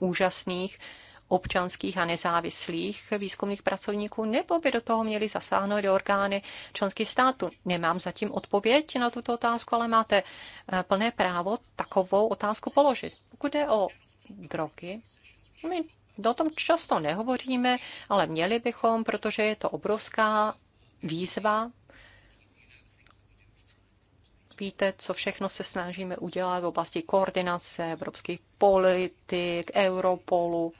C: úžasných uh, občanských a nezávislých výzkumných pracovníků, nebo by do toho měly zasáhnout do orgány členských států? Nemám zatím odpověď na tuto otázku, ale máte eh, plné právo takovou otázku položit. Pokud je o drogy, my o tom často nehovoříme, ale měli bychom, protože je to obrovská výzva. Víte, co všechno se snažíme udělat v oblasti koordinace evropských politik, Europolu,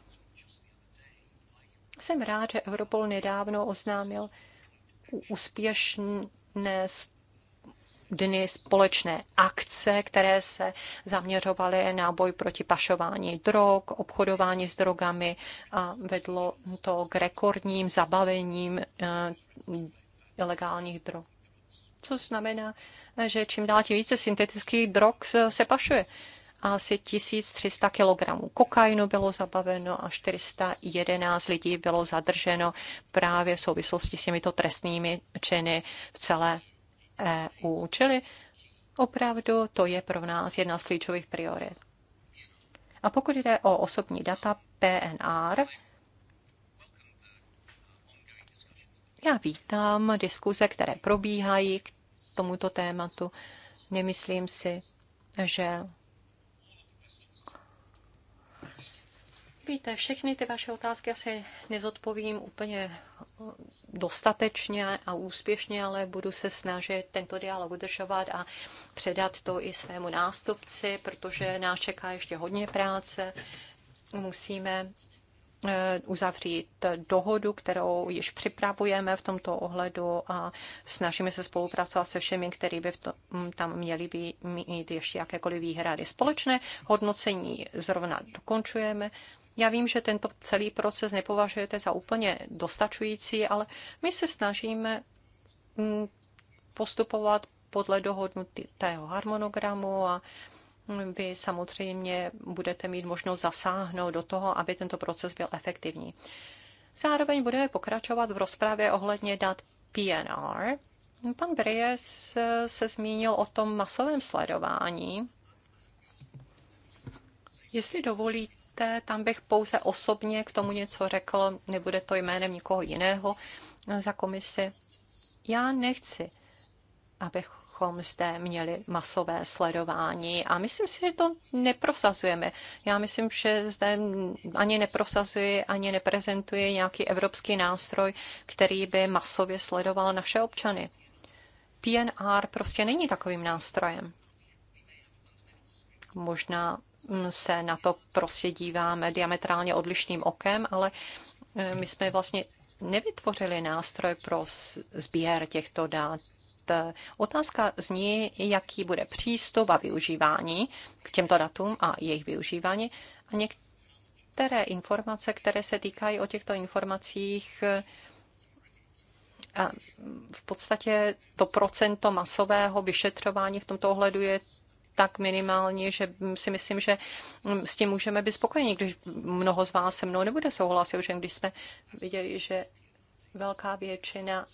C: jsem rád, že Europol nedávno oznámil úspěšné dny společné akce, které se zaměřovaly na boj proti pašování drog, obchodování s drogami a vedlo to k rekordním zabavením eh, ilegálních drog. Co znamená, že čím dál tím více syntetických drog se pašuje asi 1300 kg kokainu bylo zabaveno a 411 lidí bylo zadrženo právě v souvislosti s těmito trestnými činy v celé EU. Čili opravdu to je pro nás jedna z klíčových priorit. A pokud jde o osobní data PNR, já vítám diskuze, které probíhají k tomuto tématu. Nemyslím si, že Víte, všechny ty vaše otázky asi nezodpovím úplně dostatečně a úspěšně, ale budu se snažit tento dialog udržovat a předat to i svému nástupci, protože nás čeká ještě hodně práce. Musíme eh, uzavřít dohodu, kterou již připravujeme v tomto ohledu a snažíme se spolupracovat se všemi, kteří by tom, mm, tam měli být, mít ještě jakékoliv výhrady. Společné hodnocení zrovna dokončujeme já vím, že tento celý proces nepovažujete za úplně dostačující, ale my se snažíme mm, postupovat podle dohodnutého harmonogramu a vy samozřejmě budete mít možnost zasáhnout do toho, aby tento proces byl efektivní. Zároveň budeme pokračovat v rozpravě ohledně dat PNR. Pan Bries eh, se zmínil o tom masovém sledování. Jestli dovolíte, důležité, tam bych pouze osobně k tomu něco řekl, nebude to jménem nikoho jiného za komisi. Já nechci, abychom zde měli masové sledování a myslím si, že to neprosazujeme. Já myslím, že zde ani neprosazuje, ani neprezentuje nějaký evropský nástroj, který by masově sledoval naše občany. PNR prostě není takovým nástrojem. Možná Mm, se na to prostě díváme diametrálně odlišným okem, ale e, my jsme vlastně nevytvořili nástroj pro sběr těchto dat. E, otázka zní, jaký bude přístup a využívání k těmto datům a jejich využívání. A některé informace, které se týkají o těchto informacích, e, a v podstatě to procento masového vyšetřování v tomto ohledu je tak minimální, že si myslím, že s tím můžeme být spokojeni, když mnoho z vás se mnou nebude souhlasit, že když jsme viděli, že velká většina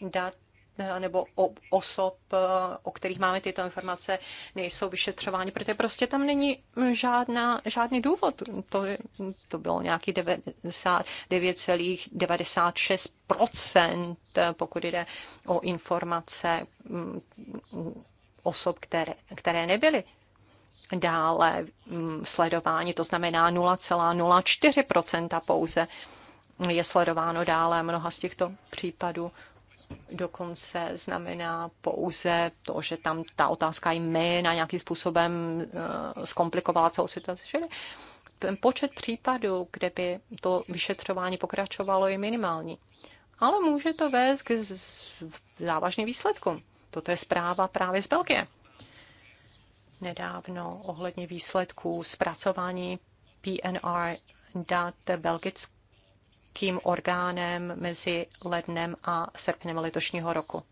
C: dat eh, nebo o, osob, eh, o kterých máme tyto informace, nejsou vyšetřováni, protože prostě tam není žádná, žádný důvod. To, to bylo nějaký 99,96%, eh, pokud jde o informace mm, osob, které, které nebyly dále mm, sledování to znamená 0,04% pouze je sledováno dále mnoha z těchto případů. Dokonce znamená pouze to, že tam ta otázka jména nějakým způsobem eh, zkomplikovala celou situaci. Čili ten počet případů, kde by to vyšetřování pokračovalo, je minimální. Ale může to vést k závažným výsledkům. Toto je zpráva právě z Belgie. Nedávno ohledně výsledků zpracování PNR dat belgickým orgánem mezi lednem a srpnem letošního roku.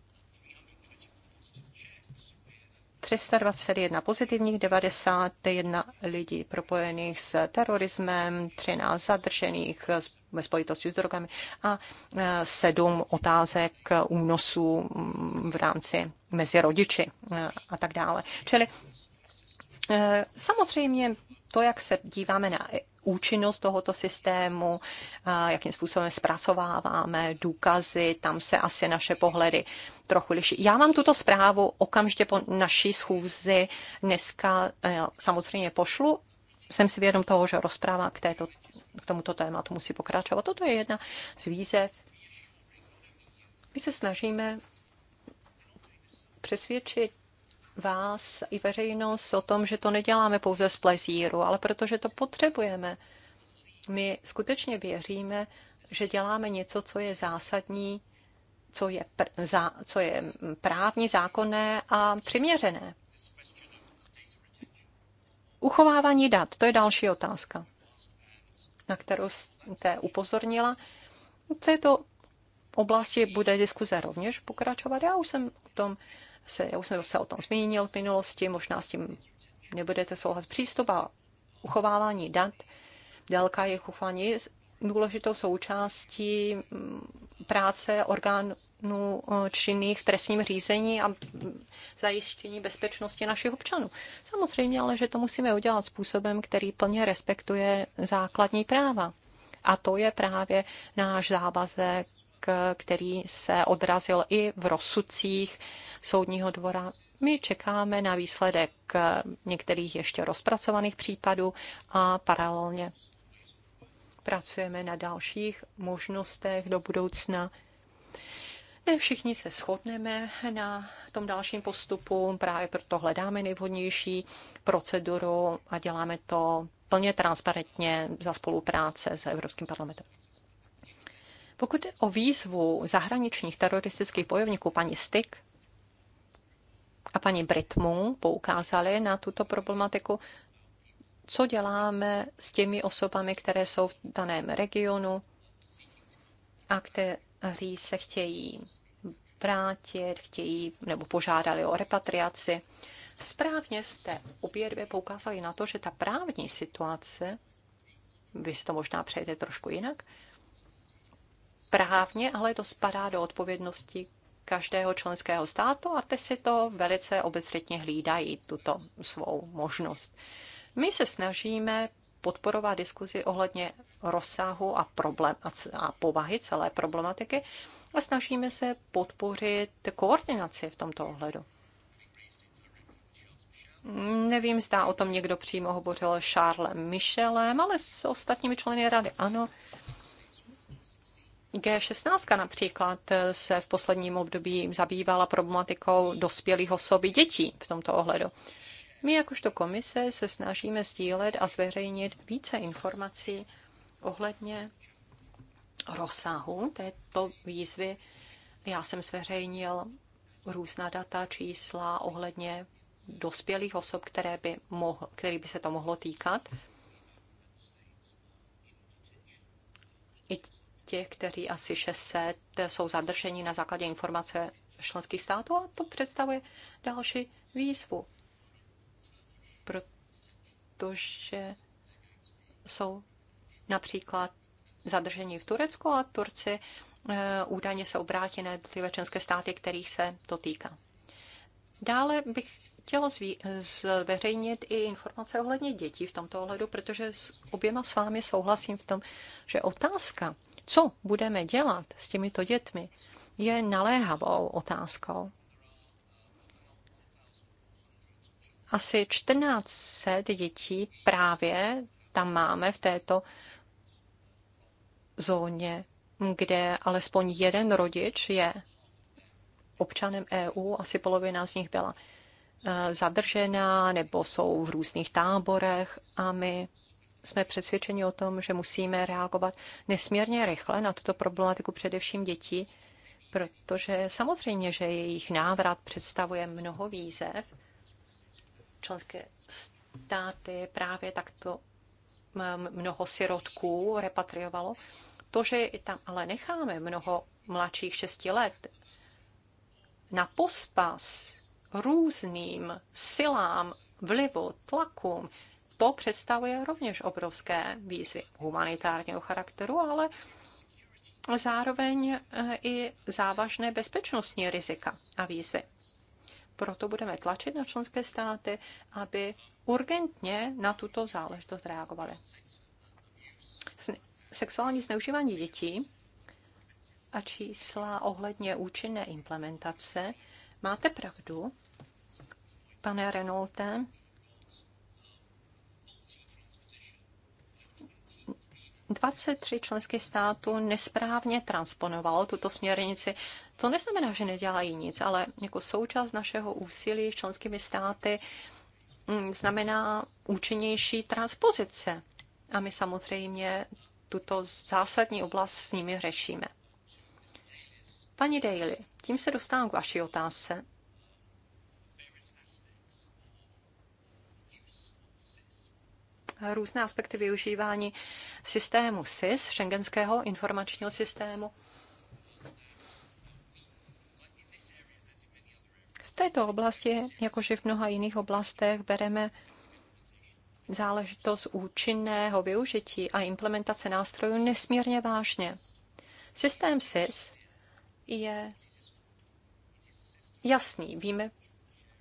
C: 321 pozitivních, 91 lidí propojených s terorismem, 13 zadržených ve spojitosti s drogami a 7 e, otázek únosů mm, v rámci mezi rodiči e, a tak dále. Čili e, samozřejmě to, jak se díváme na účinnost tohoto systému, jakým způsobem zpracováváme důkazy, tam se asi naše pohledy trochu liší. Já vám tuto zprávu okamžitě po naší schůzi dneska eh, samozřejmě pošlu. Jsem si vědom toho, že rozpráva k, této, k tomuto tématu musí pokračovat. Toto je jedna z výzev. My se snažíme přesvědčit vás i veřejnost o tom, že to neděláme pouze z plezíru, ale protože to potřebujeme. My skutečně věříme, že děláme něco, co je zásadní, co je, pr- za, co je právní, zákonné a přiměřené. Uchovávání dat, to je další otázka, na kterou jste upozornila. V této oblasti bude diskuze rovněž pokračovat. Já už jsem o tom se, já už jsem se o tom zmínil v minulosti, možná s tím nebudete souhlas Přístup a uchovávání dat, délka jejich uchování je důležitou součástí mm, práce orgánů eh, činných v trestním řízení a zajištění bezpečnosti našich občanů. Samozřejmě ale, že to musíme udělat způsobem, který plně respektuje základní práva. A to je právě náš závazek Eh, který se odrazil i v rozsudcích soudního dvora. My čekáme na výsledek eh, některých ještě rozpracovaných případů a paralelně pracujeme na dalších možnostech do budoucna. Ne všichni se shodneme na tom dalším postupu, právě proto hledáme nejvhodnější proceduru a děláme to plně transparentně za spolupráce s Evropským parlamentem. Pokud jde o výzvu zahraničních teroristických bojovníků, paní Styk a paní Britmu poukázali na tuto problematiku, co děláme s těmi osobami, které jsou v daném regionu a kteří se chtějí vrátit, chtějí nebo požádali o repatriaci. Správně jste obě dvě poukázali na to, že ta právní situace, vy si to možná přejete trošku jinak, správně, ale to spadá do odpovědnosti každého členského státu a ty si to velice obezřetně hlídají, tuto svou možnost. My se snažíme podporovat diskuzi ohledně rozsahu a, problém, a, a povahy celé problematiky a snažíme se podpořit koordinaci v tomto ohledu. Nevím, zda o tom někdo přímo hovořil s Charlesem Michelem, ale s ostatními členy rady. Ano, G16 například eh, se v posledním období zabývala problematikou dospělých osob i dětí v tomto ohledu. My jakožto komise se snažíme sdílet a zveřejnit více informací ohledně rozsahu této výzvy. Já jsem zveřejnil různá data, čísla ohledně dospělých osob, které by, mohl, který by se to mohlo týkat těch, kteří asi 600 jsou zadrženi na základě informace členských států a to představuje další výzvu, protože jsou například zadržení v Turecku a Turci eh, údajně se obrátí na ty členské státy, kterých se to týká. Dále bych chtěla zveřejnit i informace ohledně dětí v tomto ohledu, protože s oběma s vámi souhlasím v tom, že otázka co budeme dělat s těmito dětmi, je naléhavou otázkou. Asi 1400 dětí právě tam máme v této zóně, kde alespoň jeden rodič je občanem EU, asi polovina z nich byla eh, zadržená nebo jsou v různých táborech a my jsme přesvědčeni o tom, že musíme reagovat nesmírně rychle na tuto problematiku především dětí, protože samozřejmě, že jejich návrat představuje mnoho výzev. Členské státy právě takto mnoho sirotků repatriovalo. To, že tam ale necháme mnoho mladších šesti let na pospas různým silám, vlivu, tlakům, to představuje rovněž obrovské výzvy humanitárního charakteru, ale zároveň e, i závažné bezpečnostní rizika a výzvy. Proto budeme tlačit na členské státy, aby urgentně na tuto záležitost reagovaly. Sexuální zneužívání dětí a čísla ohledně účinné implementace. Máte pravdu, pane Renaulte, 23 členských států nesprávně transponovalo tuto směrnici. To neznamená, že nedělají nic, ale jako součást našeho úsilí s členskými státy mm, znamená účinnější transpozice. A my samozřejmě tuto zásadní oblast s nimi řešíme. Paní Daly, tím se dostávám k vaší otázce. různé aspekty využívání systému SIS, Schengenského informačního systému. V této oblasti, jakože v mnoha jiných oblastech, bereme záležitost účinného využití a implementace nástrojů nesmírně vážně. Systém SIS je jasný. Víme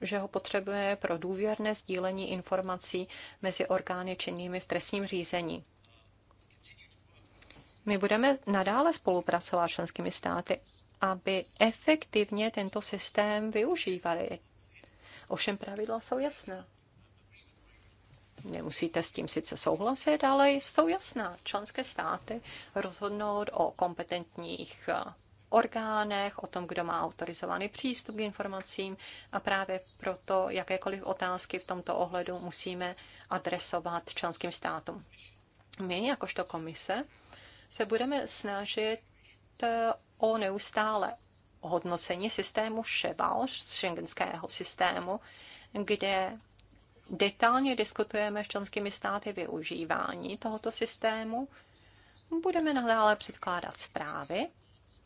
C: že ho potřebuje pro důvěrné sdílení informací mezi orgány činnými v trestním řízení. My budeme nadále spolupracovat s členskými státy, aby efektivně tento systém využívali. Ovšem pravidla jsou jasná. Nemusíte s tím sice souhlasit, ale jsou jasná. Členské státy rozhodnout o kompetentních orgánech, o tom, kdo má autorizovaný přístup k informacím a právě proto jakékoliv otázky v tomto ohledu musíme adresovat členským státům. My, jakožto komise, se budeme snažit eh, o neustále hodnocení systému Cheval, šengenského systému, kde detailně diskutujeme s členskými státy využívání tohoto systému. Budeme nadále předkládat zprávy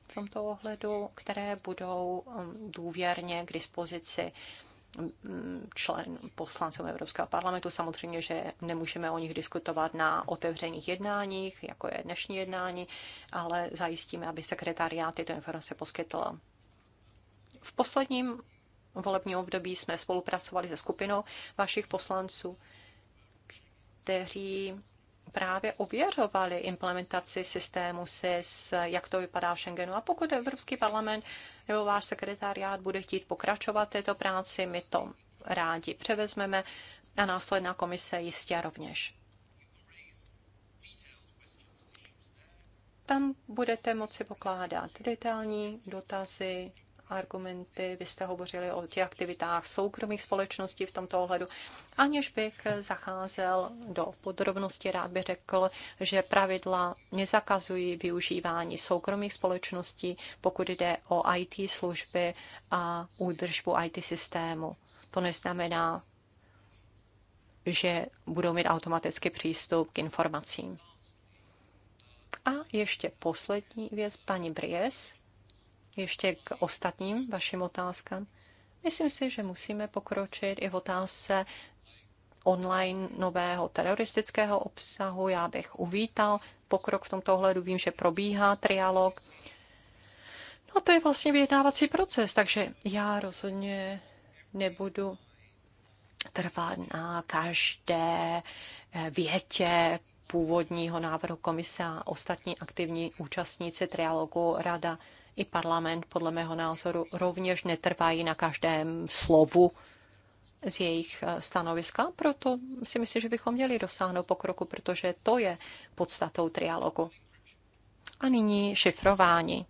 C: v tomto ohledu, které budou um, důvěrně k dispozici mm, člen poslancům Evropského parlamentu. Samozřejmě, že nemůžeme o nich diskutovat na otevřených jednáních, jako je dnešní jednání, ale zajistíme, aby sekretariát tyto informace poskytl. V posledním volebním období jsme spolupracovali se skupinou vašich poslanců, kteří právě ověřovali implementaci systému SIS, jak to vypadá v Schengenu. A pokud Evropský parlament nebo váš sekretariát bude chtít pokračovat této práci, my to rádi převezmeme a následná komise jistě rovněž. Tam budete moci pokládat detailní dotazy, argumenty. Vy jste hovořili o těch aktivitách soukromých společností v tomto ohledu. Aniž bych zacházel do podrobnosti, rád bych řekl, že pravidla nezakazují využívání soukromých společností, pokud jde o IT služby a údržbu IT systému. To neznamená, že budou mít automaticky přístup k informacím. A ještě poslední věc, paní Bries ještě k ostatním vašim otázkám. Myslím si, že musíme pokročit i v otázce online nového teroristického obsahu. Já bych uvítal pokrok v tomto ohledu. Vím, že probíhá trialog. No to je vlastně vyjednávací proces, takže já rozhodně nebudu trvat na každé eh, větě původního návrhu komise a ostatní aktivní účastníci trialogu Rada i parlament podle mého názoru rovněž netrvají na každém slovu z jejich eh, stanoviska, proto si myslím, že bychom měli dosáhnout pokroku, protože to je podstatou trialogu. A nyní šifrování.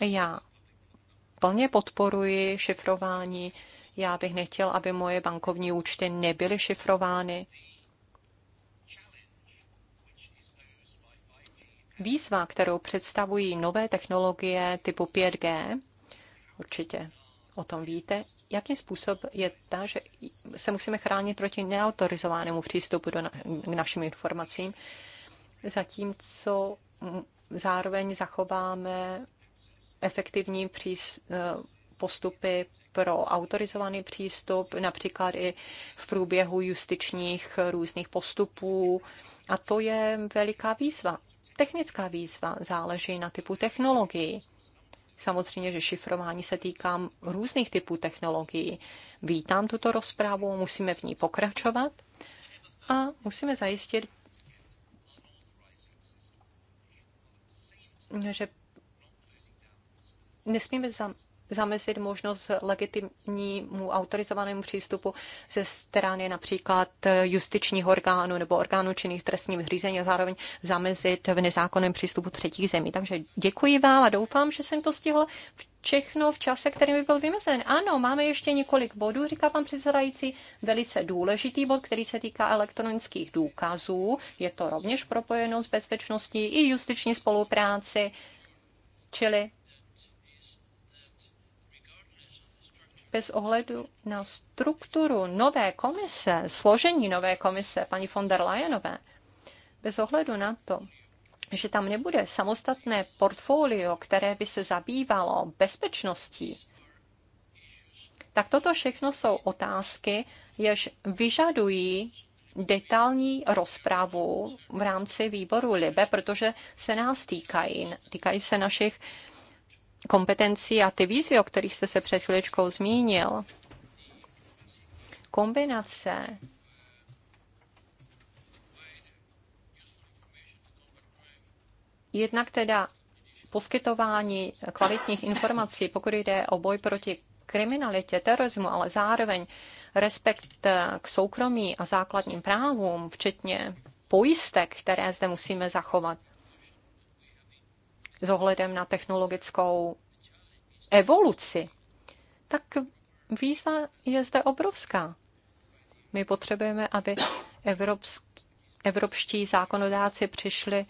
C: Já plně podporuji šifrování. Já bych nechtěl, aby moje bankovní účty nebyly šifrovány. Výzva, kterou představují nové technologie typu 5G, určitě o tom víte, jaký způsob je ta, že se musíme chránit proti neautorizovanému přístupu do na, k našim informacím, zatímco zároveň zachováme efektivní přís, eh, postupy pro autorizovaný přístup, například i v průběhu justičních různých postupů. A to je veliká výzva technická výzva, záleží na typu technologií. Samozřejmě, že šifrování se týká různých typů technologií. Vítám tuto rozprávu, musíme v ní pokračovat a musíme zajistit, že nesmíme za, zamezit možnost legitimnímu autorizovanému přístupu ze strany například justičních orgánů nebo orgánů činných trestním řízení a zároveň zamezit v nezákonném přístupu třetích zemí. Takže děkuji vám a doufám, že jsem to stihl všechno v čase, který by byl vymezen. Ano, máme ještě několik bodů, říká pan předsedající, velice důležitý bod, který se týká elektronických důkazů. Je to rovněž propojeno s bezpečností i justiční spolupráci, čili bez ohledu na strukturu nové komise, složení nové komise paní von der Leyenové, bez ohledu na to, že tam nebude samostatné portfolio, které by se zabývalo bezpečností, tak toto všechno jsou otázky, jež vyžadují detailní rozpravu v rámci výboru LIBE, protože se nás týkají, týkají se našich kompetencí a ty výzvy, o kterých jste se před chvíličkou zmínil, kombinace jednak teda poskytování kvalitních informací, pokud jde o boj proti kriminalitě, terorismu, ale zároveň respekt k soukromí a základním právům, včetně pojistek, které zde musíme zachovat s ohledem na technologickou evoluci, tak výzva je zde obrovská. My potřebujeme, aby evropský, evropští zákonodáci přišli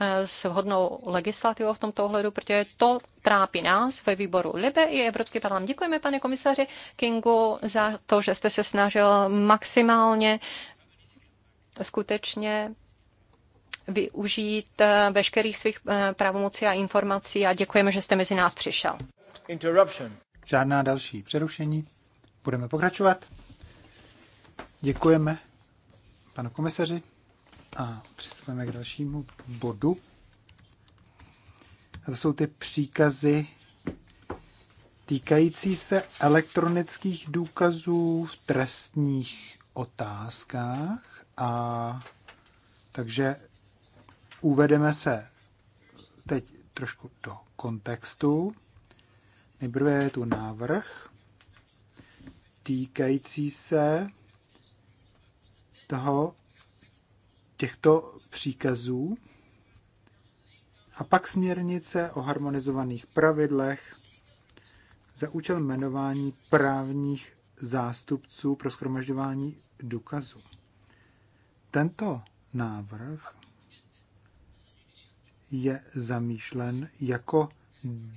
C: eh, s vhodnou legislativou v tomto ohledu, protože to trápí nás ve výboru Libe i Evropský parlament. Děkujeme, pane komisaři Kingu, za to, že jste se snažil maximálně skutečně využít eh, veškerých svých eh, pravomocí a informací a děkujeme, že jste mezi nás přišel.
B: Interruption. Žádná další přerušení. Budeme pokračovat. Děkujeme panu komisaři a přistupujeme k dalšímu bodu. A to jsou ty příkazy týkající se elektronických důkazů v trestních otázkách. A takže uvedeme se teď trošku do kontextu. Nejprve je tu návrh týkající se toho, těchto příkazů a pak směrnice o harmonizovaných pravidlech za účel jmenování právních zástupců pro schromažďování důkazů. Tento návrh je zamýšlen jako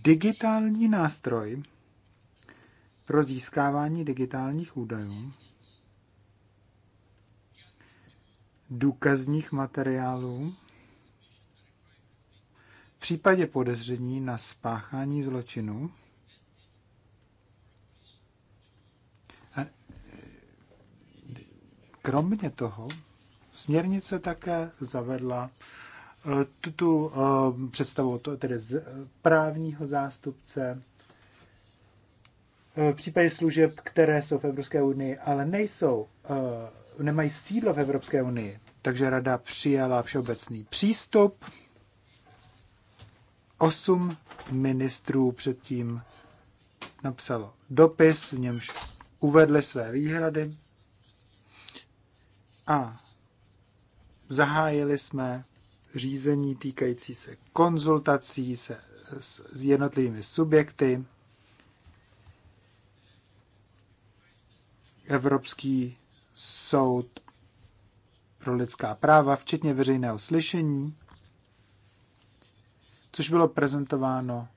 B: digitální nástroj pro získávání digitálních údajů, důkazních materiálů, v případě podezření na spáchání zločinu, e, kromě toho, směrnice také zavedla tu, tu eh, představu tedy z právního zástupce eh, v případě služeb, které jsou v Evropské unii, ale nejsou, eh, nemají sídlo v Evropské unii. Takže rada přijala všeobecný přístup. Osm ministrů předtím napsalo dopis, v němž uvedli své výhrady a zahájili jsme řízení týkající se konzultací se, s, s jednotlivými subjekty. Evropský soud pro lidská práva, včetně veřejného slyšení, což bylo prezentováno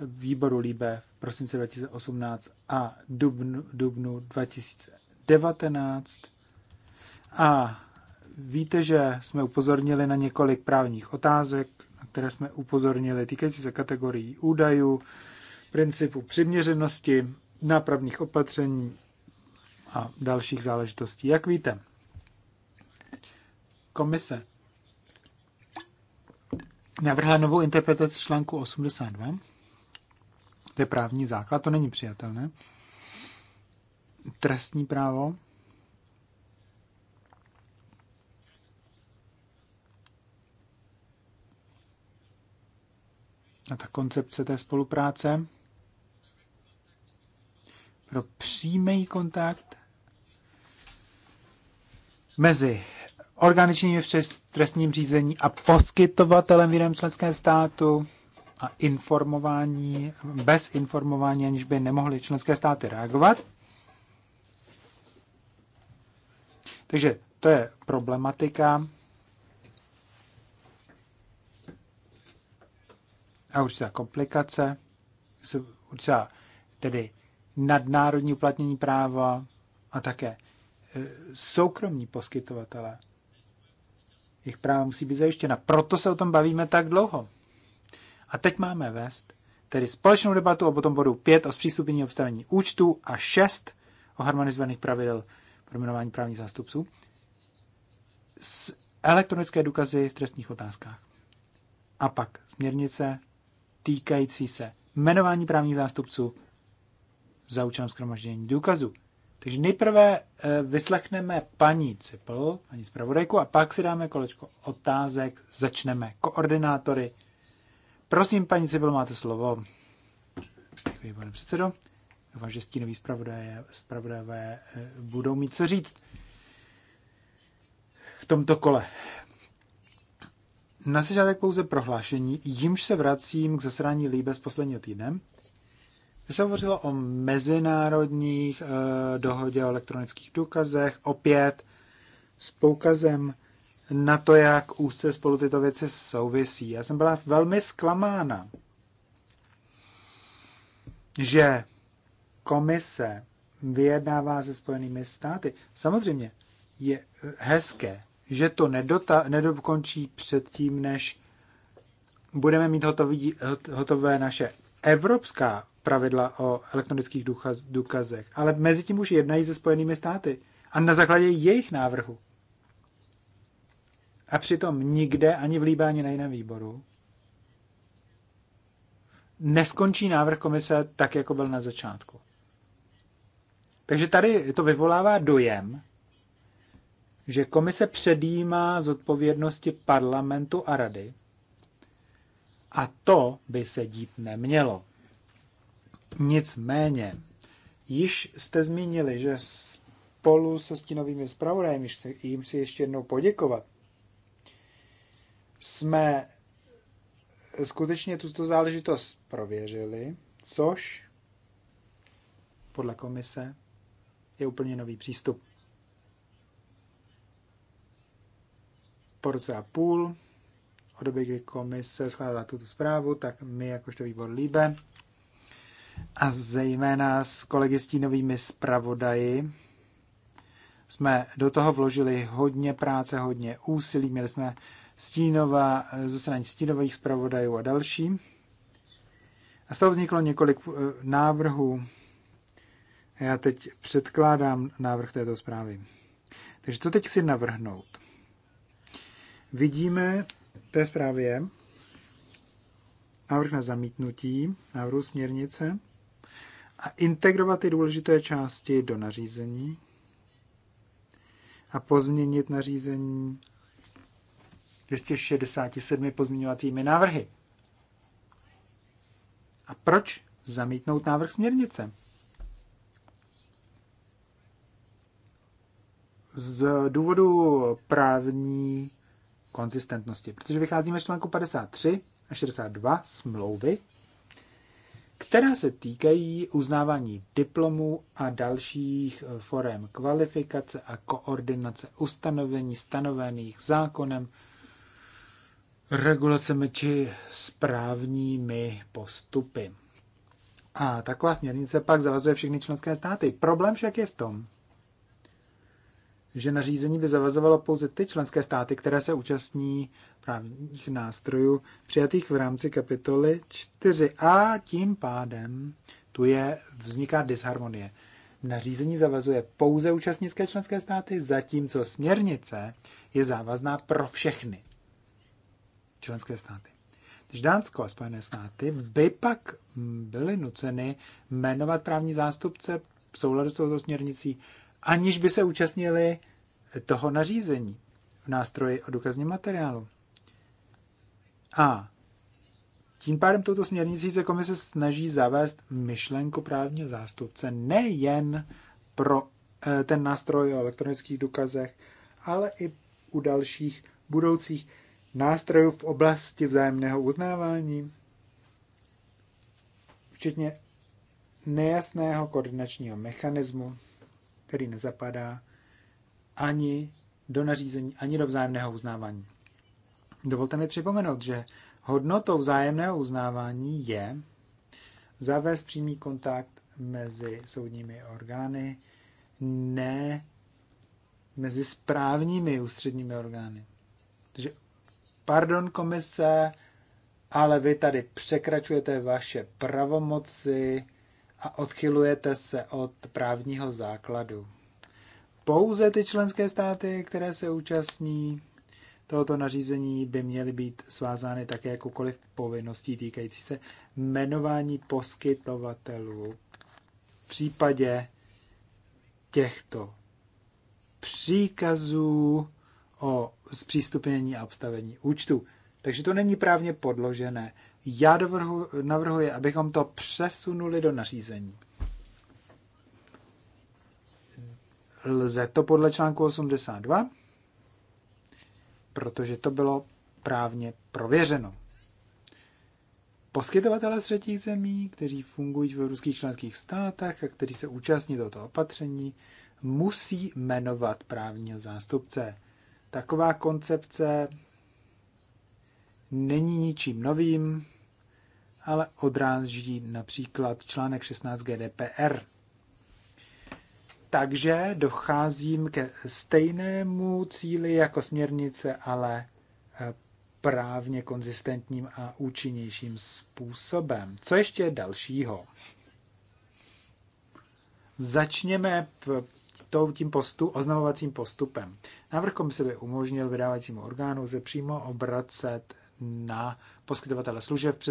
B: výboru Líbe v prosinci 2018 a dubnu, dubnu 2019. A Víte, že jsme upozornili na několik právních otázek, na které jsme upozornili, týkající se kategorií údajů, principu přiměřenosti, nápravných opatření a dalších záležitostí. Jak víte, komise navrhla novou interpretaci článku 82. To je právní základ, to není přijatelné. Trestní právo a ta koncepce té spolupráce pro přímý kontakt mezi organičními v trestním řízení a poskytovatelem v jiném členském státu a informování, bez informování, aniž by nemohly členské státy reagovat. Takže to je problematika, a určitá komplikace, určitá tedy nadnárodní uplatnění práva a také e, soukromní poskytovatelé. Jejich práva musí být zajištěna. Proto se o tom bavíme tak dlouho. A teď máme vést tedy společnou debatu o potom bodu 5 o zpřístupnění obstavení účtu a 6 o harmonizovaných pravidel pro jmenování právních zástupců s elektronické důkazy v trestních otázkách. A pak směrnice týkající se jmenování právních zástupců za účelem skromaždění důkazu. Takže nejprve eh, vyslechneme paní Cipl, paní zpravodajku, a pak si dáme kolečko otázek, začneme koordinátory. Prosím, paní Cipl, máte slovo. Děkuji, pane předsedo. Doufám, že stínoví zpravodaje, zpravodajové eh, budou mít co říct v tomto kole. Na začátek pouze prohlášení, jímž se vracím k zasrání líbe z posledního týdne. Vy se hovořilo o mezinárodních e, dohodě o elektronických důkazech, opět s poukazem na to, jak úzce spolu tyto věci souvisí. Já jsem byla velmi zklamána, že komise vyjednává se Spojenými státy. Samozřejmě je eh, hezké že to nedota, nedokončí předtím, než budeme mít hotový, hotové naše evropská pravidla o elektronických důkaz, důkazech, ale mezi tím už jednají se Spojenými státy a na základě jejich návrhu. A přitom nikde, ani v Líbě, ani na jiném výboru, neskončí návrh komise tak, jako byl na začátku. Takže tady to vyvolává dojem, že komise předjímá zodpovědnosti parlamentu a rady a to by se dít nemělo. Nicméně, již jste zmínili, že spolu se stínovými zpravodajem, jim si ještě jednou poděkovat, jsme skutečně tuto záležitost prověřili, což podle komise je úplně nový přístup. po roce a půl, od doby, kdy komise schválila tuto zprávu, tak my, jakožto výbor Líbe, a zejména s kolegy stínovými zpravodaji, jsme do toho vložili hodně práce, hodně úsilí. Měli jsme stínova, zasedání stínových zpravodajů a další. A z toho vzniklo několik eh, návrhů. Já teď předkládám návrh této zprávy. Takže co teď si navrhnout? Vidíme v té zprávě návrh na zamítnutí návrhu směrnice a integrovat ty důležité části do nařízení a pozměnit nařízení 267 pozměňovacími návrhy. A proč zamítnout návrh směrnice? Z důvodu právní konzistentnosti. Protože vycházíme z článku 53 a 62 smlouvy, která se týkají uznávání diplomů a dalších eh, forem kvalifikace a koordinace ustanovení stanovených zákonem, regulacemi či správními postupy. A taková směrnice pak zavazuje všechny členské státy. Problém však je v tom, že nařízení by zavazovalo pouze ty členské státy, které se účastní právních nástrojů přijatých v rámci kapitoly 4 a tím pádem tu je vzniká disharmonie. Nařízení zavazuje pouze účastnické členské státy, zatímco směrnice je závazná pro všechny členské státy. Když Dánsko a Spojené státy by pak byly nuceny jmenovat právní zástupce v souladu s touto směrnicí aniž by se účastnili toho nařízení v nástroji o důkazním materiálu. A tím pádem touto směrnicí se komise snaží zavést myšlenku právního zástupce nejen pro eh, ten nástroj o elektronických důkazech, ale i u dalších budoucích nástrojů v oblasti vzájemného uznávání, včetně nejasného koordinačního mechanismu který nezapadá ani do nařízení, ani do vzájemného uznávání. Dovolte mi připomenout, že hodnotou vzájemného uznávání je zavést přímý kontakt mezi soudními orgány, ne mezi správními ústředními orgány. Takže, pardon komise, ale vy tady překračujete vaše pravomoci, a odchylujete se od právního základu. Pouze ty členské státy, které se účastní tohoto nařízení, by měly být svázány také jakoukoliv povinností týkající se jmenování poskytovatelů v případě těchto příkazů o zpřístupnění a obstavení účtu. Takže to není právně podložené. Já dovrhu, navrhuji, abychom to přesunuli do nařízení. Lze to podle článku 82, protože to bylo právně prověřeno. Poskytovatele z třetích zemí, kteří fungují v ruských členských státech a kteří se účastní tohoto opatření, musí jmenovat právního zástupce. Taková koncepce není ničím novým, ale odráží například článek 16 GDPR. Takže docházím ke stejnému cíli jako směrnice, ale eh, právně konzistentním a účinnějším způsobem. Co ještě dalšího? Začněme tím postu, oznamovacím postupem. Návrh komise by umožnil vydávajícímu orgánu se přímo obracet na poskytovatele služeb v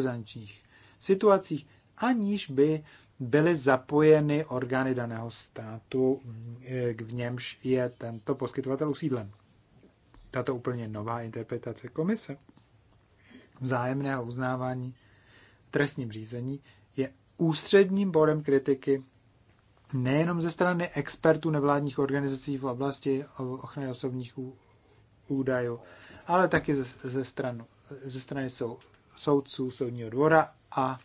B: situacích, aniž by byly zapojeny orgány daného státu, eh, v němž je tento poskytovatel usídlen. Tato úplně nová interpretace komise vzájemného uznávání v trestním řízení je ústředním bodem kritiky nejenom ze strany expertů nevládních organizací v oblasti ochrany osobních údajů, ale taky ze, ze, stranu, ze strany sou, soudců soudního dvora a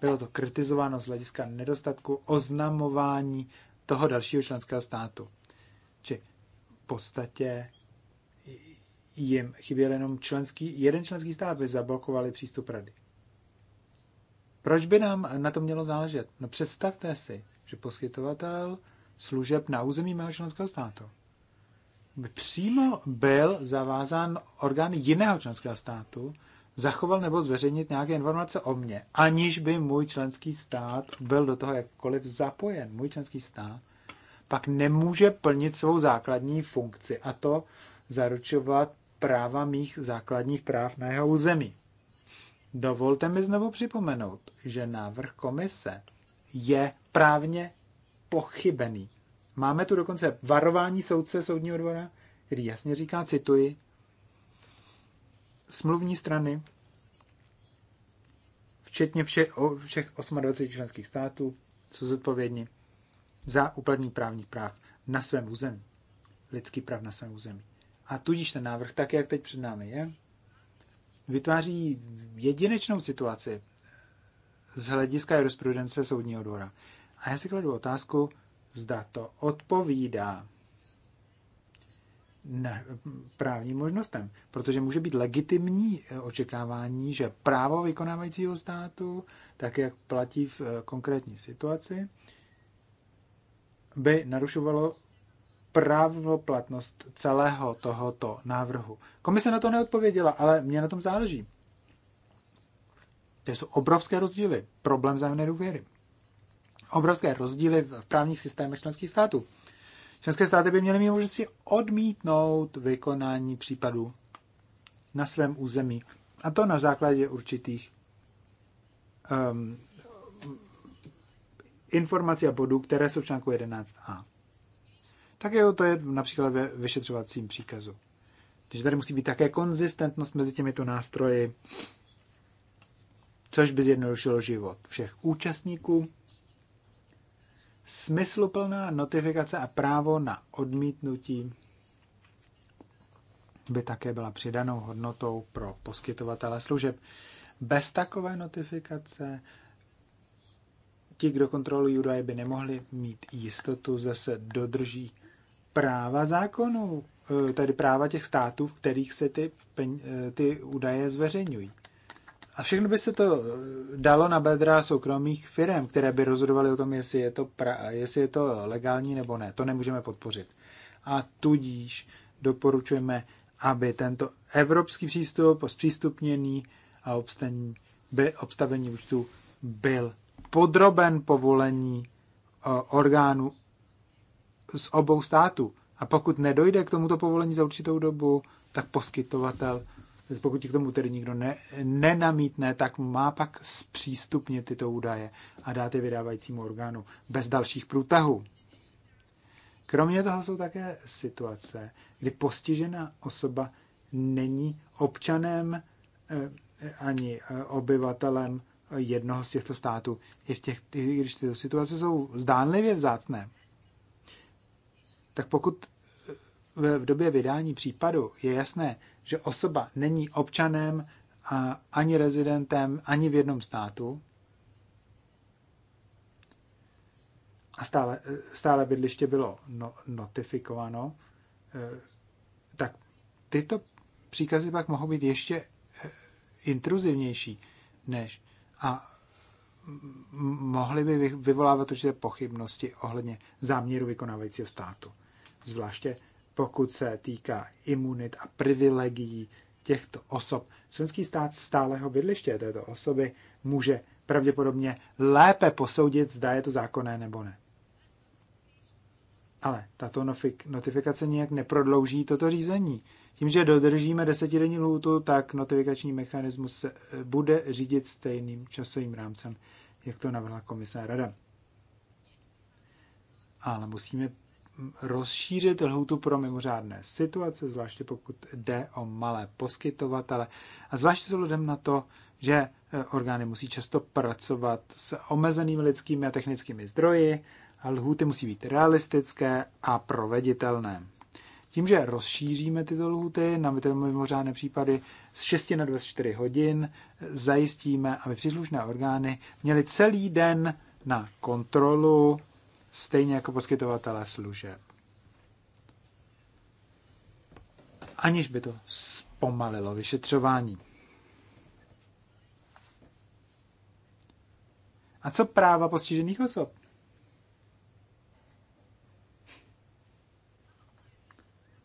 B: bylo to kritizováno z hlediska nedostatku oznamování toho dalšího členského státu. Či v podstatě jim chyběl jenom členský, jeden členský stát, aby zablokovali přístup rady. Proč by nám na to mělo záležet? No představte si, že poskytovatel služeb na území mého členského státu by přímo byl zavázán orgán jiného členského státu, zachoval nebo zveřejnit nějaké informace o mně, aniž by můj členský stát byl do toho jakkoliv zapojen. Můj členský stát pak nemůže plnit svou základní funkci a to zaručovat práva mých základních práv na jeho území. Dovolte mi znovu připomenout, že návrh komise je právně pochybený. Máme tu dokonce varování soudce soudního dvora, který jasně říká, cituji, smluvní strany, včetně vše, o, všech 28 členských států, jsou zodpovědní za úplný právních práv na svém území, lidský práv na svém území. A tudíž ten návrh, tak jak teď před námi je, vytváří jedinečnou situaci z hlediska jurisprudence soudního dvora. A já si kladu otázku, zda to odpovídá na právním možnostem, protože může být legitimní eh, očekávání, že právo vykonávajícího státu, tak jak platí v eh, konkrétní situaci, by narušovalo právoplatnost celého tohoto návrhu. Komise na to neodpověděla, ale mě na tom záleží. To jsou obrovské rozdíly. Problém zájemné důvěry. Obrovské rozdíly v právních systémech členských států. Členské státy by měly mít možnosti odmítnout vykonání případů na svém území. A to na základě určitých um, informací a bodů, které jsou v článku 11a. Tak jo, to je například ve vyšetřovacím příkazu. Takže tady musí být také konzistentnost mezi těmito nástroji, což by zjednodušilo život všech účastníků smysluplná notifikace a právo na odmítnutí by také byla přidanou hodnotou pro poskytovatele služeb. Bez takové notifikace ti, kdo kontrolují údaje, by nemohli mít jistotu, že se dodrží práva zákonů, eh, tedy práva těch států, v kterých se ty, eh, ty údaje zveřejňují. A všechno by se to eh, dalo na bedra soukromých firm, které by rozhodovaly o tom, jestli je, to pra, jestli je to legální nebo ne. To nemůžeme podpořit. A tudíž doporučujeme, aby tento evropský přístup, zpřístupněný a obstavení, by, obstavení účtu byl podroben povolení eh, orgánů z obou států. A pokud nedojde k tomuto povolení za určitou dobu, tak poskytovatel pokud ti k tomu tedy nikdo ne, nenamítne, tak má pak zpřístupnit tyto údaje a dát je vydávajícímu orgánu bez dalších průtahů. Kromě toho jsou také situace, kdy postižená osoba není občanem eh, ani eh, obyvatelem jednoho z těchto států, i v těch, i když tyto situace jsou zdánlivě vzácné. Tak pokud eh, v době vydání případu je jasné, že osoba není občanem ani rezidentem, ani v jednom státu a stále, stále bydliště bylo no, notifikováno, eh, tak tyto příkazy pak mohou být ještě eh, intruzivnější než a mohly by vyvolávat určité pochybnosti ohledně záměru vykonávajícího státu. Zvláště pokud se týká imunit a privilegií těchto osob. Členský stát stáleho bydliště této osoby může pravděpodobně lépe posoudit, zda je to zákonné nebo ne. Ale tato notifikace nijak neprodlouží toto řízení. Tím, že dodržíme desetidenní lhůtu, tak notifikační mechanismus se eh, bude řídit stejným časovým rámcem, jak to navrhla komise a rada. Ale musíme rozšířit lhůtu pro mimořádné situace, zvláště pokud jde o malé poskytovatele a zvláště s ohledem na to, že eh, orgány musí často pracovat s omezenými lidskými a technickými zdroji a lhůty musí být realistické a proveditelné. Tím, že rozšíříme tyto lhuty na mimořádné případy z 6 na 24 hodin, zajistíme, aby příslušné orgány měly celý den na kontrolu stejně jako poskytovatelé služeb. Aniž by to zpomalilo vyšetřování. A co práva postižených osob?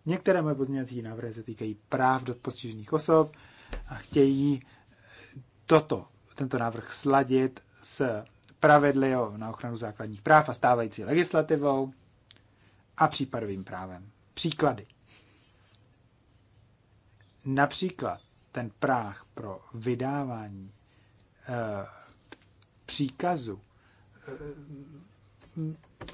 B: Některé moje pozměňovací návrhy se týkají práv do postižených osob a chtějí toto, tento návrh sladit s pravidly na ochranu základních práv a stávající legislativou a případovým právem. Příklady. Například ten práh pro vydávání e, příkazu e,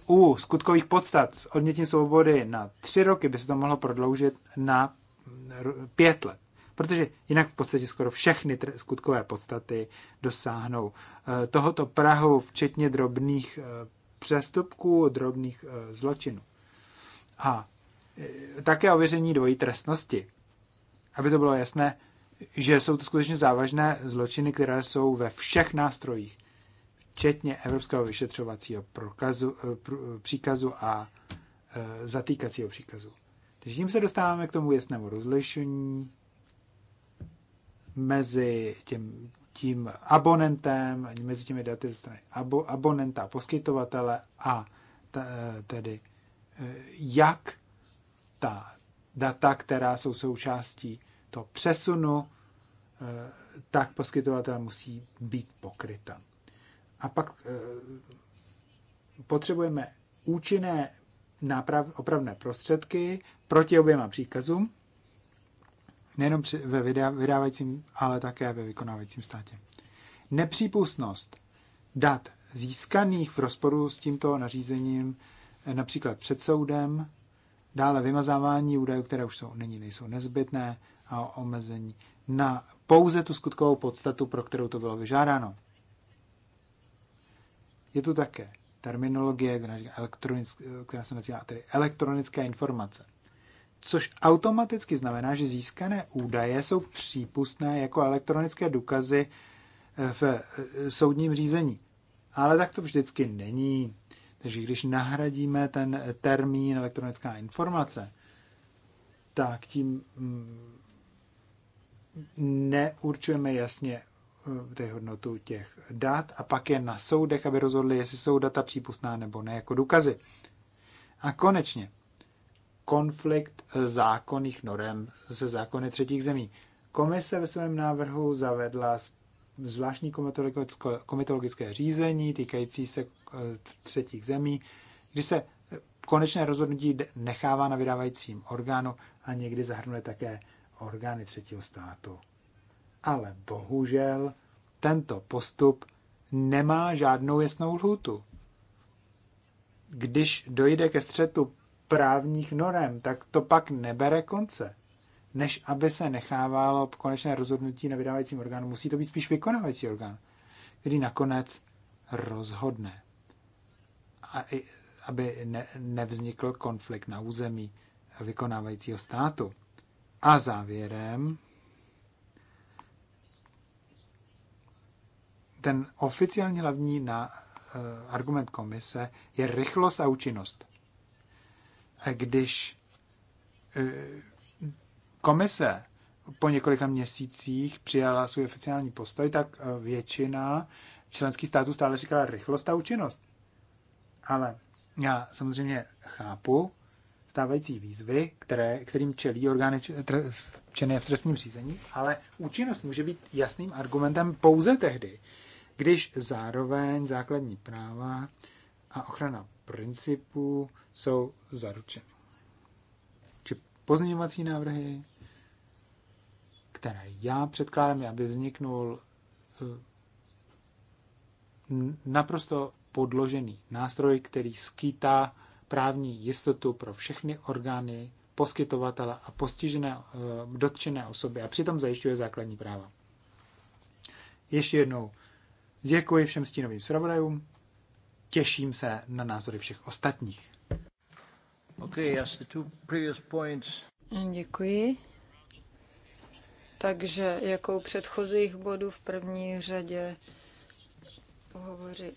B: u skutkových podstat s odnětím svobody na tři roky by se to mohlo prodloužit na pět let protože jinak v podstatě skoro všechny skutkové podstaty dosáhnou eh, tohoto Prahu, včetně drobných eh, přestupků, drobných eh, zločinů. A také ověření dvojí trestnosti. Aby to bylo jasné, že jsou to skutečně závažné zločiny, které jsou ve všech nástrojích, včetně Evropského vyšetřovacího prokazu, příkazu a zatýkacího příkazu. Takže tím se dostáváme k tomu jasnému rozlišení mezi tím, tím abonentem, mezi těmi daty ze strany abo, abonenta, poskytovatele a t, tedy eh, jak ta data, která jsou součástí toho přesunu, eh, tak poskytovatel musí být pokryta. A pak eh, potřebujeme účinné náprav, opravné prostředky proti oběma příkazům, nejenom ve vydávajícím, ale také ve vykonávajícím státě. Nepřípustnost dat získaných v rozporu s tímto nařízením, eh, například před soudem, dále vymazávání údajů, které už jsou, není, nejsou nezbytné a omezení na pouze tu skutkovou podstatu, pro kterou to bylo vyžádáno. Je tu také terminologie, která se nazývá tedy elektronické informace což automaticky znamená, že získané údaje jsou přípustné jako elektronické důkazy eh, v eh, soudním řízení. Ale tak to vždycky není. Takže když nahradíme ten termín elektronická informace, tak tím mm, neurčujeme jasně eh, té hodnotu těch dat a pak je na soudech, aby rozhodli, jestli jsou data přípustná nebo ne jako důkazy. A konečně, konflikt zákonných norem se zákony třetích zemí. Komise ve svém návrhu zavedla zvláštní komitologické řízení týkající se eh, třetích zemí, kdy se eh, konečné rozhodnutí nechává na vydávajícím orgánu a někdy zahrnuje také orgány třetího státu. Ale bohužel tento postup nemá žádnou jasnou lhůtu. Když dojde ke střetu právních norem, tak to pak nebere konce. Než aby se nechávalo konečné rozhodnutí na vydávajícím orgánu, musí to být spíš vykonávající orgán, který nakonec rozhodne. aby nevznikl konflikt na území vykonávajícího státu. A závěrem ten oficiální hlavní na, uh, argument komise je rychlost a účinnost když eh, komise po několika měsících přijala svůj oficiální postoj, tak eh, většina členských států stále říkala rychlost a účinnost. Ale já samozřejmě chápu stávající výzvy, které, kterým čelí orgány činné v trestním řízení, ale účinnost může být jasným argumentem pouze tehdy, když zároveň základní práva a ochrana principů jsou zaručeny. Či pozměňovací návrhy, které já předkládám, aby vzniknul eh, naprosto podložený nástroj, který skýtá právní jistotu pro všechny orgány, poskytovatele a postižené eh, dotčené osoby a přitom zajišťuje základní práva. Ještě jednou děkuji všem stínovým zpravodajům těším se na názory všech ostatních. Okay, yes, the two previous points.
A: Děkuji. Takže jako u předchozích bodů v první řadě hovoří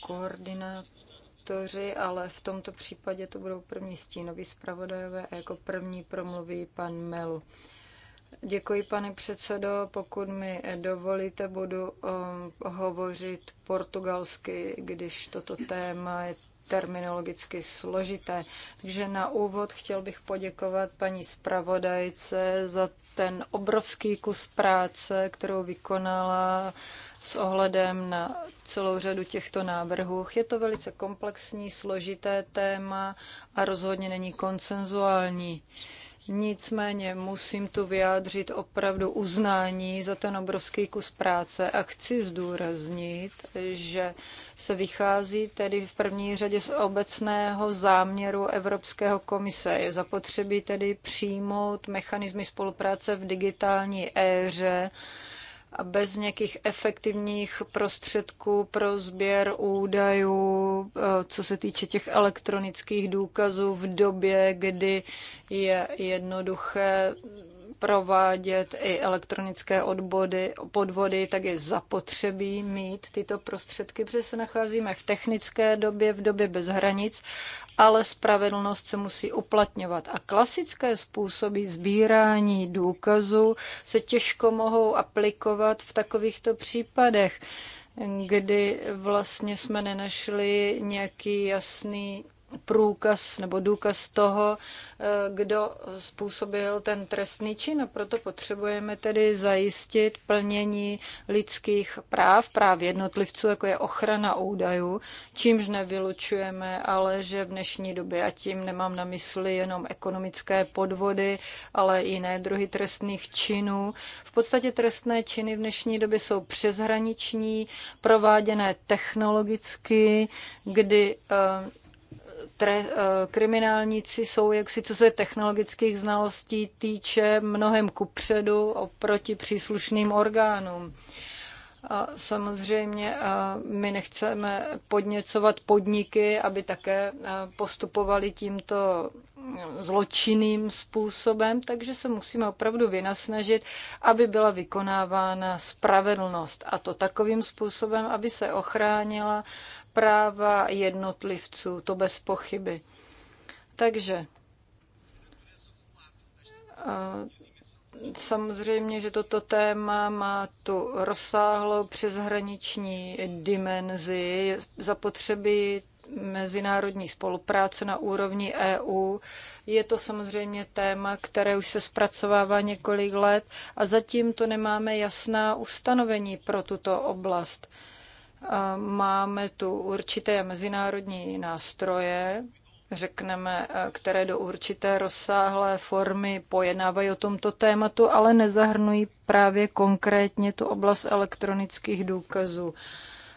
A: koordinátoři, ale v tomto případě to budou první stínoví zpravodajové a jako první promluví pan Melu. Děkuji, pane předsedo. Pokud mi dovolíte, budu um, hovořit portugalsky, když toto téma je terminologicky složité. Takže na úvod chtěl bych poděkovat paní zpravodajce za ten obrovský kus práce, kterou vykonala s ohledem na celou řadu těchto návrhů. Je to velice komplexní, složité téma a rozhodně není konsenzuální. Nicméně musím tu vyjádřit opravdu uznání za ten obrovský kus práce a chci zdůraznit, že se vychází tedy v první řadě z obecného záměru Evropského komise. Je zapotřebí tedy přijmout mechanismy spolupráce v digitální éře, a bez nějakých efektivních prostředků pro sběr údajů, eh, co se týče těch elektronických důkazů v době, kdy je jednoduché provádět i elektronické odbody, podvody, tak je zapotřebí mít tyto prostředky, protože se nacházíme v technické době, v době bez hranic, ale spravedlnost se musí uplatňovat. A klasické způsoby sbírání důkazů se těžko mohou aplikovat v takovýchto případech, kdy vlastně jsme nenašli nějaký jasný průkaz nebo důkaz toho, eh, kdo způsobil ten trestný čin. A proto potřebujeme tedy zajistit plnění lidských práv, práv jednotlivců, jako je ochrana údajů, čímž nevylučujeme, ale že v dnešní době, a tím nemám na mysli jenom ekonomické podvody, ale i jiné druhy trestných činů. V podstatě trestné činy v dnešní době jsou přeshraniční, prováděné technologicky, kdy eh, tre, eh, kriminálníci jsou, jak si co se technologických znalostí týče, mnohem kupředu oproti příslušným orgánům samozřejmě my nechceme podněcovat podniky, aby také postupovali tímto zločinným způsobem, takže se musíme opravdu vynasnažit, aby byla vykonávána spravedlnost a to takovým způsobem, aby se ochránila práva jednotlivců, to bez pochyby. Takže Samozřejmě, že toto téma má tu rozsáhlou přeshraniční dimenzi. Zapotřebí mezinárodní spolupráce na úrovni EU. Je to samozřejmě téma, které už se zpracovává několik let a zatím to nemáme jasná ustanovení pro tuto oblast. Máme tu určité mezinárodní nástroje, řekneme, eh, které do určité rozsáhlé formy pojednávají o tomto tématu, ale nezahrnují právě konkrétně tu oblast elektronických důkazů.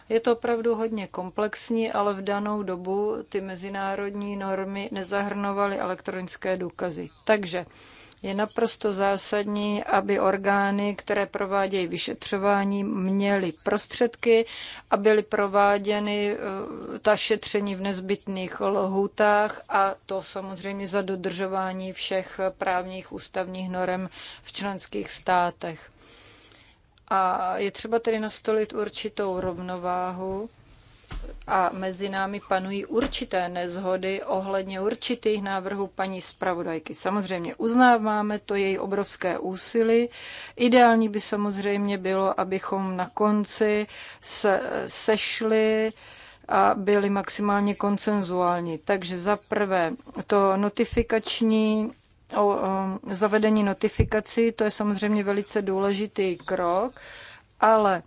A: Je to opravdu hodně komplexní, ale v danou dobu ty mezinárodní normy nezahrnovaly elektronické důkazy. Takže je naprosto zásadní, aby orgány, které provádějí vyšetřování, měly prostředky a byly prováděny eh, ta šetření v nezbytných lohutách a to samozřejmě za dodržování všech právních ústavních norem v členských státech. A je třeba tedy nastolit určitou rovnováhu a mezi námi panují určité nezhody ohledně určitých návrhů paní zpravodajky. Samozřejmě uznáváme to její obrovské úsilí. Ideální by samozřejmě bylo, abychom na konci se, sešli a byli maximálně konsenzuální. Takže za prvé to notifikační o, o, zavedení notifikací, to je samozřejmě velice důležitý krok, ale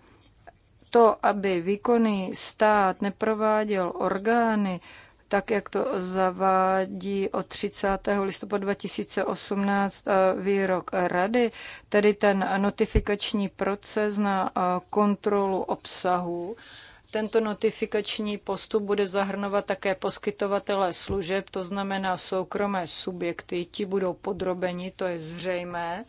A: to, aby výkonný stát neprováděl orgány, tak jak to zavádí od 30. listopadu 2018 eh, výrok rady, tedy ten notifikační proces na eh, kontrolu obsahu. Tento notifikační postup bude zahrnovat také poskytovatele služeb, to znamená soukromé subjekty, ti budou podrobeni, to je zřejmé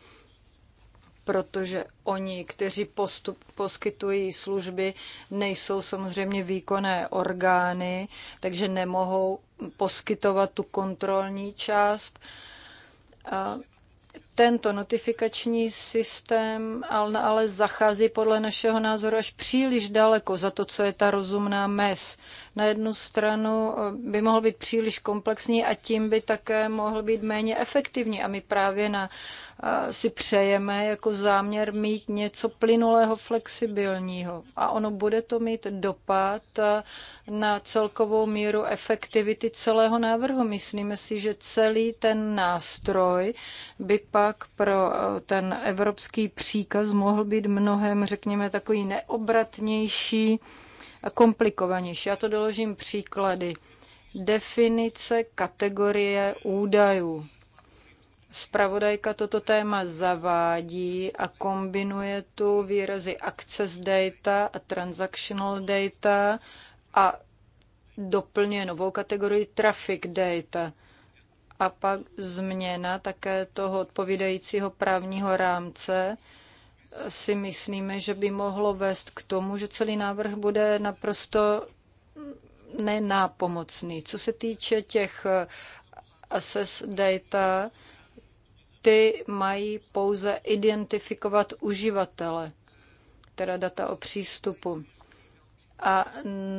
A: protože oni, kteří postup, poskytují služby, nejsou samozřejmě výkonné orgány, takže nemohou poskytovat tu kontrolní část. A tento notifikační systém ale, ale zachází podle našeho názoru až příliš daleko za to, co je ta rozumná mez na jednu stranu eh, by mohl být příliš komplexní a tím by také mohl být méně efektivní. A my právě na, eh, si přejeme jako záměr mít něco plynulého, flexibilního. A ono bude to mít dopad eh, na celkovou míru efektivity celého návrhu. Myslíme si, že celý ten nástroj by pak pro ten evropský příkaz mohl být mnohem, řekněme, takový neobratnější, komplikovanější. Já to doložím příklady. Definice kategorie údajů. Spravodajka toto téma zavádí a kombinuje tu výrazy access data a transactional data a doplňuje novou kategorii traffic data a pak změna také toho odpovídajícího právního rámce, si myslíme, že by mohlo vést k tomu, že celý návrh bude naprosto nenápomocný. Co se týče těch eh, assess data, ty mají pouze identifikovat uživatele, teda data o přístupu a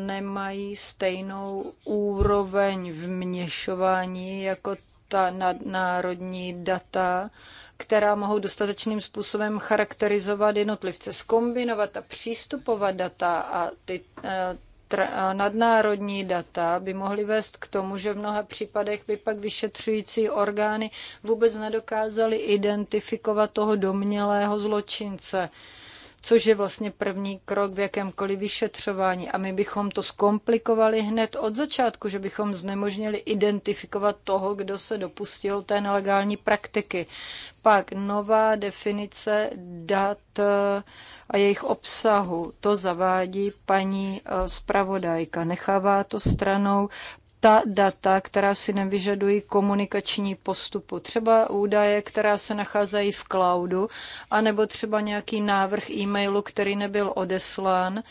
A: nemají stejnou úroveň vměšování jako ta nadnárodní data, která mohou dostatečným způsobem charakterizovat jednotlivce, skombinovat a přístupová data a ty eh, nadnárodní data by mohly vést k tomu, že v mnoha případech by pak vyšetřující orgány vůbec nedokázaly identifikovat toho domnělého zločince což je vlastně první krok v jakémkoliv vyšetřování. A my bychom to zkomplikovali hned od začátku, že bychom znemožnili identifikovat toho, kdo se dopustil té nelegální praktiky. Pak nová definice dat eh, a jejich obsahu. To zavádí paní eh, zpravodajka. Nechává to stranou ta data, která si nevyžadují komunikační postupu. Třeba údaje, která se nacházejí v cloudu, anebo třeba nějaký návrh e-mailu, který nebyl odeslán.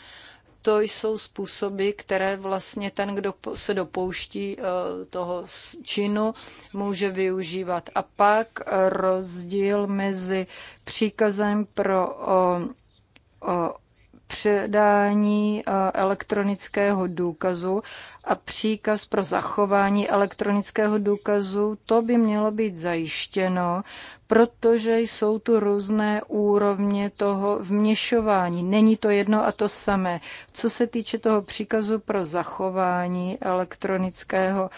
A: To jsou způsoby, které vlastně ten, kdo se dopouští eh, toho činu, může využívat. A pak rozdíl mezi příkazem pro předání eh, elektronického důkazu a příkaz pro zachování elektronického důkazu, to by mělo být zajištěno protože jsou tu různé úrovně toho vměšování. Není to jedno a to samé. Co se týče toho příkazu pro zachování elektronického,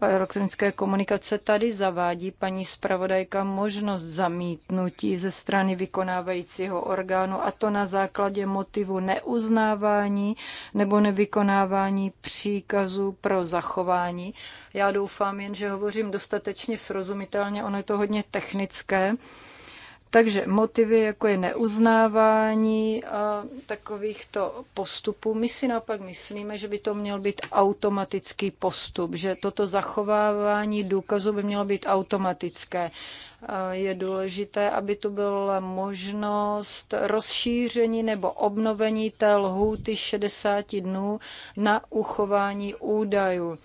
A: elektronické komunikace, tady zavádí paní zpravodajka možnost zamítnutí ze strany vykonávajícího orgánu a to na základě motivu neuznávání nebo nevykonávání příkazu pro zachování. Já doufám jen, že hovořím dostatečně srozumitelně, ono je to hodně technické lidské. Takže motivy, jako je neuznávání takovýchto postupů, my si naopak myslíme, že by to měl být automatický postup, že toto zachovávání důkazu by mělo být automatické. Je důležité, aby tu byla možnost rozšíření nebo obnovení té lhůty 60 dnů na uchování údajů.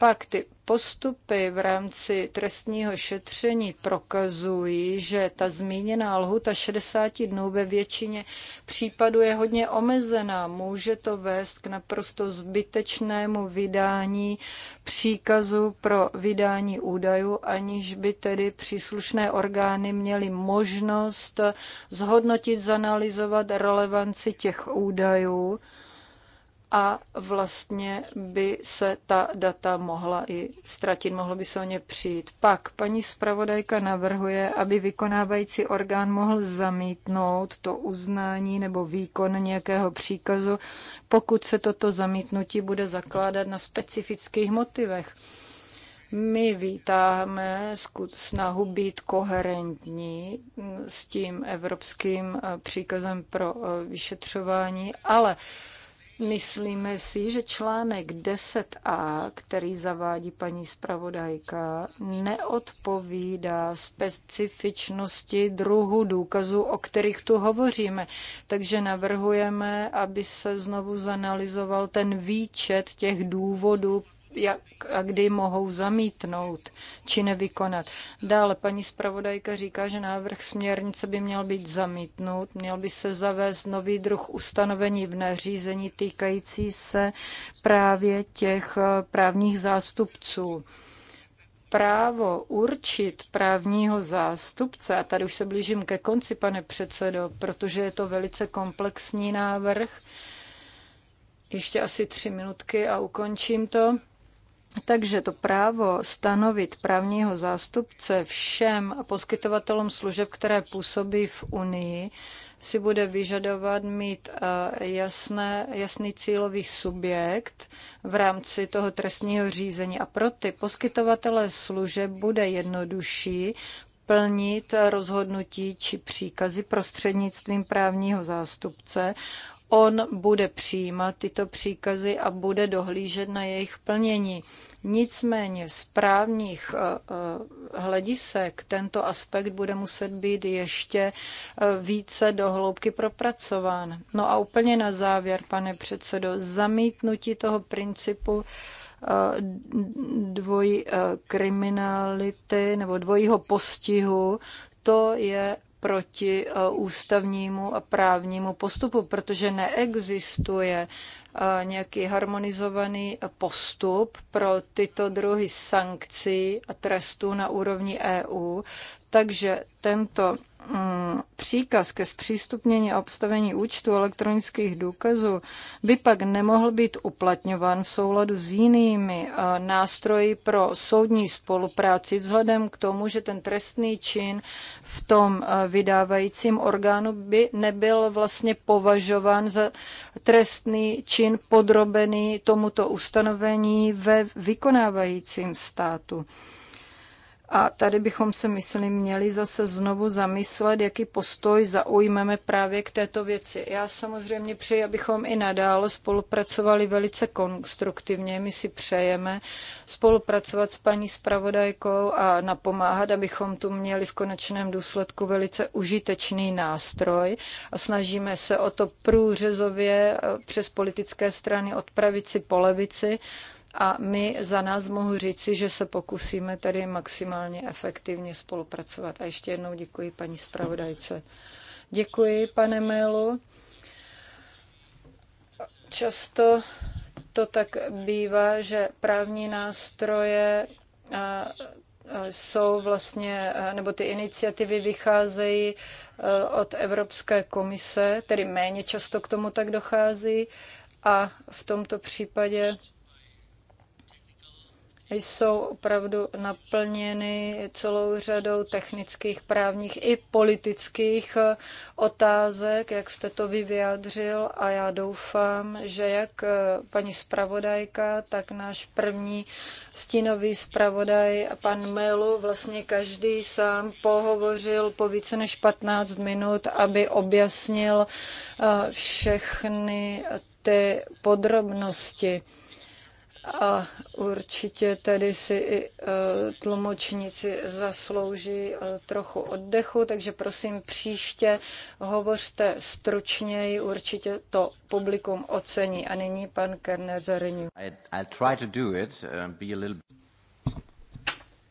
A: Pak ty postupy v rámci trestního šetření prokazují, že ta zmíněná lhuta 60 dnů ve většině případů je hodně omezená. Může to vést k naprosto zbytečnému vydání příkazu pro vydání údajů, aniž by tedy příslušné orgány měly možnost zhodnotit, zanalizovat relevanci těch údajů a vlastně by se ta data mohla i ztratit, mohlo by se o ně přijít. Pak paní zpravodajka navrhuje, aby vykonávající orgán mohl zamítnout to uznání nebo výkon nějakého příkazu, pokud se toto zamítnutí bude zakládat na specifických motivech. My vítáme snahu být koherentní mm, s tím evropským eh, příkazem pro eh, vyšetřování, ale Myslíme si, že článek 10a, který zavádí paní zpravodajka, neodpovídá specifičnosti druhu důkazů, o kterých tu hovoříme. Takže navrhujeme, aby se znovu zanalizoval ten výčet těch důvodů, jak a kdy mohou zamítnout či nevykonat. Dále paní zpravodajka říká, že návrh směrnice by měl být zamítnut, měl by se zavést nový druh ustanovení v nařízení týkající se právě těch eh, právních zástupců právo určit právního zástupce, a tady už se blížím ke konci, pane předsedo, protože je to velice komplexní návrh, ještě asi tři minutky a ukončím to. Takže to právo stanovit právního zástupce všem poskytovatelům služeb, které působí v Unii, si bude vyžadovat mít eh, jasné, jasný cílový subjekt v rámci toho trestního řízení. A pro ty poskytovatele služeb bude jednodušší plnit rozhodnutí či příkazy prostřednictvím právního zástupce on bude přijímat tyto příkazy a bude dohlížet na jejich plnění. Nicméně z právních eh, eh, hledisek tento aspekt bude muset být ještě eh, více dohloubky propracován. No a úplně na závěr, pane předsedo, zamítnutí toho principu dvojí kriminality nebo dvojího postihu, to je proti eh, ústavnímu a právnímu postupu, protože neexistuje eh, nějaký harmonizovaný postup pro tyto druhy sankcí a trestů na úrovni EU. Takže tento příkaz ke zpřístupnění a obstavení účtu elektronických důkazů by pak nemohl být uplatňován v souladu s jinými eh, nástroji pro soudní spolupráci vzhledem k tomu, že ten trestný čin v tom eh, vydávajícím orgánu by nebyl vlastně považován za trestný čin podrobený tomuto ustanovení ve vykonávajícím státu. A tady bychom se, myslím, měli zase znovu zamyslet, jaký postoj zaujmeme právě k této věci. Já samozřejmě přeji, abychom i nadále spolupracovali velice konstruktivně. My si přejeme spolupracovat s paní spravodajkou a napomáhat, abychom tu měli v konečném důsledku velice užitečný nástroj a snažíme se o to průřezově eh, přes politické strany od pravici po levici a my za nás mohu říci, že se pokusíme tady maximálně efektivně spolupracovat. A ještě jednou děkuji paní zpravodajce. Děkuji, pane Melu. Často to tak bývá, že právní nástroje jsou vlastně, nebo ty iniciativy vycházejí od Evropské komise, tedy méně často k tomu tak dochází. A v tomto případě jsou opravdu naplněny celou řadou technických, právních i politických eh, otázek, jak jste to vy vyjádřil a já doufám, že jak eh, paní zpravodajka, tak náš první stínový zpravodaj pan Melu, vlastně každý sám pohovořil po více než 15 minut, aby objasnil eh, všechny ty podrobnosti. A určitě tedy si i e, tlumočníci zaslouží e, trochu oddechu, takže prosím příště hovořte stručněji, určitě to publikum ocení. A nyní pan Kerner za uh,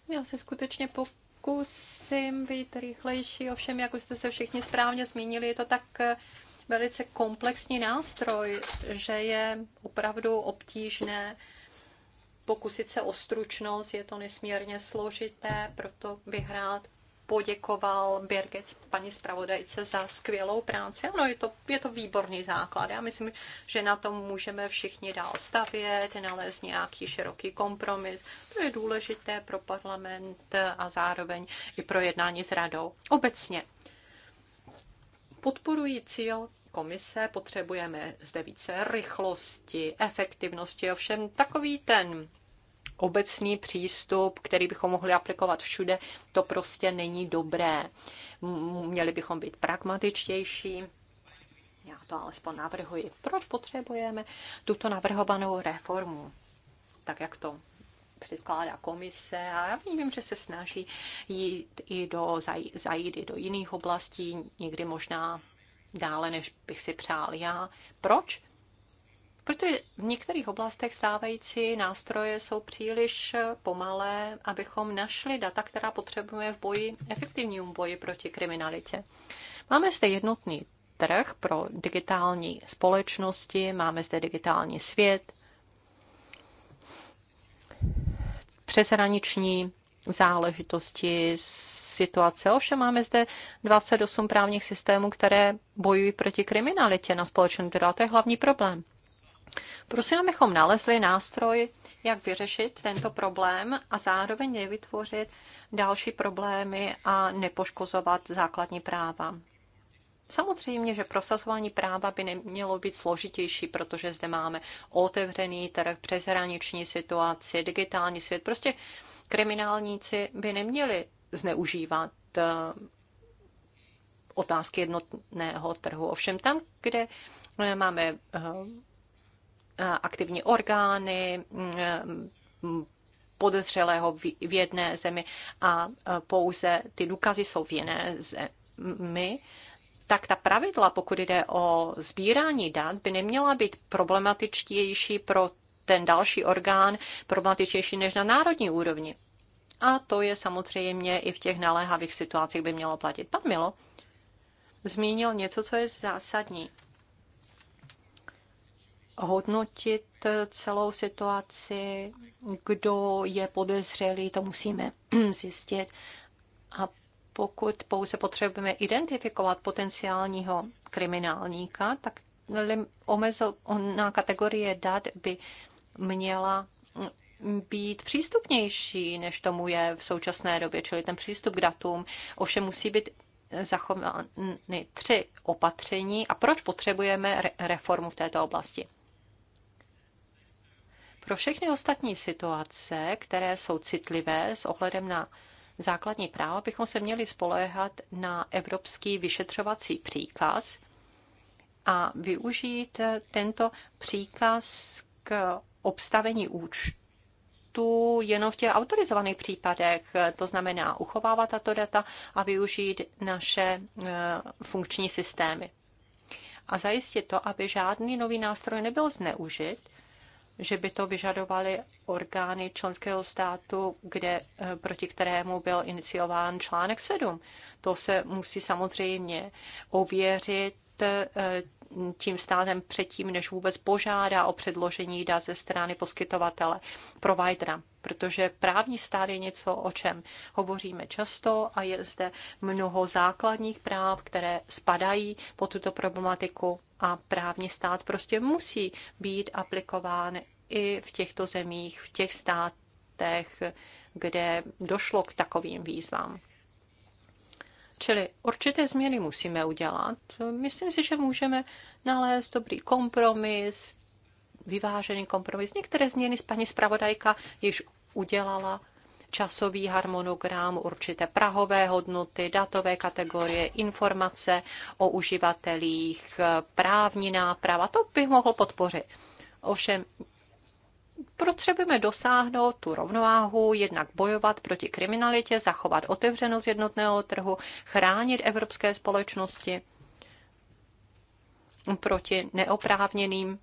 A: Já se skutečně pokusím
C: být rychlejší, ovšem, jak už jste se všichni správně zmínili, je to tak e, velice komplexní nástroj, že je opravdu obtížné pokusit se o stručnost, je to nesmírně složité, proto bych rád poděkoval Birgit paní zpravodajce za skvělou práci. Ano, je to, je to výborný základ. Já myslím, že na tom můžeme všichni dál stavět, nalézt nějaký široký kompromis. To je důležité pro parlament a zároveň i pro jednání s radou. Obecně podporuji cíl komise, potřebujeme zde více rychlosti, efektivnosti, ovšem takový ten obecný přístup, který bychom mohli aplikovat všude, to prostě není dobré. Měli bychom být pragmatičtější, já to alespoň navrhuji. Proč potřebujeme tuto navrhovanou reformu? Tak jak to předkládá komise a já vím, že se snaží jít i do, zajít i do jiných oblastí, někdy možná dále, než bych si přál já. Proč Protože v některých oblastech stávající nástroje jsou příliš pomalé, abychom našli data, která potřebujeme v boji, efektivním boji proti kriminalitě. Máme zde jednotný trh pro digitální společnosti, máme zde digitální svět, přeshraniční záležitosti, situace. Ovšem máme zde 28 právních systémů, které bojují proti kriminalitě na společném trhu to je hlavní problém. Prosím, abychom nalezli nástroj, jak vyřešit tento problém a zároveň nevytvořit další problémy a nepoškozovat základní práva. Samozřejmě, že prosazování práva by nemělo být složitější, protože zde máme otevřený trh, přeshraniční situaci, digitální svět. Prostě kriminálníci by neměli zneužívat eh, otázky jednotného trhu. Ovšem tam, kde eh, máme eh, Eh, aktivní orgány mm, eh, podezřelého v jedné zemi a eh, pouze ty důkazy jsou v jiné zemi, tak ta pravidla, pokud jde o sbírání dat, by neměla být problematičtější pro ten další orgán, problematičtější než na národní úrovni. A to je samozřejmě i v těch naléhavých situacích by mělo platit. Pan Milo zmínil něco, co je zásadní hodnotit eh, celou situaci, kdo je podezřelý, to musíme zjistit. A pokud pouze potřebujeme identifikovat potenciálního kriminálníka, tak omezená kategorie dat by měla být přístupnější, než tomu je v současné době, čili ten přístup k datům ovšem musí být zachovány tři opatření a proč potřebujeme reformu v této oblasti. Pro všechny ostatní situace, které jsou citlivé s ohledem na základní práva, bychom se měli spoléhat na evropský vyšetřovací příkaz a využít tento příkaz k obstavení účtu tu jenom v těch autorizovaných případech, to znamená uchovávat tato data a využít naše e, funkční systémy. A zajistit to, aby žádný nový nástroj nebyl zneužit že by to vyžadovaly orgány členského státu, kde, eh, proti kterému byl iniciován článek 7. To se musí samozřejmě ověřit eh, tím státem předtím, než vůbec požádá o předložení dá ze strany poskytovatele, providera. Protože právní stát je něco, o čem hovoříme často a je zde mnoho základních práv, které spadají po tuto problematiku a právní stát prostě musí být aplikován i v těchto zemích, v těch státech, kde došlo k takovým výzvám. Čili určité změny musíme udělat. Myslím si, že můžeme nalézt dobrý kompromis, vyvážený kompromis. Některé změny paní zpravodajka již udělala časový harmonogram, určité prahové hodnoty, datové kategorie, informace o uživatelích, právní náprava. To bych mohl podpořit. Ovšem, potřebujeme dosáhnout tu rovnováhu, jednak bojovat proti kriminalitě, zachovat otevřenost jednotného trhu, chránit evropské společnosti proti neoprávněným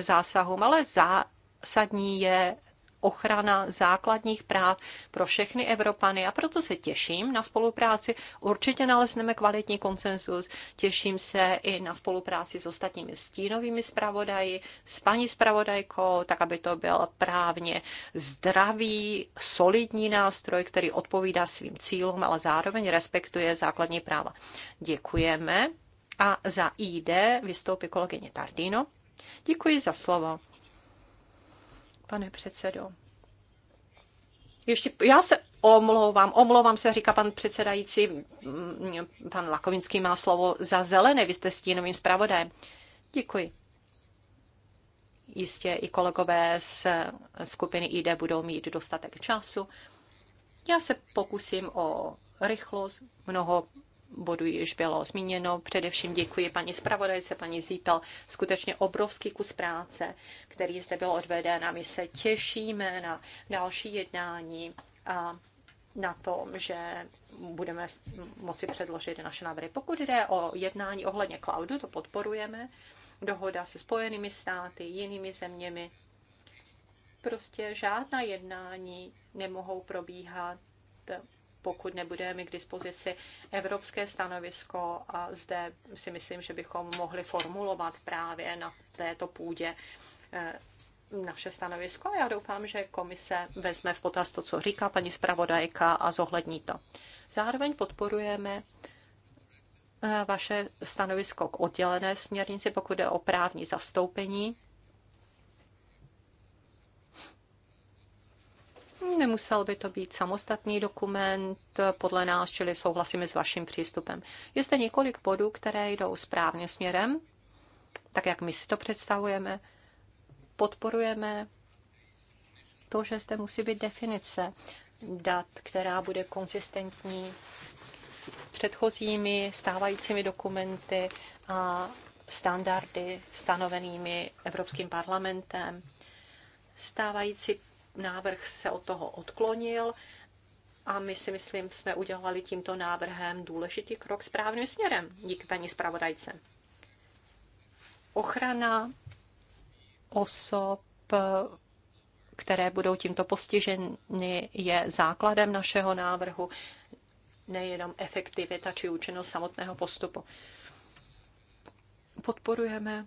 C: zásahům, ale zásadní je ochrana základních práv pro všechny Evropany a proto se těším na spolupráci. Určitě nalezneme kvalitní konsenzus. Těším se i na spolupráci s ostatními stínovými zpravodaji, s paní zpravodajkou, tak aby to byl právně zdravý, solidní nástroj, který odpovídá svým cílům, ale zároveň respektuje základní práva. Děkujeme. A za ID vystoupí kolegyně Tardino. Děkuji za slovo pane předsedo. Ještě, já se omlouvám, omlouvám se, říká pan předsedající, mm, pan Lakovinský má slovo za zelené, vy jste stínovým zpravodajem. Děkuji. Jistě i kolegové z skupiny ID budou mít dostatek času. Já se pokusím o rychlost. Mnoho bodu již bylo zmíněno. Především děkuji paní zpravodajce, paní Zípel, skutečně obrovský kus práce, který zde byl odveden a my se těšíme na další jednání a na tom, že budeme moci předložit naše návrhy. Pokud jde o jednání ohledně cloudu, to podporujeme. Dohoda se spojenými státy, jinými zeměmi. Prostě žádná jednání nemohou probíhat pokud nebudeme mi k dispozici evropské stanovisko a zde si myslím, že bychom mohli formulovat právě na této půdě eh, naše stanovisko já doufám, že komise vezme v potaz to, co říká paní zpravodajka a zohlední to. Zároveň podporujeme eh, vaše stanovisko k oddělené směrnici, pokud jde o právní zastoupení Nemusel by to být samostatný dokument podle nás, čili souhlasíme s vaším přístupem. Je zde několik bodů, které jdou správným směrem, tak jak my si to představujeme. Podporujeme to, že zde musí být definice dat, která bude konsistentní s předchozími stávajícími dokumenty a standardy stanovenými Evropským parlamentem. Stávající návrh se od toho odklonil a my si myslím, jsme udělali tímto návrhem důležitý krok správným směrem. Díky paní zpravodajce. Ochrana osob, které budou tímto postiženy, je základem našeho návrhu, nejenom efektivita či účinnost samotného postupu. Podporujeme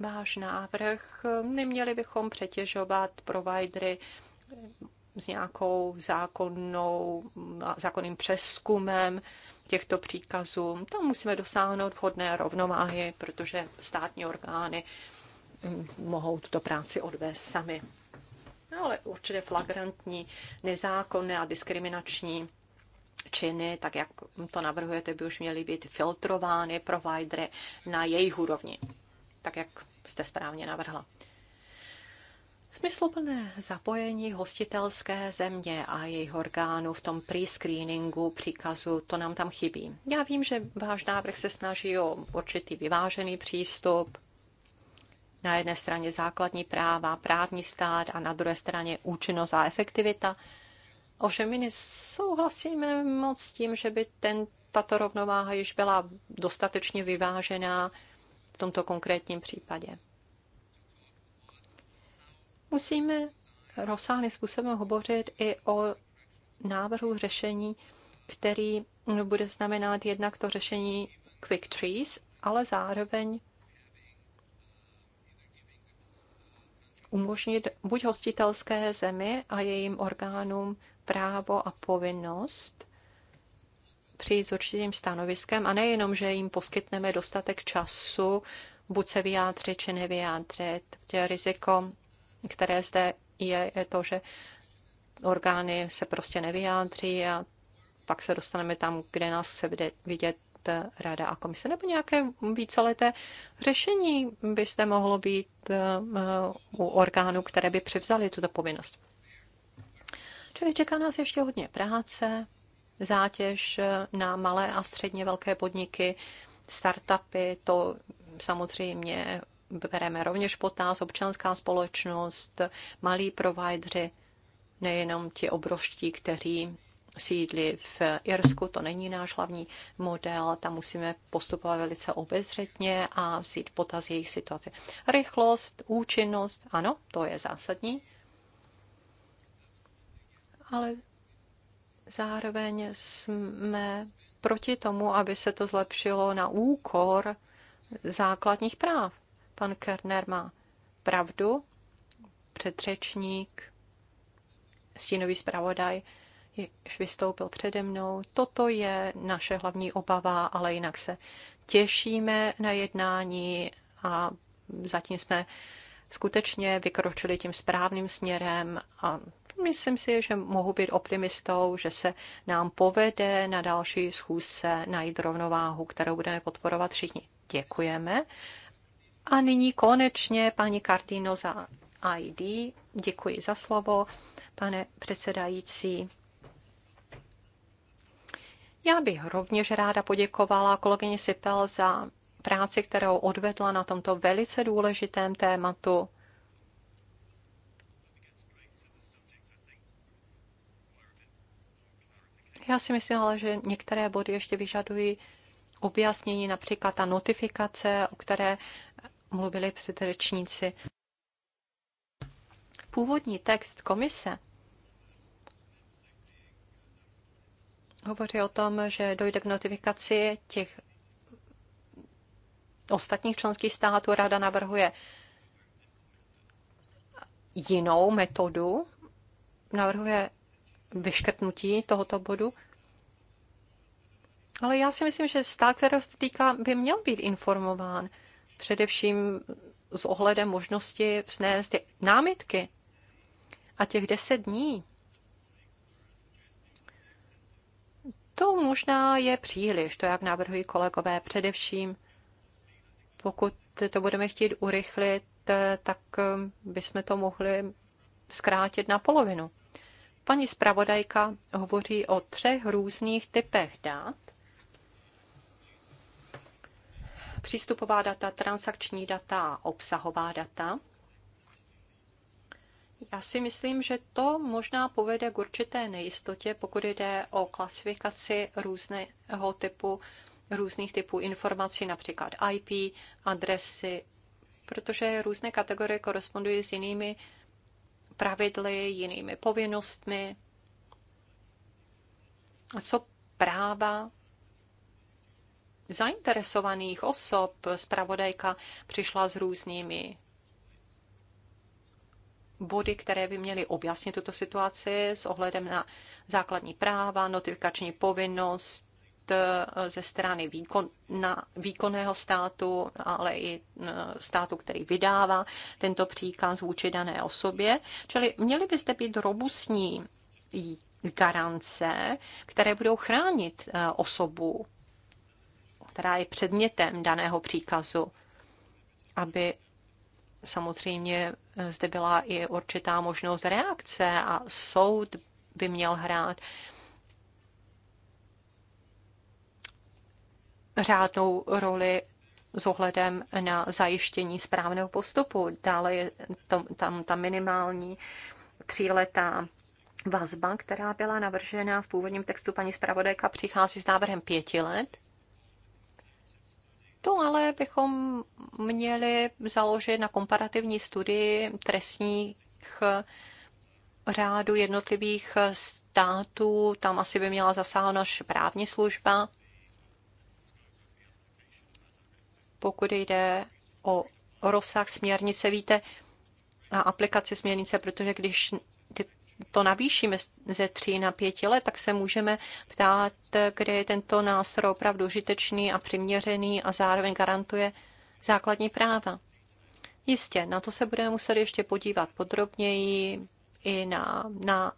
C: váš návrh. Neměli bychom přetěžovat providery s nějakou zákonnou, zákonným přeskumem těchto příkazů. Tam musíme dosáhnout vhodné rovnováhy, protože státní orgány mm, mohou tuto práci odvést sami. No, ale určitě flagrantní, nezákonné a diskriminační činy, tak jak to navrhujete, by už měly být filtrovány providery na jejich úrovni tak jak jste správně navrhla. Smysluplné zapojení hostitelské země a jejich orgánů v tom pre-screeningu příkazu, to nám tam chybí. Já vím, že váš návrh se snaží o určitý vyvážený přístup, na jedné straně základní práva, právní stát a na druhé straně účinnost a efektivita. Ovšem my nesouhlasíme moc s tím, že by ten, tato rovnováha již byla dostatečně vyvážená tomto konkrétním případě. Musíme rozsáhlým způsobem hovořit i o návrhu řešení, který bude znamenat jednak to řešení quick trees, ale zároveň umožnit buď hostitelské zemi a jejím orgánům právo a povinnost přijít s určitým stanoviskem a nejenom, že jim poskytneme dostatek času, buď se vyjádřit, či nevyjádřit. Je riziko, které zde je, je to, že orgány se prostě nevyjádří a pak se dostaneme tam, kde nás se bude vidět rada a komise, nebo nějaké víceleté řešení by zde mohlo být eh, u orgánů, které by převzaly tuto povinnost. Čili čeká nás ještě hodně práce, zátěž eh, na malé a středně velké podniky, startupy, to samozřejmě bereme rovněž potaz, občanská společnost, malí provideri, nejenom ti obrovští, kteří sídlí v Irsku, to není náš hlavní model, tam musíme postupovat velice obezřetně a vzít potaz jejich situace. Rychlost, účinnost, ano, to je zásadní. Ale Zároveň jsme proti tomu, aby se to zlepšilo na úkor základních práv. Pan Kerner má pravdu, předřečník, stínový zpravodaj, již vystoupil přede mnou. Toto je naše hlavní obava, ale jinak se těšíme na jednání a zatím jsme skutečně vykročili tím správným směrem a myslím si, že mohu být optimistou, že se nám povede na další schůzce najít rovnováhu, kterou budeme podporovat všichni. Děkujeme. A nyní konečně paní Cardino za ID. Děkuji za slovo, pane předsedající. Já bych rovněž ráda poděkovala kolegyni Sipel za práci, kterou odvedla na tomto velice důležitém tématu. Já si myslím ale, že některé body ještě vyžadují objasnění, například ta notifikace, o které mluvili předřečníci. Původní text komise hovoří o tom, že dojde k notifikaci těch ostatních členských států. Rada navrhuje jinou metodu, navrhuje vyškrtnutí tohoto bodu. Ale já si myslím, že stát, kterého se týká, by měl být informován. Především s ohledem možnosti vznést námitky. A těch deset dní, to možná je příliš, to jak navrhují kolegové, především pokud to budeme chtít urychlit, tak bychom to mohli zkrátit na polovinu. Paní zpravodajka hovoří o třech různých typech dat. Přístupová data, transakční data a obsahová data. Já si myslím, že to možná povede k určité nejistotě, pokud jde o klasifikaci různého typu různých typů informací, například IP, adresy, protože různé kategorie korespondují s jinými pravidly, jinými povinnostmi. A co práva zainteresovaných osob zpravodajka přišla s různými body, které by měly objasnit tuto situaci s ohledem na základní práva, notifikační povinnost, E, ze strany výkon, na výkonného státu, ale i e, státu, který vydává tento příkaz vůči dané osobě. Čili měly byste být robustní garance, které budou chránit e, osobu, která je předmětem daného příkazu, aby samozřejmě zde byla i určitá možnost reakce a soud by měl hrát uh, řádnou roli s ohledem na zajištění správného postupu. Dále je to, tam ta minimální tříletá vazba, která byla navržena v původním textu paní zpravodajka, přichází s návrhem pěti let. To ale bychom měli založit na komparativní studii trestních řádu jednotlivých států. Tam asi by měla zasáhnout právní služba pokud jde o rozsah směrnice, víte, a aplikaci směrnice, protože když to navýšíme ze 3 na 5 let, tak se můžeme ptát, kde je tento nástroj opravdu užitečný a přiměřený a zároveň garantuje základní práva. Jistě, na to se budeme muset ještě podívat podrobněji i na, na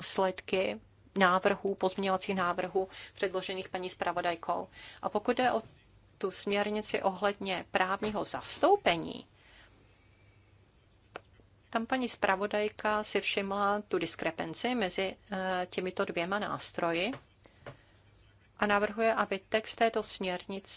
C: sledky návrhů, pozměňovacích návrhů předložených paní zpravodajkou. A pokud jde o tu směrnici ohledně právního zastoupení, tam paní zpravodajka si všimla tu diskrepenci mezi eh, těmito dvěma nástroji a navrhuje, aby text této směrnice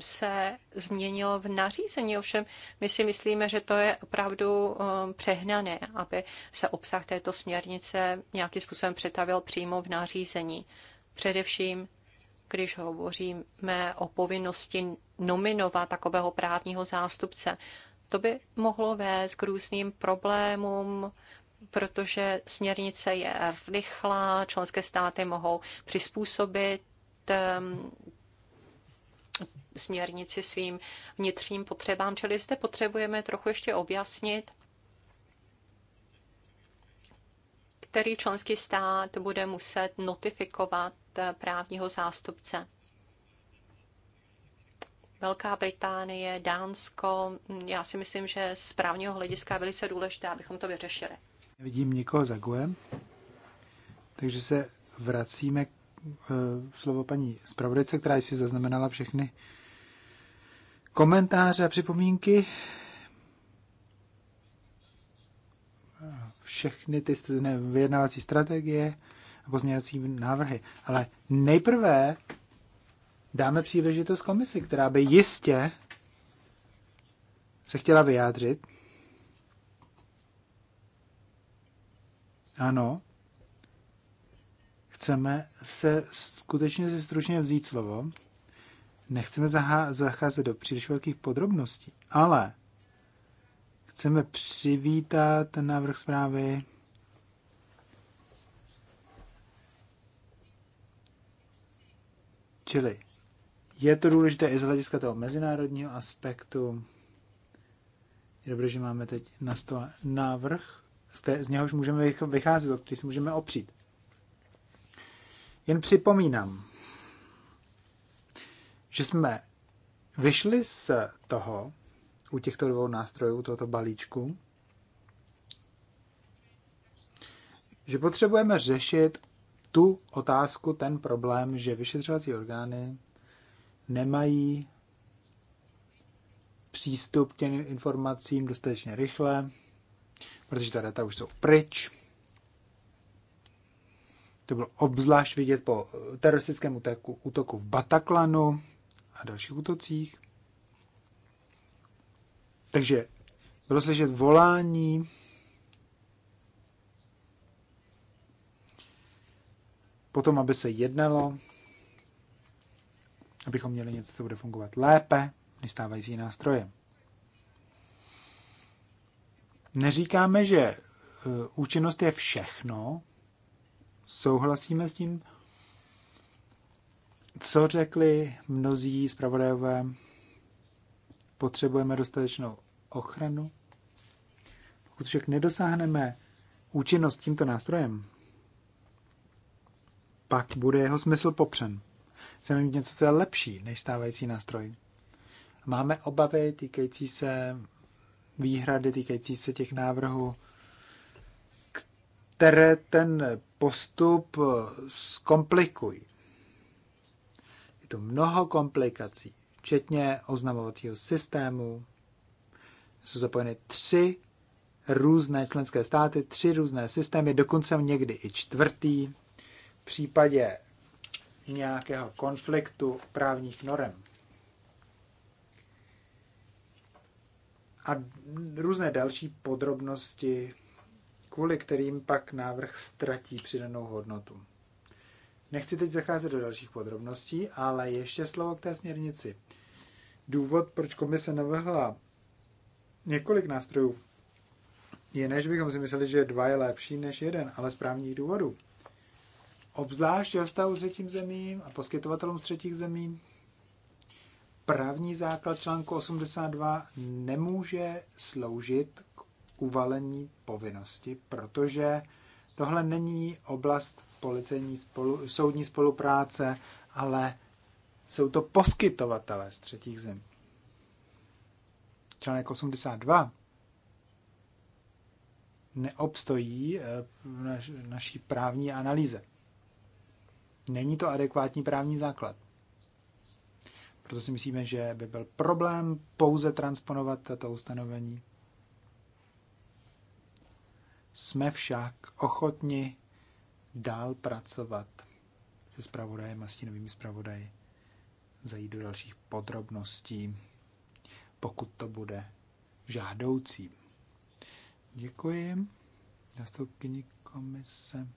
C: se změnil v nařízení. Ovšem, my si myslíme, že to je opravdu eh, přehnané, aby se obsah této směrnice nějakým způsobem přetavil přímo v nařízení. Především, když hovoříme o povinnosti nominovat takového právního zástupce, to by mohlo vést k různým problémům, protože směrnice je rychlá, členské státy mohou přizpůsobit ehm, směrnici svým vnitřním potřebám, čili zde potřebujeme trochu ještě objasnit, který členský stát bude muset notifikovat E, právního zástupce. Velká Británie, Dánsko, já si myslím, že z právního hlediska je velice důležité, abychom to vyřešili.
B: Vidím nikoho za Guem, takže se vracíme k e, slovo paní zpravodajce, která si zaznamenala všechny komentáře a připomínky. Všechny ty vyjednávací strategie pozměňovací návrhy. Ale nejprve dáme příležitost komisi, která by jistě se chtěla vyjádřit. Ano, chceme se skutečně si stručně vzít slovo. Nechceme zacházet do příliš velkých podrobností, ale chceme přivítat návrh zprávy Čili je to důležité i z hlediska toho mezinárodního aspektu. Je dobré, že máme teď na stole návrh, z, té, z něhož můžeme vycházet, o který si můžeme opřít. Jen připomínám, že jsme vyšli z toho, u těchto dvou nástrojů, tohoto balíčku, že potřebujeme řešit tu otázku, ten problém, že vyšetřovací orgány nemají přístup k těm informacím dostatečně rychle, protože ta data už jsou pryč. To bylo obzvlášť vidět po teroristickém útoku, útoku v Bataklanu a dalších útocích. Takže bylo že volání potom, aby se jednalo, abychom měli něco, co bude fungovat lépe než stávající nástroje. Neříkáme, že e, účinnost je všechno, souhlasíme s tím, co řekli mnozí zpravodajové, potřebujeme dostatečnou ochranu. Pokud však nedosáhneme účinnost tímto nástrojem, pak bude jeho smysl popřen. Chceme mít něco, co je lepší než stávající nástroj. Máme obavy týkající se výhrady, týkající se těch návrhů, které ten postup zkomplikují. Je to mnoho komplikací, včetně oznamovacího systému. Jsou zapojeny tři různé členské státy, tři různé systémy, dokonce někdy i čtvrtý v případě nějakého konfliktu právních norem. A různé další podrobnosti, kvůli kterým pak návrh ztratí přidanou hodnotu. Nechci teď zacházet do dalších podrobností, ale ještě slovo k té směrnici. Důvod, proč komise navrhla několik nástrojů, je než bychom si mysleli, že dva je lepší než jeden, ale z právních důvodů obzvlášť ve vztahu třetím zemím a poskytovatelům z třetích zemí. Právní základ článku 82 nemůže sloužit k uvalení povinnosti, protože tohle není oblast policejní spolu, soudní spolupráce, ale jsou to poskytovatelé z třetích zemí. Článek 82 neobstojí eh, v naší právní analýze. Není to adekvátní právní základ. Proto si myslíme, že by byl problém pouze transponovat tato ustanovení. Jsme však ochotni dál pracovat se zpravodajem a stínovými zpravodaji, zajít do dalších podrobností, pokud to bude žádoucí. Děkuji. Zastupkyni komise.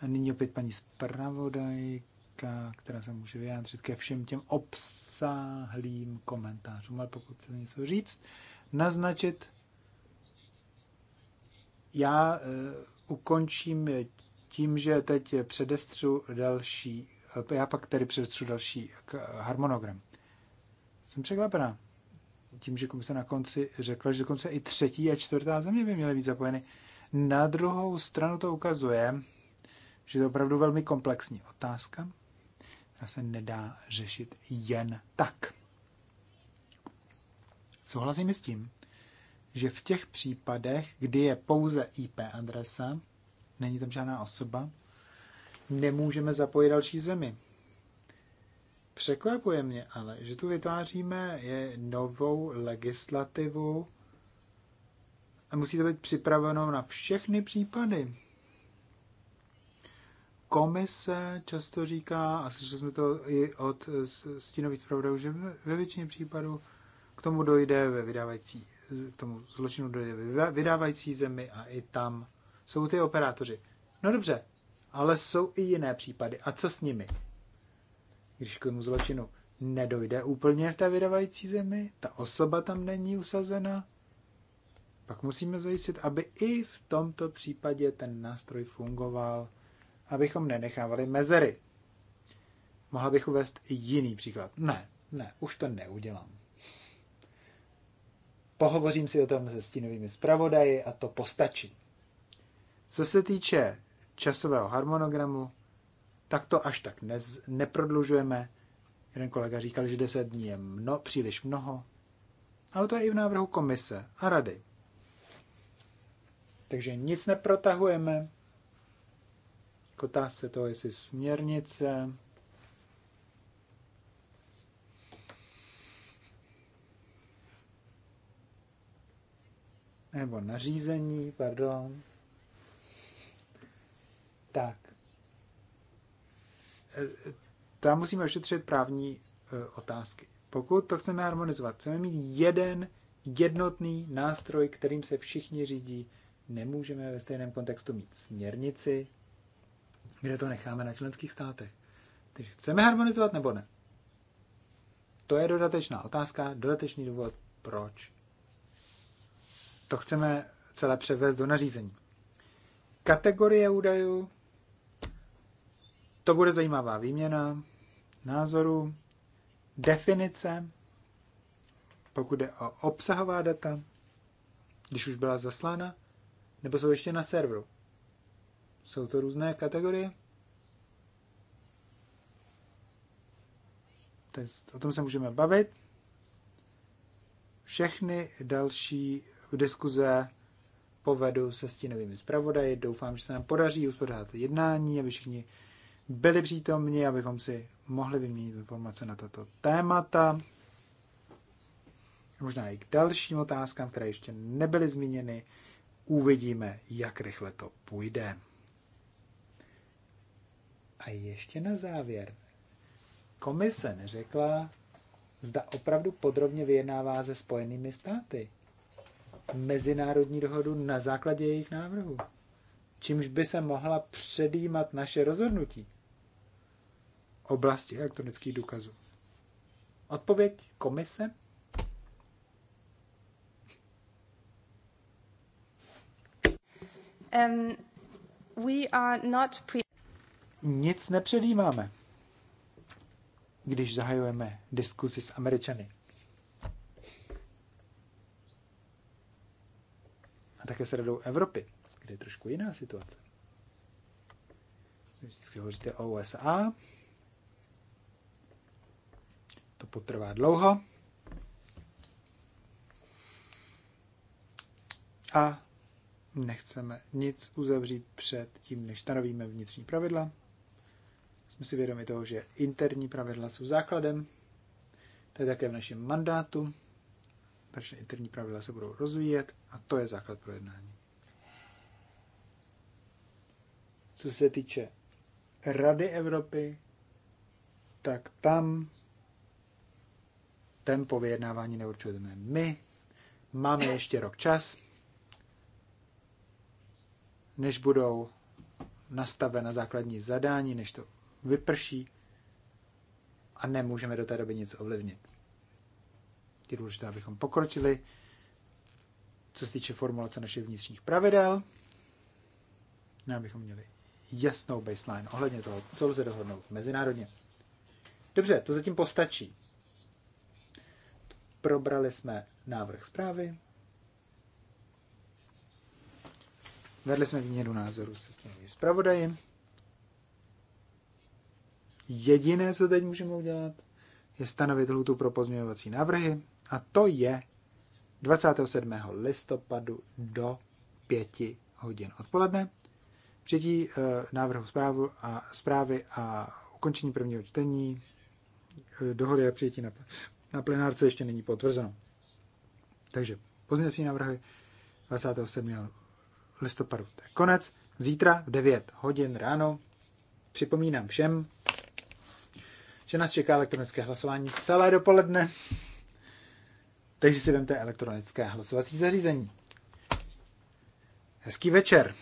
B: A nyní opět paní zpravodajka, která se může vyjádřit ke všem těm obsáhlým komentářům. Ale pokud chcete něco říct, naznačit, já uh, ukončím tím, že teď předestřu další, eh, já pak tedy předestřu další eh, harmonogram. Jsem překvapená tím, že komise na konci řekla, že dokonce i třetí a čtvrtá země by měly být zapojeny. Na druhou stranu to ukazuje, že to je opravdu velmi komplexní otázka, která se nedá řešit jen tak. Souhlasím s tím, že v těch případech, kdy je pouze IP adresa, není tam žádná osoba, nemůžeme zapojit další zemi. Překvapuje mě ale, že tu vytváříme je novou legislativu a musí to být připraveno na všechny případy. Komise často říká, a slyšeli jsme to i od stínových zpravodajů, že ve většině případů k tomu dojde ve vydávající, k tomu zločinu dojde ve vydávající zemi a i tam jsou ty operátoři. No dobře, ale jsou i jiné případy. A co s nimi? Když k tomu zločinu nedojde úplně v té vydávající zemi, ta osoba tam není usazena, pak musíme zajistit, aby i v tomto případě ten nástroj fungoval abychom nenechávali mezery. Mohla bych uvést jiný příklad. Ne, ne, už to neudělám. Pohovořím si o tom se stínovými zpravodaji a to postačí. Co se týče časového harmonogramu, tak to až tak ne- neprodlužujeme. Jeden kolega říkal, že 10 dní je mno, příliš mnoho, ale to je i v návrhu komise a rady. Takže nic neprotahujeme, k otázce toho, jestli směrnice nebo nařízení, pardon. Tak. E, e, tam musíme ošetřit právní e, otázky. Pokud to chceme harmonizovat, chceme mít jeden jednotný nástroj, kterým se všichni řídí, nemůžeme ve stejném kontextu mít směrnici kde to necháme na členských státech. Takže chceme harmonizovat nebo ne? To je dodatečná otázka, dodatečný důvod, proč. To chceme celé převést do nařízení. Kategorie údajů, to bude zajímavá výměna názorů, definice, pokud jde o obsahová data, když už byla zaslána, nebo jsou ještě na serveru. Jsou to různé kategorie? Test. O tom se můžeme bavit. Všechny další diskuze povedu se stínovými zpravodaji. Doufám, že se nám podaří uspořádat jednání, aby všichni byli přítomní, abychom si mohli vyměnit informace na tato témata. Možná i k dalším otázkám, které ještě nebyly zmíněny. Uvidíme, jak rychle to půjde. A ještě na závěr. Komise neřekla, zda opravdu podrobně vyjednává se Spojenými státy mezinárodní dohodu na základě jejich návrhu, čímž by se mohla předjímat naše rozhodnutí. Oblasti elektronických důkazů. Odpověď komise? Um,
C: we are not pre-
B: nic nepředjímáme, když zahajujeme diskusi s Američany. A také s Radou Evropy, kde je trošku jiná situace. Vždycky hovoříte o USA, to potrvá dlouho. A nechceme nic uzavřít před tím, než stanovíme vnitřní pravidla. Jsme si vědomi toho, že interní pravidla jsou základem, to je také v našem mandátu, takže interní pravidla se budou rozvíjet a to je základ pro jednání. Co se týče Rady Evropy, tak tam tempo vyjednávání neurčujeme my. Máme ještě rok čas, než budou nastavena základní zadání, než to vyprší a nemůžeme do té doby nic ovlivnit. Je důležité, abychom pokročili, co se týče formulace našich vnitřních pravidel, no, abychom měli jasnou baseline ohledně toho, co lze dohodnout mezinárodně. Dobře, to zatím postačí. Probrali jsme návrh zprávy, vedli jsme výměnu názoru se svými zpravodajem. Jediné, co teď můžeme udělat, je stanovit lhutu pro pozměňovací návrhy a to je 27. listopadu do 5 hodin odpoledne. Přijetí eh, návrhu zprávu a, zprávy a ukončení prvního čtení eh, dohody a přijetí na, na plenárce ještě není potvrzeno. Takže pozměňovací návrhy 27. listopadu. To je konec. Zítra v 9 hodin ráno. Připomínám všem, že nás čeká elektronické hlasování celé dopoledne. Takže si vemte elektronické hlasovací zařízení. Hezký večer.